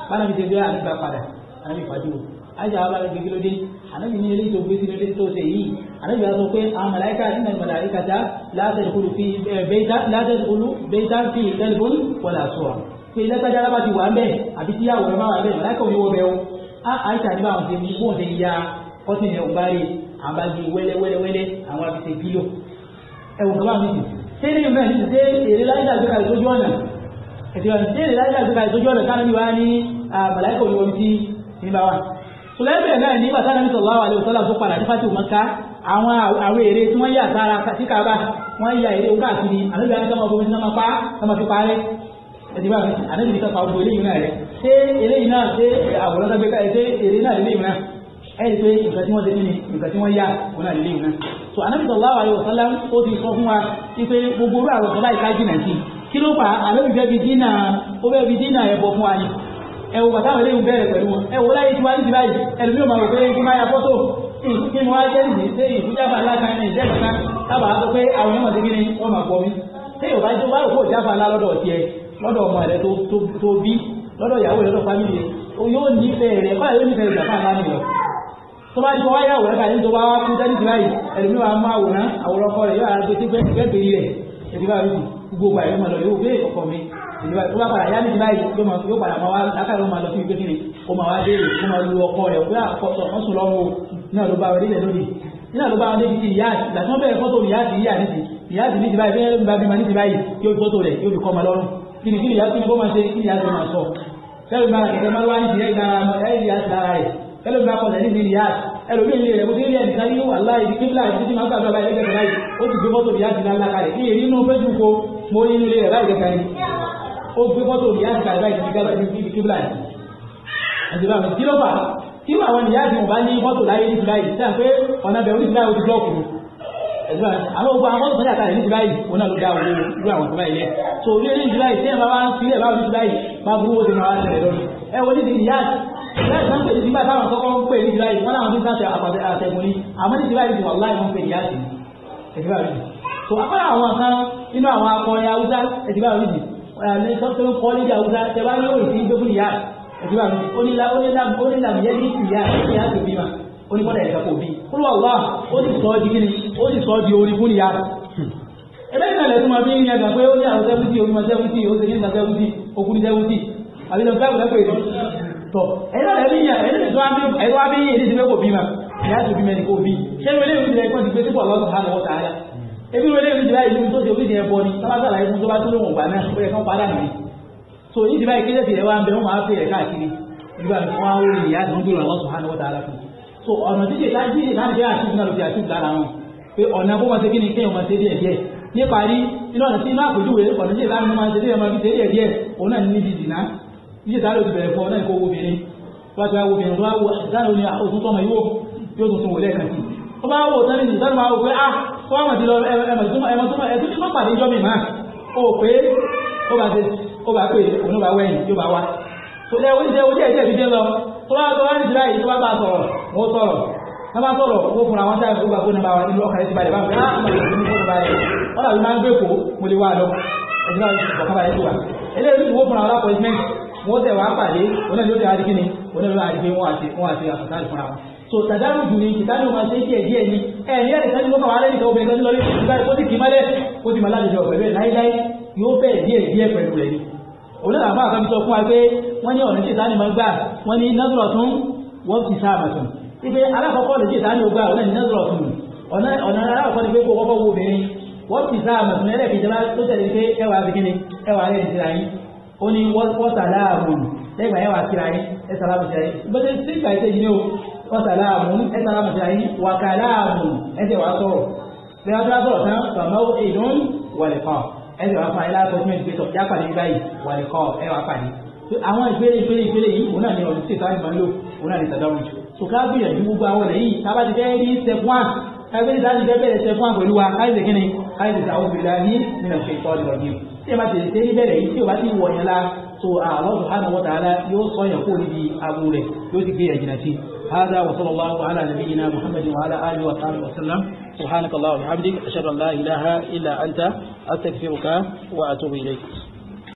bánàbí ti gbé àdìgbà padà ànábì fàdúró àìsà wà bá lọ gbégbé lóde ànábì ní ilé tó gbé sínú ilé tó ṣe yìí ànábì wá sọ pé àwọn màláìka nínú màláìka ta látẹ̀kulu bẹ́ẹ̀ta fi tẹ́lifóònù wọlé àṣọ pé lẹ́tàjà lábàtì wà ń bẹ̀ àbí tíyàwó ẹ̀ má wà ń bẹ̀ màláìka ní báwọn kọ́tìnì ẹ̀ ò bá rí àwọn bá gé wẹ́lẹ́wẹ́lẹ́wẹ́lẹ́ àwọn àfisè kílò ẹ̀wọ̀n kan bá mi sì ṣé ní ìgbà yìí ṣe èrè láìsà gbé kalẹ̀ sójú ọ̀nà ẹ̀sìn ọ̀nà ṣé èrè láìsà gbé kalẹ̀ sójú ọ̀nà káàdì wá ní màláìkà òyìnbó ti ní bá wà. sùlẹ́bẹ̀ náà ní bàtà nàbí sọ̀lá wà lóò sọ́lá tó padà ní fásitì òmùká àwọn àwọn èrè tí wọ́n yà sára sí kaba wọ́n yà èrè òkú àti àlejò àti sọmọ gómìnà máa pa sọmọ fi parẹ́ ẹ̀sìn bá mi àlejò nìkan pa gbogbo eléyìí náà rẹ̀ ṣé eléyìí náà ṣé àwòrán tó gbé kalẹ̀ ṣé èrè náà lè ẹ̀rí pé nǹkan tí wọ́n ṣe kíni nǹkan tí wọ́n yá wọn náà lè náà so anabi sallallahu alaihi wasallam ó ti sọ fún wa wípé gbogbo orú àwọn ọ̀sán báyìí ká jìnà sí kí ló fà á anabi fẹ́ fi dínà ó fẹ́ fi dínà ẹ̀bọ fún wa ni ẹ̀wò bàtà àwọn eléyìí bẹ̀rẹ̀ pẹ̀lú wọn ẹ̀wò láyé tí wọ́n ti báyìí ẹlòmíràn máa rò pé kí máa ya fọ́tò kí ni wọ́n á jẹ́ nìyí ṣé ìfújáfà alákan ní ìjẹ́ kankan tábà á sọ pé àwọn èèyàn ti kí ni wọ́n máa pọ̀ mí ṣé Yorùbá tó bá rò pé òjáfà alá lọ́dọ̀ tiẹ̀ lọ́dọ̀ ọmọ rẹ̀ tó bí lọ́dọ̀ ìyàwó rẹ̀ lọ́dọ̀ fámìlì yóò nífẹ̀ẹ́ rẹ̀ báyìí yóò nífẹ̀ẹ́ rẹ̀ bàbá alá nìyẹn tó bá ti fọwọ́ yà wòrán báyìí nítorí wàá kú dání ti báyìí ẹ̀lùmí wàá mú àwòrán àwòrán ọkọ rẹ̀ yóò ara gbé sígbẹ́ gbẹ́gbẹ́ rẹ̀ ẹ̀bí bá rí gbogbo àyè máa lọ yóò gbé ọkọ mi ìlúwa tó bá padà yá ní ti báyìí yóò máa yóò padà máa wá lákàtà máa lọ sí ibi kékeré kó máa wá béèrè kó máa lu ọkọ rẹ̀ pé àkọsọ wọn sùn lọ́wọ́ náà ló bá wọlé ilẹ̀ lónìí nínú àlọ́ bá wọn débi ti ìyá àti ìgbà tí wọ́n bẹ̀rẹ̀ fọ́tò ìyá àti ìyá àti ìyá àti ní ti báyìí bẹ́ẹ̀ bá bímọ ní ti báyìí yóò fọ́tò rẹ̀ yóò fi kọ́ ọmọ lọ́rùn kí ni kí ni ìyá kí ni bó máa ṣe kí ni ìyá àti máa sọ fẹ́ẹ́ bí máa kẹ̀kẹ́ máa wá ní ti ìyá ìlara rẹ̀ ẹlòmí bá kọsẹ̀ níbi riyad ẹlòmí ilé rẹ̀ kúndé riyad nìkan yíwà láì di kíbla ìdí tí màá gbàgbà láì lẹ́gbẹ̀ẹ́ láì ó ti gbé mọ́tò riyad ní aláka rẹ̀ ní èyí nínú facebook o mo rí inú ilé rẹ̀ láì kẹta yìí ó gbé mọ́tò riyad kan láì di kíbla ní ibi kíbla yìí. àdìbò àmì kí ló fà kí wà wọn riyad mo bá ní mọ́tò láyé ní ìfúláyì sáà pé ọ̀nà bẹ̀rù ní ìfúláyì ó ti blọ́ọ̀kù àwọn ogun àwọn ọ̀sán àtàrí ní july òun náà ló dá owó irú àwọn ìjọba ilẹ̀ so orí ní july tí ẹ bá wá ń sílẹ̀ báwọn ní july bá burú owó ti máa wá ṣẹlẹ̀ lọ́dún ẹ wọlé ní ìyá láì sáà ń pè ní nígbà táwọn kọ́kọ́ ń pè ní ìdílá yìí wọ́n láwọn tó ń sáà àpàdé àtẹ̀mú ní àmọ́ ní ìdílá yìí wà láì wọ́n pè ní yáàsì ẹ̀dígbà rẹ̀ tó apára àwọn kan nínú àwọn akọrin haúsá ẹ̀dígbà rẹ̀ ní tó ń kọ́ lédè haúsá tẹ bá lóyún sí dókúlì yáà ẹ̀dígbà rẹ̀ ó ní lámìyẹ́ ní ìyá ìyá tó bí mà tọ̀ ẹ̀yìn náà ẹ̀rí yàn ẹ̀rí tó ẹ̀rọ wá bí èdè ti fẹ́ kò bí mà ìyá tó bí mẹ́ni kò bí ṣé ìwé léwu ti rẹ̀ kọ́ ti gbé sípò lọ́sùn hàn wọ́n tààrà ebi ìwé léwu ti rẹ̀ ìlú tó ṣe oríṣi ẹbọ ni sábà sàlàyé fún tó bá tó lóun ògbà náà ó yẹ kán padà nìyí so yìí ti báyìí kéde tìrẹ wá ń bẹ wọn máa fẹ́ rẹ̀ káàkiri nígbà tí wọn á wọlé ìyá tó ń dúró lọ́sùn hàn wọ́n tààrà fún so ọ̀nà tí ìṣèlá tí ìṣèlá ń jẹ́ àtúntò náà ló fi àtúntò lára wọn pé ọ̀nà bó wọn ṣe kí ni kéèyàn máa ṣe díẹ̀ díẹ̀ níparí iná ọ̀nà tí iná àpèjúwe ọ̀nà tí ìlànà máa ṣe díẹ̀ máa fi ṣe díẹ̀ díẹ̀ òun náà níbi dìnnà iye sáré o ti bẹ̀rẹ̀ fún ọ náà kó owó obìnrin wọ́n ti wá owó obìnrin tó wá wo sáré o ní òtún tọ́mọ yóò yóò tún tún wò lẹ́ẹ̀kan sí ó bá wò sáré ní sáré máa wò pé ah ó wá màtí lọ ẹmọ̀túnmọ̀ ẹ̀tún tí wọ́n pàdé ìjọ mi máa ó pé ó bá pé òun bá wẹ̀yìn yóò bá wá tó lẹ́ orí jẹ́ orí ẹ̀jẹ̀ fífẹ́ lọ tó bá tó wá ní ìdíláyìí tó bá bá sọ̀rọ̀ wọ́n sọ̀rọ̀ tó bá sọ̀rọ̀ wọ́n fúnra wọn sáyẹn gbogbo àgbóná bá wà nínú ọkàn ẹ̀sìn balẹ̀ bá ah, wọ́n làwọn máa ń gbé kó mo lè wá lọ ẹ̀jẹ̀ bá wọ́n kọ́ wọ́n tẹ̀ wá pàdé wọn náà yóò tẹ̀ adé kíni wọn náà yóò adé wọn àti wọn àti àtàkàlì fúnra wọn. so tàdánù jù ní kìtàní wọn ṣe díẹ̀ díẹ̀ ni ẹ ní ẹ̀rẹ̀ sẹ́ni lọ́kọ̀ alẹ́ nìkan obìnrin kan lórí ìgbà tó ti kì í mọ́lẹ̀ ó ti mọ́ aládùjọ pẹ̀lú ẹ̀ láíláí yóò fẹ́ díẹ̀ díẹ̀ pẹ̀lú rẹ̀ ni. òun náà àbá àkàmì sọ fún wa pé wọ́n ní ọ̀rẹ́ kìtàní máa gbà wọ́n ní nọ́dúrọ̀ tún wọ́n ti sáàmà tún. ipe alákọ̀ọ́kọ́ lè kìtàní ògbà ọ̀nà ní nọ́dúrọ̀ tún ọ̀nà alákọ̀ọ́kọ́ ni pé kó kọ́kọ́ wo obìnrin wọ́n ti sáàmà ó ní wọ́sàláàmù lẹ́gbà yẹn wà kíra yín ẹ sàlámù sí ayé bẹ́ẹ̀ sí ìgbà ìṣẹ́jì ní o wọ́sàláàmù ẹ sàlámù sí ayé wàkàláàmù ẹsẹ̀ wà sọ̀rọ̀ bí wọ́n bá sọ̀rọ̀ tán tọ̀mọ́ ìdún wàlẹ̀kọ́ ẹsẹ̀ wà fàáyé láàtọ̀ fún ẹni pẹ̀tọ̀ já pàdé báyìí wàlẹ̀kọ́ ẹ wà pàdé àwọn ìpele ìpele ìpele yìí òun náà ni ọ̀dún tí ìtàn ìmọ̀ ń lò òun náà ni tàdáwù jù so ká gbìyànjú gbogbo àwọn ọ̀rẹ́ yìí tábà ti fẹ́ rí step one kábíyèsí láti fẹ́ bẹ̀rẹ̀ step one pẹ̀lú wa káyọ̀dé kínní káyọ̀dé sàwọn òbí la ní nínú ìṣe ìtọ́jú ọ̀gbìn tí ẹ bá tètè rí bẹ̀rẹ̀ yìí tí o bá ti wọ̀ yẹn la so Allah subhanahu wa ta'ala yóò sọ yẹn kó níbi abu rẹ̀ yóò ti gbé yẹn jìnnà sí هذا وصلى الله على نبينا محمد وعلى اله وصحبه وسلم سبحانك اللهم وبحمدك اشهد ان لا اله الا انت wà واتوب اليك